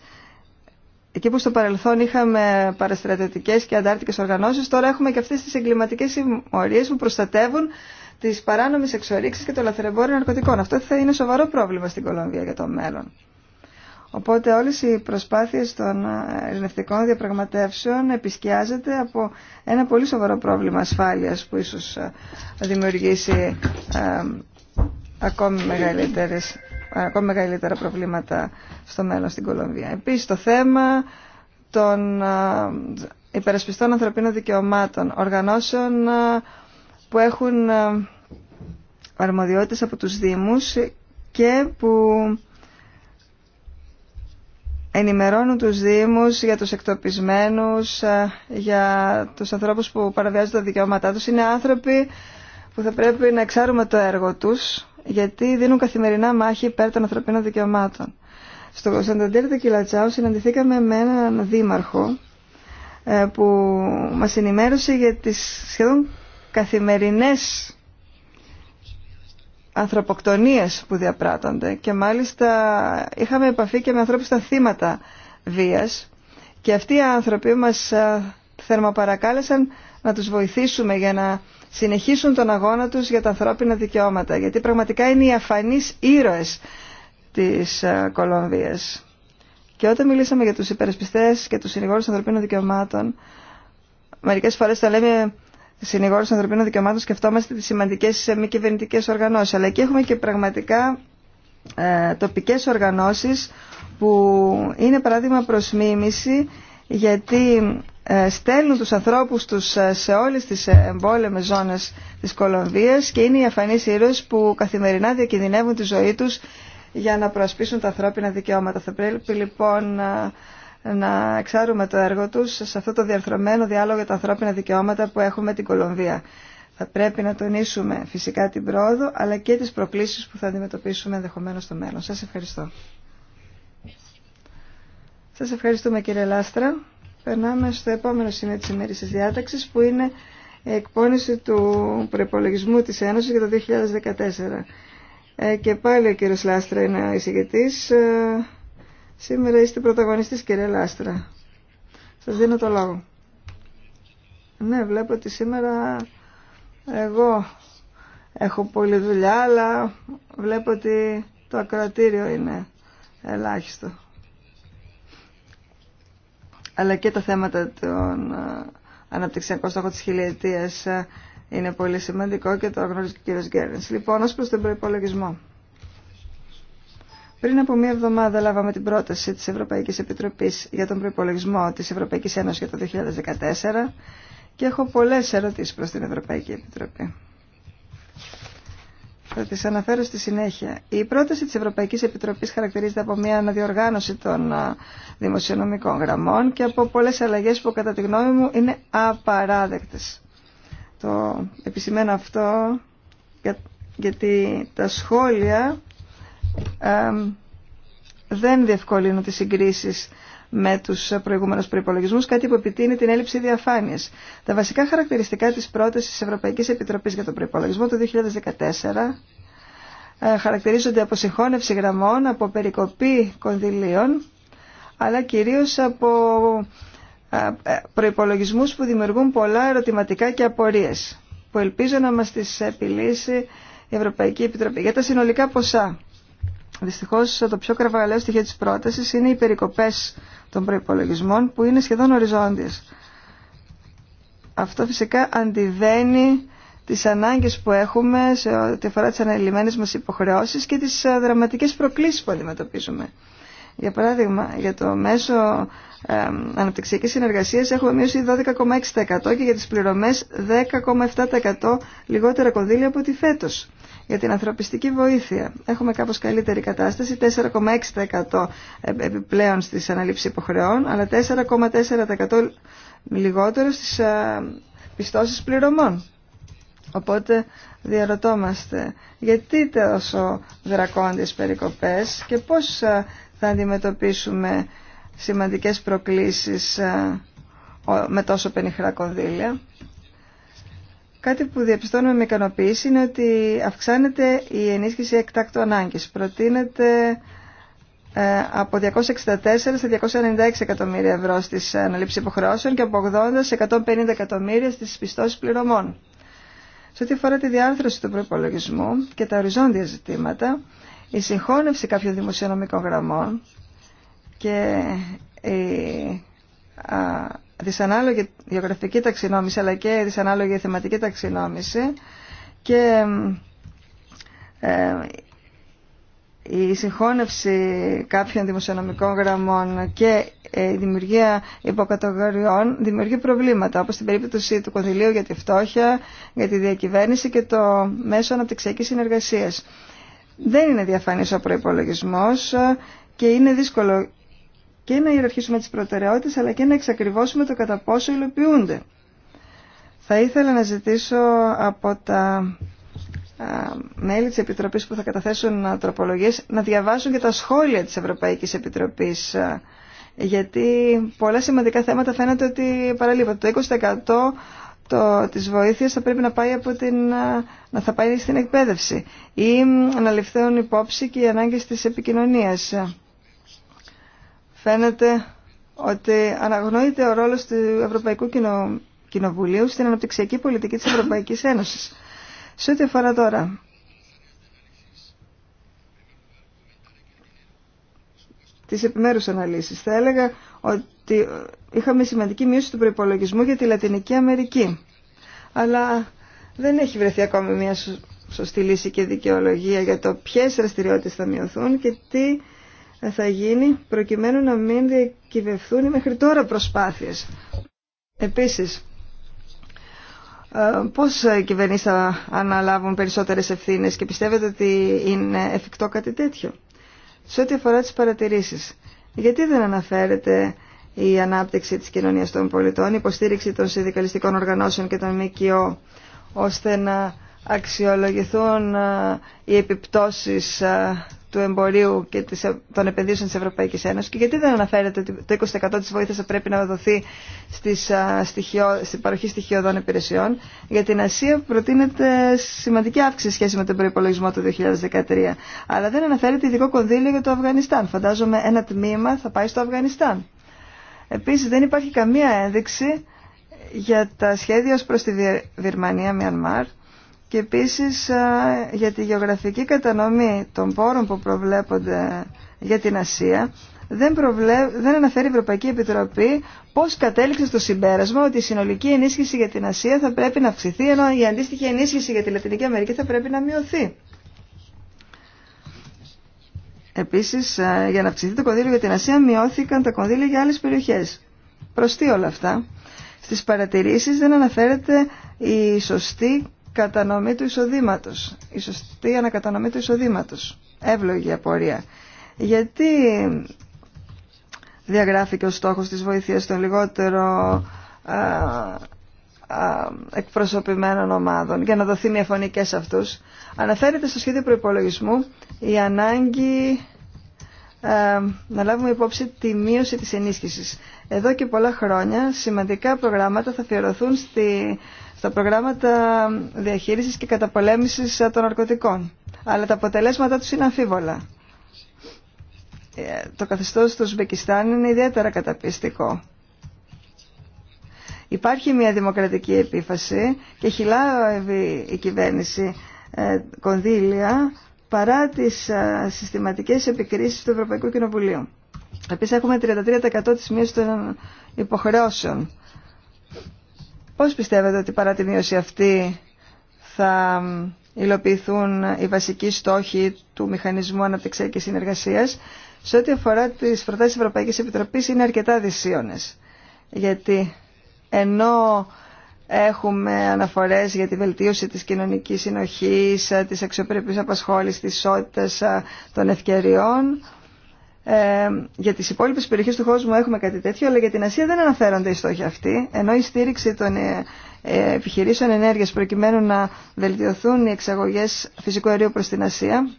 εκεί που στο παρελθόν είχαμε παραστρατευτικέ και αντάρτικες οργανώσει. τώρα έχουμε και αυτέ τι εγκληματικέ συμμορίε που προστατεύουν τι παράνομε εξορίξει και το λαθρεμπόριο ναρκωτικών. Αυτό θα είναι σοβαρό πρόβλημα στην Κολομβία για το μέλλον. Οπότε όλε οι προσπάθειε των ελληνευτικών διαπραγματεύσεων επισκιάζεται από ένα πολύ σοβαρό πρόβλημα ασφάλεια που ίσω δημιουργήσει ε, ακόμη μεγαλύτερε. Ε, ακόμα μεγαλύτερα προβλήματα στο μέλλον στην Κολομβία. Επίσης το θέμα των ε, υπερασπιστών ανθρωπίνων δικαιωμάτων, οργανώσεων ε, που έχουν αρμοδιότητες από τους Δήμους και που ενημερώνουν τους Δήμους για τους εκτοπισμένους, για τους ανθρώπους που παραβιάζουν τα δικαιώματά τους. Είναι άνθρωποι που θα πρέπει να εξάρουμε το έργο τους γιατί δίνουν καθημερινά μάχη υπέρ των ανθρωπίνων δικαιωμάτων. Στο Σανταντέρτο Κιλατσάου συναντηθήκαμε με έναν δήμαρχο ε, που μας ενημέρωσε για τις σχεδόν καθημερινές ανθρωποκτονίες που διαπράττονται και μάλιστα είχαμε επαφή και με ανθρώπους στα θύματα βίας και αυτοί οι άνθρωποι μας ε, θερμοπαρακάλεσαν να τους βοηθήσουμε για να συνεχίσουν τον αγώνα τους για τα ανθρώπινα δικαιώματα, γιατί πραγματικά είναι οι αφανείς ήρωες της ε, Κολομβίας. Και όταν μιλήσαμε για τους υπερασπιστές και τους συνηγόρους ανθρωπίνων δικαιωμάτων, μερικές φορές τα λέμε συνηγόρους ανθρωπίνων δικαιωμάτων, σκεφτόμαστε τις σημαντικές ε, μη κυβερνητικέ οργανώσεις, αλλά εκεί έχουμε και πραγματικά ε, τοπικές οργανώσεις που είναι παράδειγμα προς μίμηση, γιατί ε, στέλνουν τους ανθρώπους τους ε, σε όλες τις ε, εμπόλεμες ζώνες της Κολομβίας και είναι οι αφανείς ήρωες που καθημερινά διακινδυνεύουν τη ζωή τους για να προασπίσουν τα ανθρώπινα δικαιώματα. Θα πρέπει λοιπόν να, εξάρουμε το έργο τους σε αυτό το διαρθρωμένο διάλογο για τα ανθρώπινα δικαιώματα που έχουμε την Κολομβία. Θα πρέπει να τονίσουμε φυσικά την πρόοδο αλλά και τις προκλήσεις που θα αντιμετωπίσουμε ενδεχομένως στο μέλλον. Σας ευχαριστώ. Σας ευχαριστούμε κύριε Λάστρα περνάμε στο επόμενο σημείο της ημέρης της διάταξης που είναι η εκπόνηση του προπολογισμού της Ένωσης για το 2014. Ε, και πάλι ο κύριος Λάστρα είναι ο εισηγητής. Ε, σήμερα είστε πρωταγωνιστής κύριε Λάστρα. Σας δίνω το λόγο. Ναι, βλέπω ότι σήμερα εγώ έχω πολλή δουλειά, αλλά βλέπω ότι το ακροατήριο είναι ελάχιστο αλλά και τα θέματα των ε, αναπτυξιακών στόχων της χιλιετίας ε, είναι πολύ σημαντικό και το γνωρίζει και ο κύριος Γκέρνς. Λοιπόν, ως προς τον προϋπολογισμό. Πριν από μία εβδομάδα λάβαμε την πρόταση της Ευρωπαϊκής Επιτροπής για τον προϋπολογισμό της Ευρωπαϊκής Ένωσης για το 2014 και έχω πολλές ερωτήσεις προς την Ευρωπαϊκή Επιτροπή. Θα τις αναφέρω στη συνέχεια. Η πρόταση της Ευρωπαϊκής Επιτροπής χαρακτηρίζεται από μια αναδιοργάνωση των δημοσιονομικών γραμμών και από πολλές αλλαγές που κατά τη γνώμη μου είναι απαράδεκτες. Το επισημαίνω αυτό γιατί τα σχόλια δεν διευκολύνουν τις συγκρίσεις με τους προηγούμενους προϋπολογισμούς, κάτι που επιτείνει την έλλειψη διαφάνειας. Τα βασικά χαρακτηριστικά της πρότασης της Ευρωπαϊκής Επιτροπής για τον προϋπολογισμό το 2014 ε, χαρακτηρίζονται από συγχώνευση γραμμών, από περικοπή κονδυλίων, αλλά κυρίως από ε, ε, προϋπολογισμούς που δημιουργούν πολλά ερωτηματικά και απορίες, που ελπίζω να μας τις επιλύσει η Ευρωπαϊκή Επιτροπή. Για τα συνολικά ποσά, δυστυχώς το πιο κραβαλαίο στοιχείο της πρότασης είναι οι περικοπές των προϋπολογισμών που είναι σχεδόν οριζόντιες. Αυτό φυσικά αντιβαίνει τις ανάγκες που έχουμε σε ό,τι αφορά τις αναλυμένες μας υποχρεώσεις και τις ε, δραματικές προκλήσεις που αντιμετωπίζουμε. Για παράδειγμα, για το μέσο ε, αναπτυξιακής συνεργασίας έχουμε μείωση 12,6% και για τις πληρωμές 10,7% λιγότερα κονδύλια από τη φέτος. Για την ανθρωπιστική βοήθεια έχουμε κάπως καλύτερη κατάσταση, 4,6% επιπλέον στις αναλήψεις υποχρεών, αλλά 4,4% λιγότερο στις ε, πιστώσεις πληρωμών. Οπότε διαρωτόμαστε γιατί τόσο δρακόντιες περικοπές και πώς ε, θα αντιμετωπίσουμε σημαντικές προκλήσεις ε, με τόσο πενιχρά κονδύλια. Κάτι που διαπιστώνουμε με ικανοποίηση είναι ότι αυξάνεται η ενίσχυση εκτάκτου ανάγκης. Προτείνεται ε, από 264 σε 296 εκατομμύρια ευρώ στις αναλήψεις υποχρεώσεων και από 80 σε 150 εκατομμύρια στις πιστώσεις πληρωμών. Σε ό,τι αφορά τη διάρθρωση του προϋπολογισμού και τα οριζόντια ζητήματα, η συγχώνευση κάποιων δημοσιονομικών γραμμών και η δυσανάλογη γεωγραφική ταξινόμηση αλλά και η δυσανάλογη θεματική ταξινόμηση και ε, η συγχώνευση κάποιων δημοσιονομικών γραμμών και ε, η δημιουργία υποκατηγοριών δημιουργεί προβλήματα, όπως στην περίπτωση του κονδυλίου για τη φτώχεια, για τη διακυβέρνηση και το μέσο αναπτυξιακής συνεργασίας. Δεν είναι διαφανής ο προϋπολογισμός και είναι δύσκολο και να ιεραρχήσουμε τις προτεραιότητες αλλά και να εξακριβώσουμε το κατά πόσο υλοποιούνται. Θα ήθελα να ζητήσω από τα μέλη της Επιτροπής που θα καταθέσουν τροπολογίες να διαβάσουν και τα σχόλια της Ευρωπαϊκής Επιτροπής γιατί πολλά σημαντικά θέματα φαίνεται ότι παραλείπονται. Το 20% το, της βοήθειας θα πρέπει να πάει, από την, να θα πάει στην εκπαίδευση ή να υπόψη και οι ανάγκες της επικοινωνίας. Φαίνεται ότι αναγνωρίζεται ο ρόλος του Ευρωπαϊκού Κοινοβουλίου στην αναπτυξιακή πολιτική της Ευρωπαϊκής Ένωσης. Σε ό,τι αφορά τώρα τις επιμέρους αναλύσεις. Θα έλεγα ότι ότι είχαμε σημαντική μείωση του προπολογισμού για τη Λατινική Αμερική. Αλλά δεν έχει βρεθεί ακόμη μια σωστή λύση και δικαιολογία για το ποιες δραστηριότητε θα μειωθούν και τι θα γίνει προκειμένου να μην διακυβευθούν οι μέχρι τώρα προσπάθειες. Επίσης, ε, πώς οι κυβερνήσει θα αναλάβουν περισσότερες ευθύνε και πιστεύετε ότι είναι εφικτό κάτι τέτοιο. Σε ό,τι αφορά τι παρατηρήσεις, γιατί δεν αναφέρεται η ανάπτυξη της κοινωνίας των πολιτών, η υποστήριξη των συνδικαλιστικών οργανώσεων και των ΜΚΟ, ώστε να αξιολογηθούν οι επιπτώσεις του εμπορίου και ε, των επενδύσεων της Ευρωπαϊκής Ένωσης και γιατί δεν αναφέρεται ότι το 20% της βοήθειας θα πρέπει να δοθεί στις, στην παροχή στοιχειωδών υπηρεσιών. Για την Ασία προτείνεται σημαντική αύξηση σχέση με τον προϋπολογισμό του 2013. Αλλά δεν αναφέρεται ειδικό κονδύλιο για το Αφγανιστάν. Φαντάζομαι ένα τμήμα θα πάει στο Αφγανιστάν. Επίσης δεν υπάρχει καμία ένδειξη για τα σχέδια ως προς τη Βυρμανία Μιανμάρ και επίσης για τη γεωγραφική κατανομή των πόρων που προβλέπονται για την Ασία δεν, προβλε... δεν αναφέρει η Ευρωπαϊκή Επιτροπή πώς κατέληξε στο συμπέρασμα ότι η συνολική ενίσχυση για την Ασία θα πρέπει να αυξηθεί ενώ η αντίστοιχη ενίσχυση για τη Λατινική Αμερική θα πρέπει να μειωθεί. Επίσης, ε, για να αυξηθεί το κονδύλιο για την Ασία, μειώθηκαν τα κονδύλια για άλλες περιοχές. Προς τι όλα αυτά. Στις παρατηρήσεις δεν αναφέρεται η σωστή κατανομή του εισοδήματος. Η σωστή ανακατανομή του εισοδήματος. Εύλογη απορία. Γιατί διαγράφηκε ο στόχος της βοήθειας των λιγότερο ε, εκπροσωπημένων ομάδων για να δοθεί μια φωνή και σε αυτούς αναφέρεται στο σχέδιο προϋπολογισμού η ανάγκη ε, να λάβουμε υπόψη τη μείωση της ενίσχυσης. Εδώ και πολλά χρόνια σημαντικά προγράμματα θα αφιερωθούν στη, στα προγράμματα διαχείρισης και καταπολέμησης των ναρκωτικών. Αλλά τα αποτελέσματά τους είναι αμφίβολα. Ε, το καθεστώς του Ουσμπεκιστάν είναι ιδιαίτερα καταπιστικό. Υπάρχει μια δημοκρατική επίφαση και χυλάει η κυβέρνηση ε, κονδύλια παρά τις ε, συστηματικές επικρίσεις του Ευρωπαϊκού Κοινοβουλίου. Επίσης έχουμε 33% της μείωσης των υποχρεώσεων. Πώς πιστεύετε ότι παρά τη μείωση αυτή θα υλοποιηθούν οι βασικοί στόχοι του Μηχανισμού Αναπτυξιακής Συνεργασίας σε ό,τι αφορά τις προτάσεις της Ευρωπαϊκής Επιτροπής είναι αρκετά δυσίωνες. Γιατί ενώ έχουμε αναφορές για τη βελτίωση της κοινωνικής συνοχής, ε, της αξιοπρεπής απασχόλησης, της ισότητας ε, των ευκαιριών. Ε, για τις υπόλοιπες περιοχές του κόσμου έχουμε κάτι τέτοιο, αλλά για την Ασία δεν αναφέρονται οι στόχοι αυτοί, ενώ η στήριξη των ε, επιχειρήσεων ενέργειας προκειμένου να βελτιωθούν οι εξαγωγές φυσικού αερίου προς την Ασία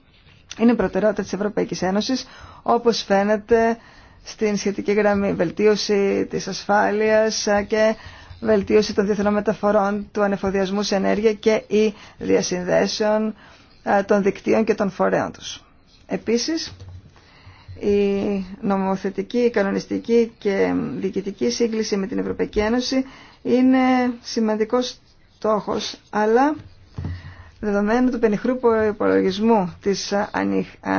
είναι προτεραιότητα της Ευρωπαϊκής Ένωσης, όπως φαίνεται στην σχετική γραμμή. Βελτίωση της ασφάλειας και βελτίωση των διεθνών μεταφορών του ανεφοδιασμού σε ενέργεια και ή διασυνδέσεων των δικτύων και των φορέων τους. Επίσης, η νομοθετική, η κανονιστική και διοικητική σύγκληση με την Ευρωπαϊκή Ένωση είναι σημαντικός στόχος, αλλά δεδομένου του πενιχρού υπολογισμού της ε, ε,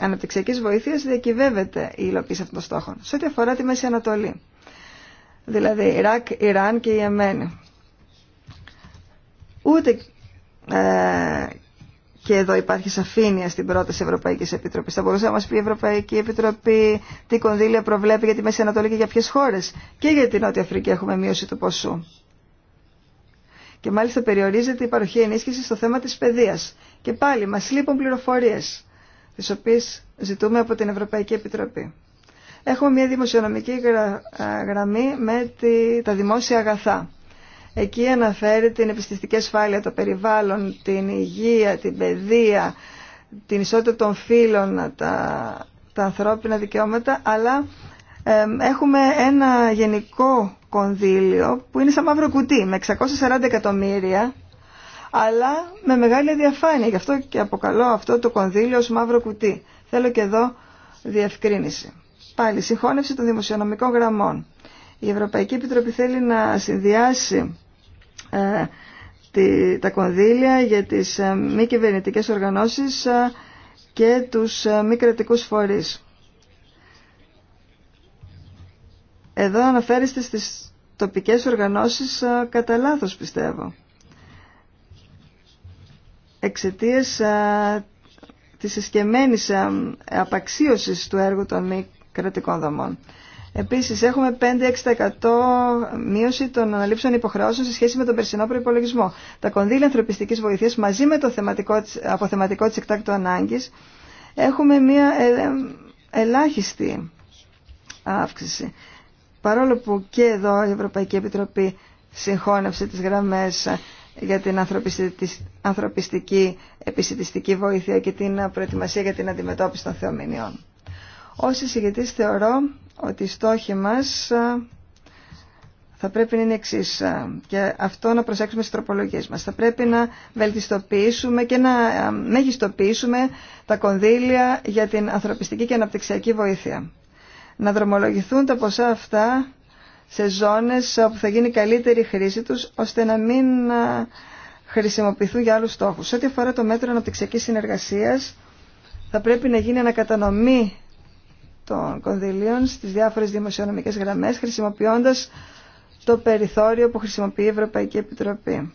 αναπτυξιακής βοήθειας διακυβεύεται η υλοποίηση αυτών των στόχων. Σε ό,τι αφορά τη Μέση Ανατολή, δηλαδή Ιράκ, Ιράν και η Ούτε ε, και εδώ υπάρχει σαφήνεια στην πρόταση Ευρωπαϊκή Επιτροπή. Θα μπορούσε να μα πει η Ευρωπαϊκή Επιτροπή τι κονδύλια προβλέπει για τη Μέση Ανατολή και για ποιε χώρε. Και για την Νότια Αφρική έχουμε μείωση του ποσού. Και μάλιστα περιορίζεται η παροχή ενίσχυση στο θέμα της παιδείας. Και πάλι μας λείπουν πληροφορίες, τις οποίες ζητούμε από την Ευρωπαϊκή Επιτροπή. Έχουμε μια δημοσιονομική γραμμή με τα δημόσια αγαθά. Εκεί αναφέρει την επιστηστική ασφάλεια, το περιβάλλον, την υγεία, την παιδεία, την ισότητα των φύλων, τα, ανθρώπινα δικαιώματα, αλλά έχουμε ένα γενικό κονδύλιο που είναι σαν μαύρο κουτί με 640 εκατομμύρια αλλά με μεγάλη διαφάνεια. Γι' αυτό και αποκαλώ αυτό το κονδύλιο ως μαύρο κουτί. Θέλω και εδώ διευκρίνηση. Πάλι, συγχώνευση των δημοσιονομικών γραμμών. Η Ευρωπαϊκή Επιτροπή θέλει να συνδυάσει ε, τα κονδύλια για τις ε, μη κυβερνητικέ οργανώσεις ε, και τους ε, μη κρατικούς φορείς. Εδώ αναφέρεστε στις τοπικές οργανώσεις κατά λάθο πιστεύω. Εξαιτίας της εσκεμμένης απαξίωσης του έργου των μη κρατικών δομών. Επίσης έχουμε 5-6% μείωση των αναλήψεων υποχρεώσεων σε σχέση με τον περσινό προϋπολογισμό. Τα κονδύλια ανθρωπιστικής βοηθείας μαζί με το θεματικό, αποθεματικό της εκτάκτου ανάγκης έχουμε μια ε, ε, ελάχιστη αύξηση παρόλο που και εδώ η Ευρωπαϊκή Επιτροπή συγχώνευσε τις γραμμές για την ανθρωπιστική επισητιστική βοήθεια και την προετοιμασία για την αντιμετώπιση των θεομηνιών. Ως εισηγητής θεωρώ ότι οι στόχοι μας ε, θα πρέπει να είναι εξή ε, και αυτό να προσέξουμε στις τροπολογίες μας. Θα πρέπει να βελτιστοποιήσουμε και να ε, μεγιστοποιήσουμε τα κονδύλια για την ανθρωπιστική και αναπτυξιακή βοήθεια να δρομολογηθούν τα ποσά αυτά σε ζώνες όπου θα γίνει καλύτερη χρήση τους, ώστε να μην χρησιμοποιηθούν για άλλους στόχους. Σε ό,τι αφορά το μέτρο αναπτυξιακής συνεργασίας, θα πρέπει να γίνει ανακατανομή των κονδυλίων στις διάφορες δημοσιονομικές γραμμές, χρησιμοποιώντας το περιθώριο που χρησιμοποιεί η Ευρωπαϊκή Επιτροπή,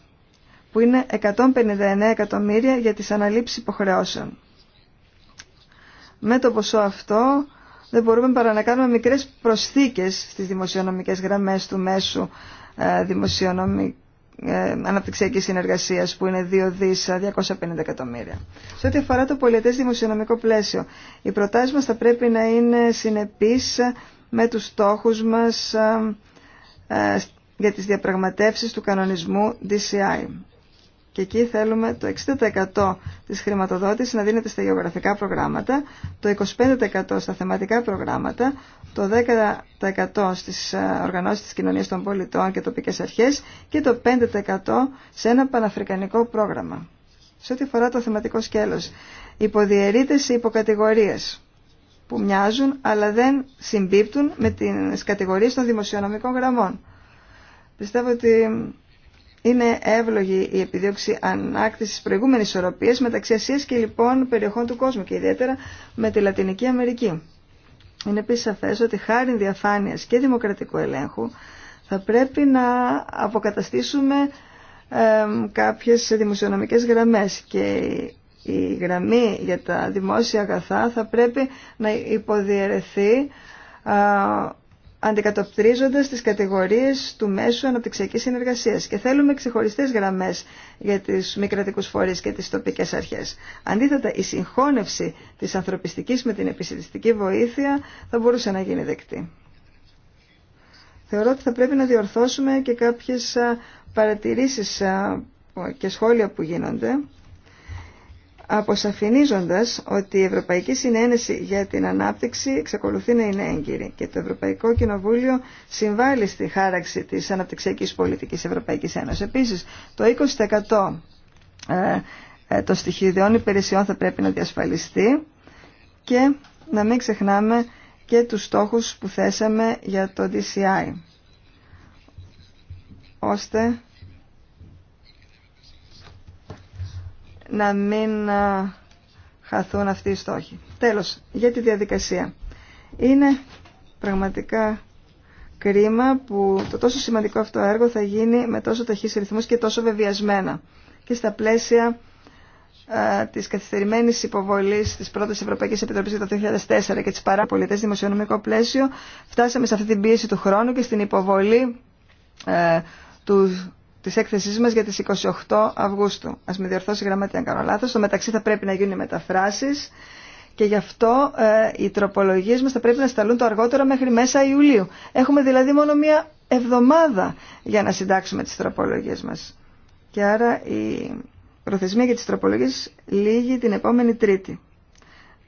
που είναι 159 εκατομμύρια για τις αναλήψεις υποχρεώσεων. Με το ποσό αυτό δεν μπορούμε παρά να κάνουμε μικρές προσθήκες στις δημοσιονομικές γραμμές του μέσου ε, δημοσιονομικού ε, αναπτυξιακή συνεργασία που είναι 2 δι 250 εκατομμύρια. Σε ό,τι αφορά το πολιτέ δημοσιονομικό πλαίσιο, οι προτάσει μα θα πρέπει να είναι συνεπεί με του στόχου μα ε, για τις διαπραγματεύσεις του κανονισμού DCI. Και εκεί θέλουμε το 60% της χρηματοδότησης να δίνεται στα γεωγραφικά προγράμματα, το 25% στα θεματικά προγράμματα, το 10% στις ε, οργανώσεις της κοινωνίας των πολιτών και τοπικές αρχές και το 5% σε ένα παναφρικανικό πρόγραμμα. Σε ό,τι αφορά το θεματικό σκέλος, υποδιαιρείται σε υποκατηγορίες που μοιάζουν αλλά δεν συμπίπτουν με τις κατηγορίες των δημοσιονομικών γραμμών. Πιστεύω ότι είναι εύλογη η επιδίωξη ανάκτησης προηγούμενης ισορροπία μεταξύ Ασία και λοιπόν περιοχών του κόσμου και ιδιαίτερα με τη Λατινική Αμερική. Είναι επίση σαφέ ότι χάρη διαφάνειας και δημοκρατικού ελέγχου θα πρέπει να αποκαταστήσουμε ε, κάποιες δημοσιονομικές γραμμές και η γραμμή για τα δημόσια αγαθά θα πρέπει να υποδιαιρεθεί αντικατοπτρίζοντας τις κατηγορίες του μέσου αναπτυξιακής συνεργασίας και θέλουμε ξεχωριστές γραμμές για τις μη κρατικούς φορείς και τις τοπικές αρχές. Αντίθετα, η συγχώνευση της ανθρωπιστικής με την επιστημιστική βοήθεια θα μπορούσε να γίνει δεκτή. Θεωρώ ότι θα πρέπει να διορθώσουμε και κάποιες παρατηρήσεις και σχόλια που γίνονται αποσαφηνίζοντας ότι η Ευρωπαϊκή Συνένεση για την Ανάπτυξη εξακολουθεί να είναι έγκυρη και το Ευρωπαϊκό Κοινοβούλιο συμβάλλει στη χάραξη της αναπτυξιακής πολιτικής Ευρωπαϊκής Ένωσης. Επίσης, το 20% ε, ε, των στοιχειδιών υπηρεσιών θα πρέπει να διασφαλιστεί και να μην ξεχνάμε και τους στόχους που θέσαμε για το DCI ώστε να μην χαθούν αυτοί οι στόχοι. Τέλος, για τη διαδικασία. Είναι πραγματικά κρίμα που το τόσο σημαντικό αυτό έργο θα γίνει με τόσο ταχύς ρυθμούς και τόσο βεβιασμένα και στα πλαίσια της καθυστερημένη υποβολής τη πρώτη Ευρωπαϊκή Επιτροπή για το 2004 και της παράπολιτες δημοσιονομικό πλαίσιο, φτάσαμε σε αυτή την πίεση του χρόνου και στην υποβολή ε, του Τη έκθεσή μας για τις 28 Αυγούστου. Α με διορθώσει η γραμματεία αν κάνω λάθος. Στο μεταξύ θα πρέπει να γίνουν οι μεταφράσεις και γι' αυτό ε, οι τροπολογίε μας θα πρέπει να σταλούν το αργότερο μέχρι μέσα Ιουλίου. Έχουμε δηλαδή μόνο μία εβδομάδα για να συντάξουμε τις τροπολογίε μας. Και άρα η προθεσμία για τις τροπολογίες λύγει την επόμενη Τρίτη.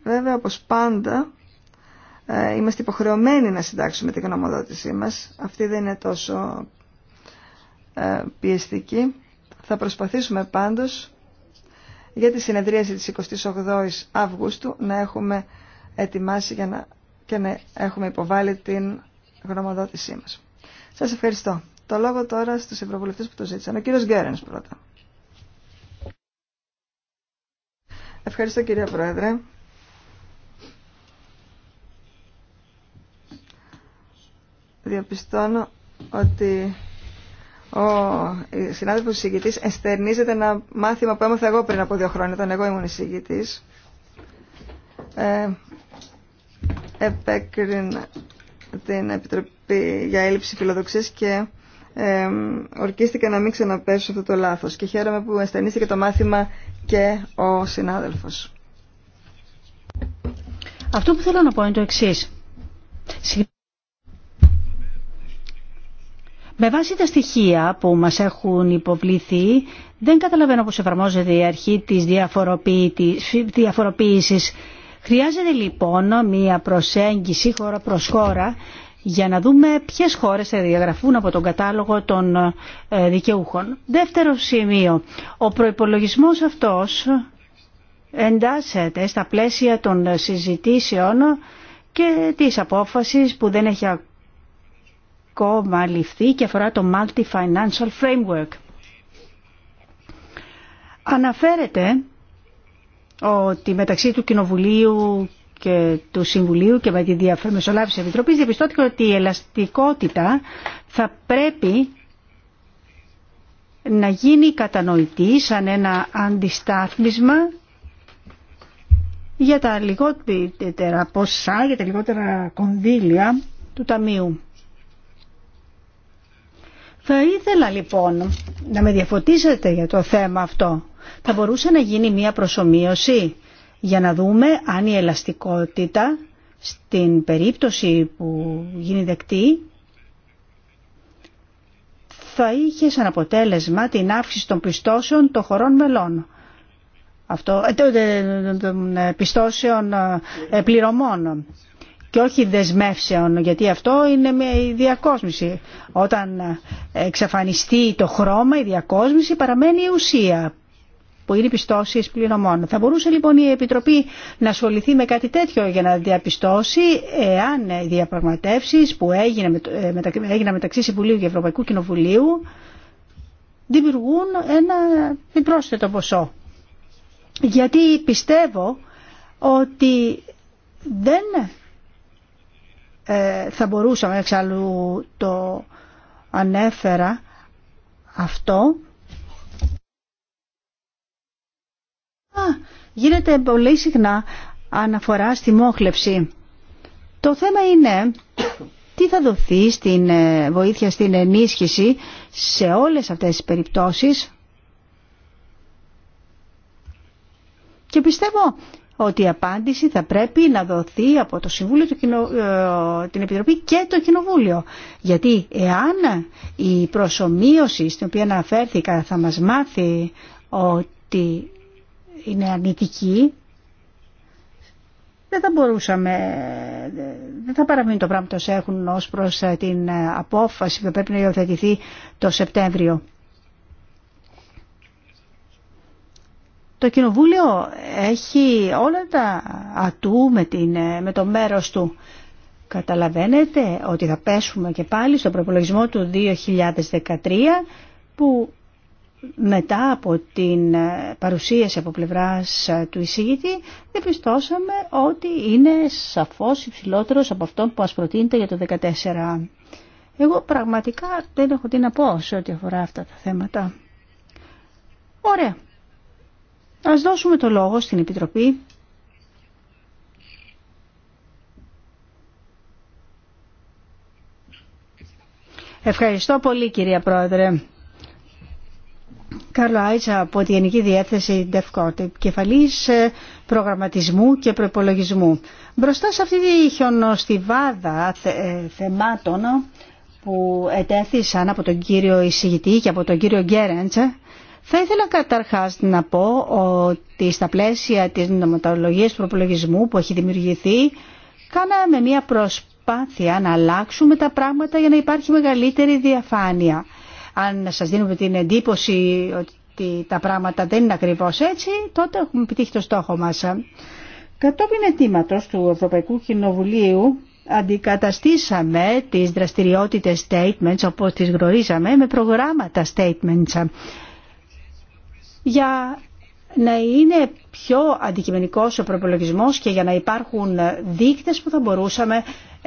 Βέβαια, όπω πάντα, ε, είμαστε υποχρεωμένοι να συντάξουμε την γνωμοδότησή μας. Αυτή δεν είναι τόσο ε, πιεστική. Θα προσπαθήσουμε πάντως για τη συνεδρίαση της 28ης Αυγούστου να έχουμε ετοιμάσει για να, και να έχουμε υποβάλει την γνωμοδότησή μας. Σας ευχαριστώ. Το λόγο τώρα στους ευρωβουλευτές που το ζήτησαν. Ο κύριος Γκέρενς πρώτα. Ευχαριστώ κύριε Πρόεδρε. Διαπιστώνω ότι ο συνάδελφος εισηγητή εστερνίζεται ένα μάθημα που έμαθα εγώ πριν από δύο χρόνια, όταν εγώ ήμουν εισηγητή. Ε, επέκρινα την Επιτροπή για έλλειψη φιλοδοξία και ε, ορκίστηκα να μην ξαναπέσω αυτό το λάθος και χαίρομαι που εστερνίστηκε το μάθημα και ο συνάδελφο. Αυτό που θέλω να πω είναι το εξή. Με βάση τα στοιχεία που μας έχουν υποβληθεί, δεν καταλαβαίνω πώς εφαρμόζεται η αρχή της διαφοροποίησης. Χρειάζεται λοιπόν μία προσέγγιση χώρα προς χώρα για να δούμε ποιες χώρες θα διαγραφούν από τον κατάλογο των ε, δικαιούχων. Δεύτερο σημείο, ο προϋπολογισμός αυτός εντάσσεται στα πλαίσια των συζητήσεων και της απόφασης που δεν έχει ακούσει ακόμα ληφθεί και αφορά το Multi-Financial Framework. Αναφέρεται ότι μεταξύ του Κοινοβουλίου και του Συμβουλίου και με τη Μεσολάβηση Επιτροπής διαπιστώθηκε ότι η ελαστικότητα θα πρέπει να γίνει κατανοητή σαν ένα αντιστάθμισμα για τα λιγότερα ποσά, για τα λιγότερα κονδύλια του Ταμείου. Θα ήθελα λοιπόν να με διαφωτίσετε για το θέμα αυτό. Θα μπορούσε να γίνει μία προσωμείωση για να δούμε αν η ελαστικότητα στην περίπτωση που γίνει δεκτή θα είχε σαν αποτέλεσμα την αύξηση των πιστώσεων των χωρών μελών. Αυτό, των πιστώσεων πληρωμών και όχι δεσμεύσεων γιατί αυτό είναι μια διακόσμηση. Όταν εξαφανιστεί το χρώμα, η διακόσμηση παραμένει η ουσία που είναι πιστώσει πληρωμών. Θα μπορούσε λοιπόν η Επιτροπή να ασχοληθεί με κάτι τέτοιο για να διαπιστώσει εάν οι διαπραγματεύσει που ε, έγιναν μεταξύ Συμβουλίου και Ευρωπαϊκού Κοινοβουλίου δημιουργούν ένα επιπρόσθετο ποσό. Γιατί πιστεύω ότι δεν ε, θα μπορούσαμε εξάλλου το ανέφερα αυτό Α, γίνεται πολύ συχνά αναφορά στη μόχλευση το θέμα είναι τι θα δοθεί στην ε, βοήθεια στην ενίσχυση σε όλες αυτές τις περιπτώσεις και πιστεύω ότι η απάντηση θα πρέπει να δοθεί από το Συμβούλιο, ε, την Επιτροπή και το Κοινοβούλιο. Γιατί εάν η προσωμείωση στην οποία αναφέρθηκα θα μας μάθει ότι είναι αρνητική, δεν θα μπορούσαμε, δεν θα παραμείνει το πράγμα το έχουν ως προς την απόφαση που πρέπει να υιοθετηθεί το Σεπτέμβριο. το Κοινοβούλιο έχει όλα τα ατού με, την, το μέρος του. Καταλαβαίνετε ότι θα πέσουμε και πάλι στον προπολογισμό του 2013 που μετά από την παρουσίαση από πλευράς του εισηγητή πιστώσαμε ότι είναι σαφώς υψηλότερος από αυτό που μας προτείνεται για το 2014. Εγώ πραγματικά δεν έχω τι να πω σε ό,τι αφορά αυτά τα θέματα. Ωραία. Ας δώσουμε το λόγο στην Επιτροπή. Ευχαριστώ πολύ κυρία Πρόεδρε. Κάρλο Άιτσα από τη Γενική Διεύθυνση ΔΕΦΚΟΤ, κεφαλής ε, προγραμματισμού και προπολογισμού. Μπροστά σε αυτή τη χιονοστιβάδα ε, θεμάτων που ετέθησαν από τον κύριο εισηγητή και από τον κύριο Γκέρεντσα. Θα ήθελα καταρχάς να πω ότι στα πλαίσια της νομοτολογίας του προπολογισμού που έχει δημιουργηθεί, κάναμε μια προσπάθεια να αλλάξουμε τα πράγματα για να υπάρχει μεγαλύτερη διαφάνεια. Αν σας δίνουμε την εντύπωση ότι τα πράγματα δεν είναι ακριβώς έτσι, τότε έχουμε επιτύχει το στόχο μας. Κατόπιν αιτήματος του Ευρωπαϊκού Κοινοβουλίου, αντικαταστήσαμε τις δραστηριότητες statements όπως τις γνωρίζαμε με προγράμματα statements για να είναι πιο αντικειμενικός ο προπολογισμό και για να υπάρχουν δείκτες που θα μπορούσαμε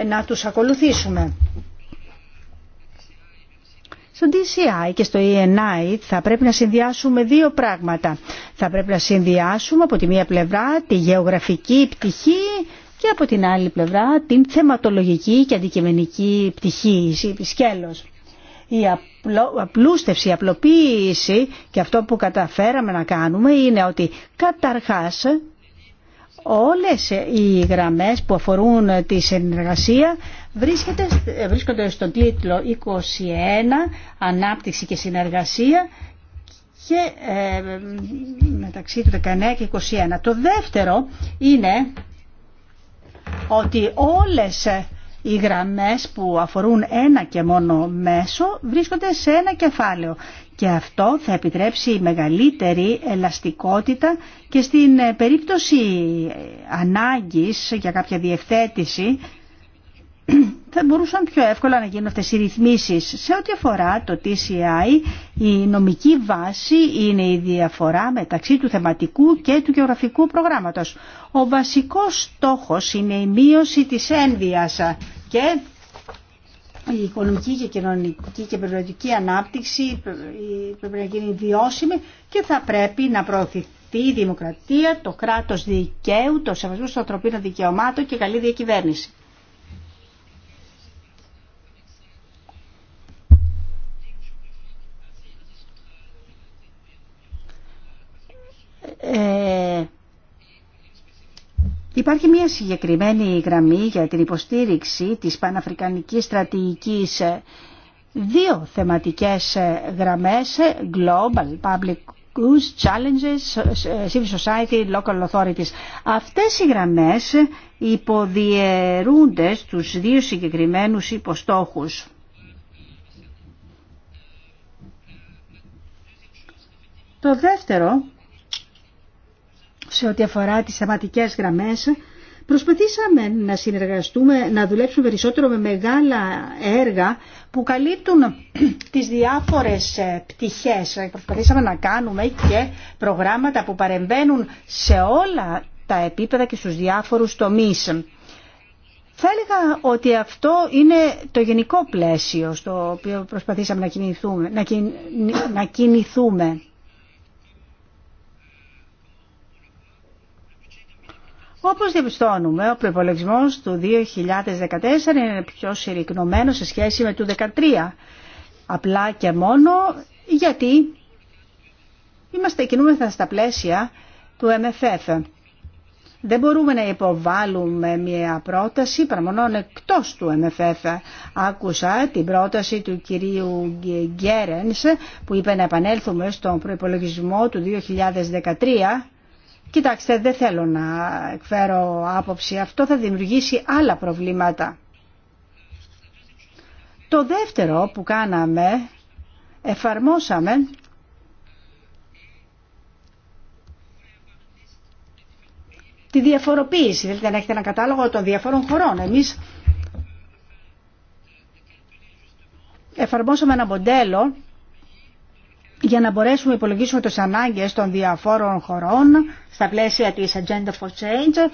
να τους ακολουθήσουμε. Στο DCI και στο ENI θα πρέπει να συνδυάσουμε δύο πράγματα. Θα πρέπει να συνδυάσουμε από τη μία πλευρά τη γεωγραφική πτυχή και από την άλλη πλευρά την θεματολογική και αντικειμενική πτυχή, ή σκέλος η απλούστευση, η απλοποίηση και αυτό που καταφέραμε να κάνουμε είναι ότι καταρχάς όλες οι γραμμές που αφορούν τη συνεργασία βρίσκονται στον τίτλο 21 Ανάπτυξη και Συνεργασία και ε, μεταξύ του 19 και 21. Το δεύτερο είναι ότι όλες οι γραμμές που αφορούν ένα και μόνο μέσο βρίσκονται σε ένα κεφάλαιο και αυτό θα επιτρέψει μεγαλύτερη ελαστικότητα και στην ε, περίπτωση ε, ανάγκης για κάποια διευθέτηση θα μπορούσαν πιο εύκολα να γίνουν αυτές οι ρυθμίσεις. Σε ό,τι αφορά το TCI, η νομική βάση είναι η διαφορά μεταξύ του θεματικού και του γεωγραφικού προγράμματος. Ο βασικός στόχος είναι η μείωση της ένδυας και η οικονομική και κοινωνική και περιοριστική ανάπτυξη πρέπει να γίνει βιώσιμη και θα πρέπει να προωθηθεί η δημοκρατία, το κράτος δικαίου, το σεβασμό των ανθρωπίνων δικαιωμάτων και καλή διακυβέρνηση. Ε, Υπάρχει μια συγκεκριμένη γραμμή για την υποστήριξη της Παναφρικανικής Στρατηγικής δύο θεματικές γραμμές, Global Public Goods, Challenges, Civil Society, Local Authorities. Αυτές οι γραμμές υποδιαιρούνται στους δύο συγκεκριμένους υποστόχους. Το δεύτερο σε ό,τι αφορά τις θεματικές γραμμές. Προσπαθήσαμε να συνεργαστούμε, να δουλέψουμε περισσότερο με μεγάλα έργα που καλύπτουν τις διάφορες ε, πτυχές. Προσπαθήσαμε να κάνουμε και προγράμματα που παρεμβαίνουν σε όλα τα επίπεδα και στους διάφορους τομείς. Θα έλεγα ότι αυτό είναι το γενικό πλαίσιο στο οποίο προσπαθήσαμε να κινηθούμε. να κινηθούμε. Όπως διαπιστώνουμε, ο προϋπολογισμός του 2014 είναι πιο συρρυκνωμένος σε σχέση με του 2013. Απλά και μόνο γιατί είμαστε κινούμεθα στα πλαίσια του MFF. Δεν μπορούμε να υποβάλουμε μια πρόταση παραμονών εκτός του MFF. Άκουσα την πρόταση του κυρίου Γκέρενς που είπε να επανέλθουμε στον προϋπολογισμό του 2013 Κοιτάξτε, δεν θέλω να εκφέρω άποψη. Αυτό θα δημιουργήσει άλλα προβλήματα. Το δεύτερο που κάναμε, εφαρμόσαμε τη διαφοροποίηση. Δηλαδή να έχετε ένα κατάλογο των διαφόρων χωρών. Εμείς εφαρμόσαμε ένα μοντέλο για να μπορέσουμε να υπολογίσουμε τις ανάγκες των διαφόρων χωρών στα πλαίσια της Agenda for Change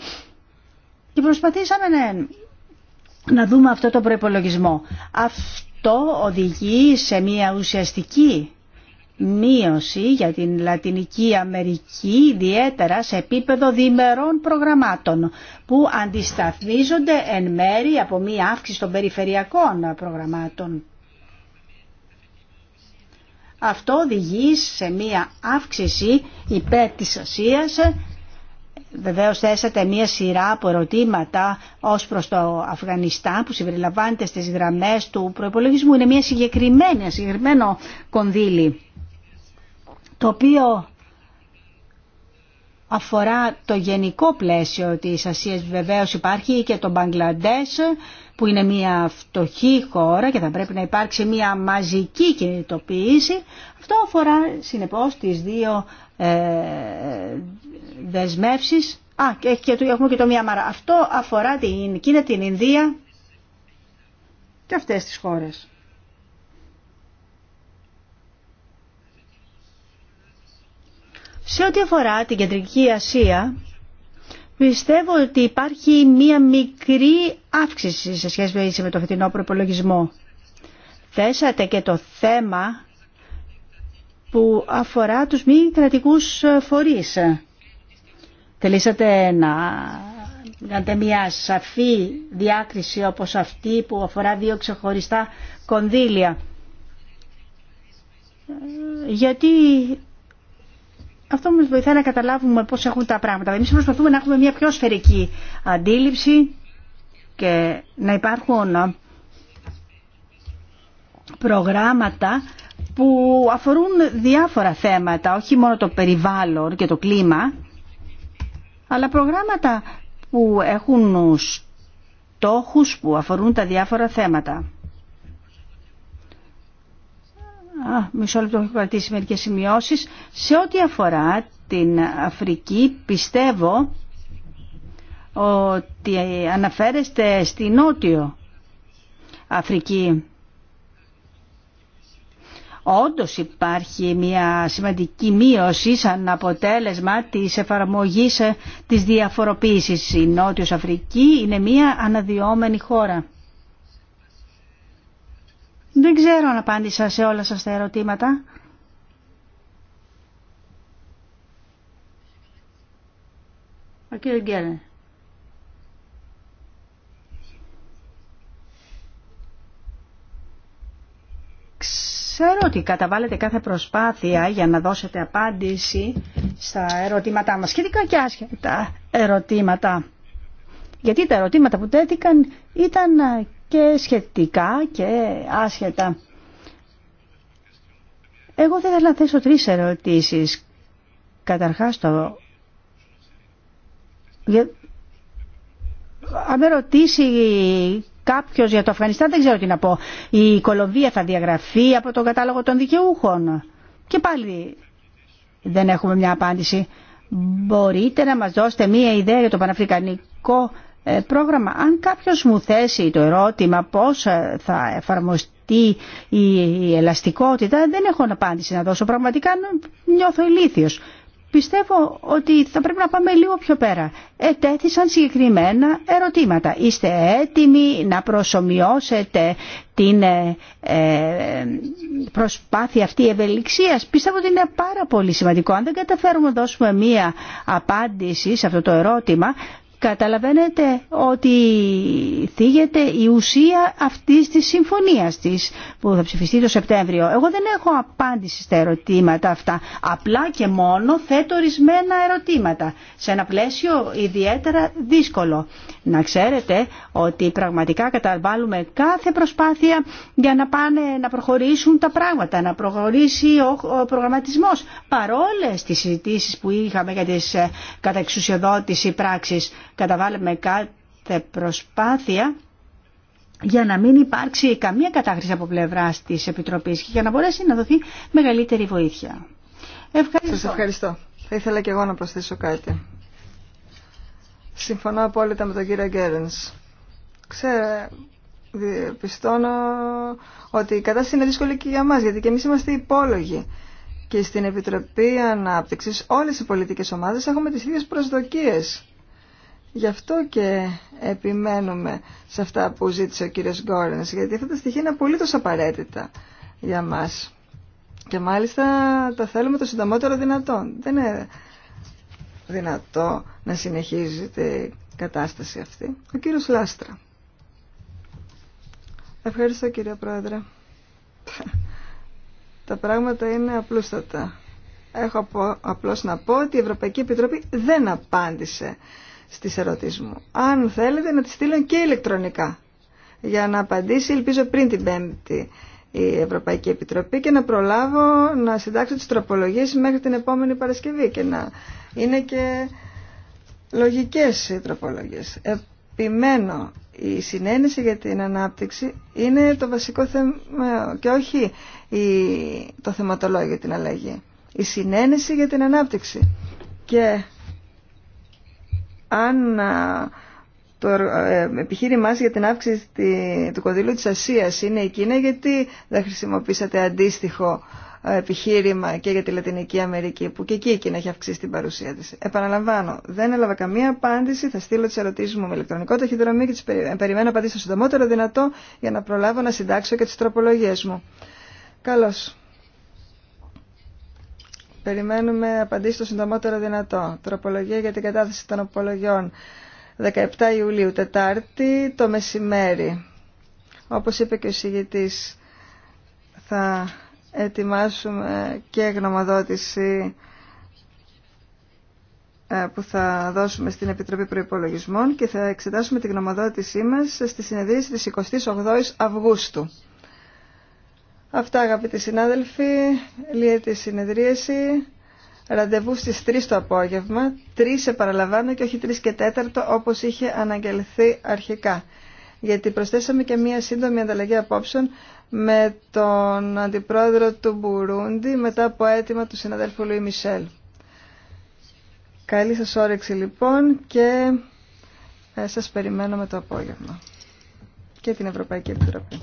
και προσπαθήσαμε να δούμε αυτό το προϋπολογισμό. Αυτό οδηγεί σε μια ουσιαστική μείωση για την Λατινική Αμερική ιδιαίτερα σε επίπεδο διμερών προγραμμάτων που αντισταθμίζονται εν μέρη από μία αύξηση των περιφερειακών προγραμμάτων. Αυτό οδηγεί σε μία αύξηση υπέρ της Ασίας. Βεβαίως θέσατε μία σειρά από ερωτήματα ως προς το Αφγανιστάν που συμπεριλαμβάνεται στις γραμμές του προϋπολογισμού. Είναι μία συγκεκριμένη, συγκεκριμένο κονδύλι το οποίο αφορά το γενικό πλαίσιο της Ασίας. Βεβαίως υπάρχει και το Μπαγκλαντές που είναι μια φτωχή χώρα και θα πρέπει να υπάρξει μια μαζική κινητοποίηση. Αυτό αφορά συνεπώς τις δύο ε, δεσμεύσεις. Α, και, έχουμε και το μια μαρα. Αυτό αφορά την Κίνα, την Ινδία και αυτές τις χώρες. Σε ό,τι αφορά την Κεντρική Ασία, πιστεύω ότι υπάρχει μία μικρή αύξηση σε σχέση με το φετινό προπολογισμό. Θέσατε και το θέμα που αφορά τους μη κρατικούς φορείς. Θελήσατε να κάνετε μια σαφή διάκριση όπως αυτή που αφορά δύο ξεχωριστά κονδύλια. Γιατί αυτό μας βοηθάει να καταλάβουμε πώς έχουν τα πράγματα. Εμείς προσπαθούμε να έχουμε μια πιο σφαιρική αντίληψη και να υπάρχουν προγράμματα που αφορούν διάφορα θέματα, όχι μόνο το περιβάλλον και το κλίμα, αλλά προγράμματα που έχουν στόχους που αφορούν τα διάφορα θέματα. Α, μισό λεπτό έχω κρατήσει μερικές σημειώσεις. Σε ό,τι αφορά την Αφρική πιστεύω ότι αναφέρεστε στη Νότιο Αφρική. Όντως υπάρχει μια σημαντική μείωση σαν αποτέλεσμα της εφαρμογής ε, της διαφοροποίησης. Η Νότιος Αφρική είναι μια αναδυόμενη χώρα. Δεν ξέρω αν απάντησα σε όλα σας τα ερωτήματα. Ξέρω ότι καταβάλλετε κάθε προσπάθεια για να δώσετε απάντηση στα ερωτήματά μας, σχετικά και άσχετα ερωτήματα. Γιατί τα ερωτήματα που τέθηκαν ήταν και σχετικά και άσχετα. Εγώ θα ήθελα να θέσω τρεις ερωτήσεις. Καταρχάς το... Για... Αν με ρωτήσει κάποιος για το Αφγανιστάν δεν ξέρω τι να πω. Η Κολομβία θα διαγραφεί από τον κατάλογο των δικαιούχων. Και πάλι δεν έχουμε μια απάντηση. Μπορείτε να μας δώσετε μια ιδέα για το Παναφρικανικό ε, πρόγραμμα. Αν κάποιος μου θέσει το ερώτημα πώς ε, θα εφαρμοστεί η ελαστικότητα, δεν έχω απάντηση να δώσω. Πραγματικά νιώθω ηλίθιος. Πιστεύω ότι θα πρέπει να πάμε λίγο πιο πέρα. Ετέθησαν συγκεκριμένα ερωτήματα. Είστε έτοιμοι να προσωμιώσετε την ε, προσπάθεια αυτή ευελιξίας. Πιστεύω ότι είναι πάρα πολύ σημαντικό. Αν δεν καταφέρουμε να δώσουμε μία απάντηση σε αυτό το ερώτημα, Καταλαβαίνετε ότι θίγεται η ουσία αυτής της συμφωνίας της που θα ψηφιστεί το Σεπτέμβριο. Εγώ δεν έχω απάντηση στα ερωτήματα αυτά. Απλά και μόνο θέτω ορισμένα ερωτήματα σε ένα πλαίσιο ιδιαίτερα δύσκολο. Να ξέρετε ότι πραγματικά καταβάλουμε κάθε προσπάθεια για να πάνε να προχωρήσουν τα πράγματα, να προχωρήσει ο προγραμματισμός. Παρόλες τις συζητήσει που είχαμε για τις ε, καταξουσιοδότηση πράξεις, καταβάλουμε κάθε προσπάθεια για να μην υπάρξει καμία κατάχρηση από πλευρά τη Επιτροπή και για να μπορέσει να δοθεί μεγαλύτερη βοήθεια. Ευχαριστώ. Σας ευχαριστώ. Θα ήθελα και εγώ να προσθέσω κάτι. Συμφωνώ απόλυτα με τον κύριο Γκέρενς. Ξέρω, πιστώνω ότι η κατάσταση είναι δύσκολη και για μας, γιατί και εμείς είμαστε υπόλογοι. Και στην Επιτροπή Ανάπτυξης όλες οι πολιτικές ομάδες έχουμε τις ίδιες προσδοκίες. Γι' αυτό και επιμένουμε σε αυτά που ζήτησε ο κύριος Γκόρενς, γιατί αυτά τα στοιχεία είναι απολύτως απαραίτητα για μας. Και μάλιστα τα θέλουμε το συντομότερο δυνατόν. Δεν είναι δυνατό να συνεχίζεται η κατάσταση αυτή. Ο κύριος Λάστρα. Ευχαριστώ κύριε Πρόεδρε. Τα πράγματα είναι απλούστατα. Έχω απλώς να πω ότι η Ευρωπαϊκή Επιτροπή δεν απάντησε στις ερωτήσεις μου. Αν θέλετε να τις στείλω και ηλεκτρονικά για να απαντήσει ελπίζω πριν την Πέμπτη η Ευρωπαϊκή Επιτροπή και να προλάβω να συντάξω τις τροπολογίες μέχρι την επόμενη Παρασκευή και να είναι και λογικές οι τροπολογίες. Επιμένω, η συνένεση για την ανάπτυξη είναι το βασικό θέμα και όχι η το θεματολόγιο για την αλλαγή. Η συνένεση για την ανάπτυξη. Και αν το ε, επιχείρημά για την αύξηση του κονδύλου της Ασίας είναι η Κίνα γιατί δεν χρησιμοποίησατε αντίστοιχο ε, επιχείρημα και για τη Λατινική Αμερική που και εκεί η Κίνα έχει αυξήσει την παρουσία της. Επαναλαμβάνω, δεν έλαβα καμία απάντηση, θα στείλω τις ερωτήσεις μου με ηλεκτρονικό ταχυδρομείο και τις ε, περιμένω απαντήσεις το συντομότερο δυνατό για να προλάβω να συντάξω και τις τροπολογίες μου. Καλώς. Περιμένουμε απαντήσει το συντομότερο δυνατό. Τροπολογία για την κατάθεση των απολογιών. 17 Ιουλίου, Τετάρτη, το μεσημέρι. Όπως είπε και ο συγητής, θα ετοιμάσουμε και γνωμοδότηση ε, που θα δώσουμε στην Επιτροπή Προϋπολογισμών και θα εξετάσουμε τη γνωμοδότησή μας στη συνεδρίαση της 28ης Αυγούστου. Αυτά αγαπητοί συνάδελφοι, λύεται η συνεδρίαση ραντεβού στις 3 το απόγευμα, 3 σε παραλαμβάνω και όχι 3 και 4 όπως είχε αναγγελθεί αρχικά. Γιατί προσθέσαμε και μία σύντομη ανταλλαγή απόψεων με τον αντιπρόεδρο του Μπουρούντι μετά από αίτημα του συναδέλφου Λουί Μισελ. Καλή σας όρεξη λοιπόν και ε, σας περιμένω με το απόγευμα και την Ευρωπαϊκή Επιτροπή.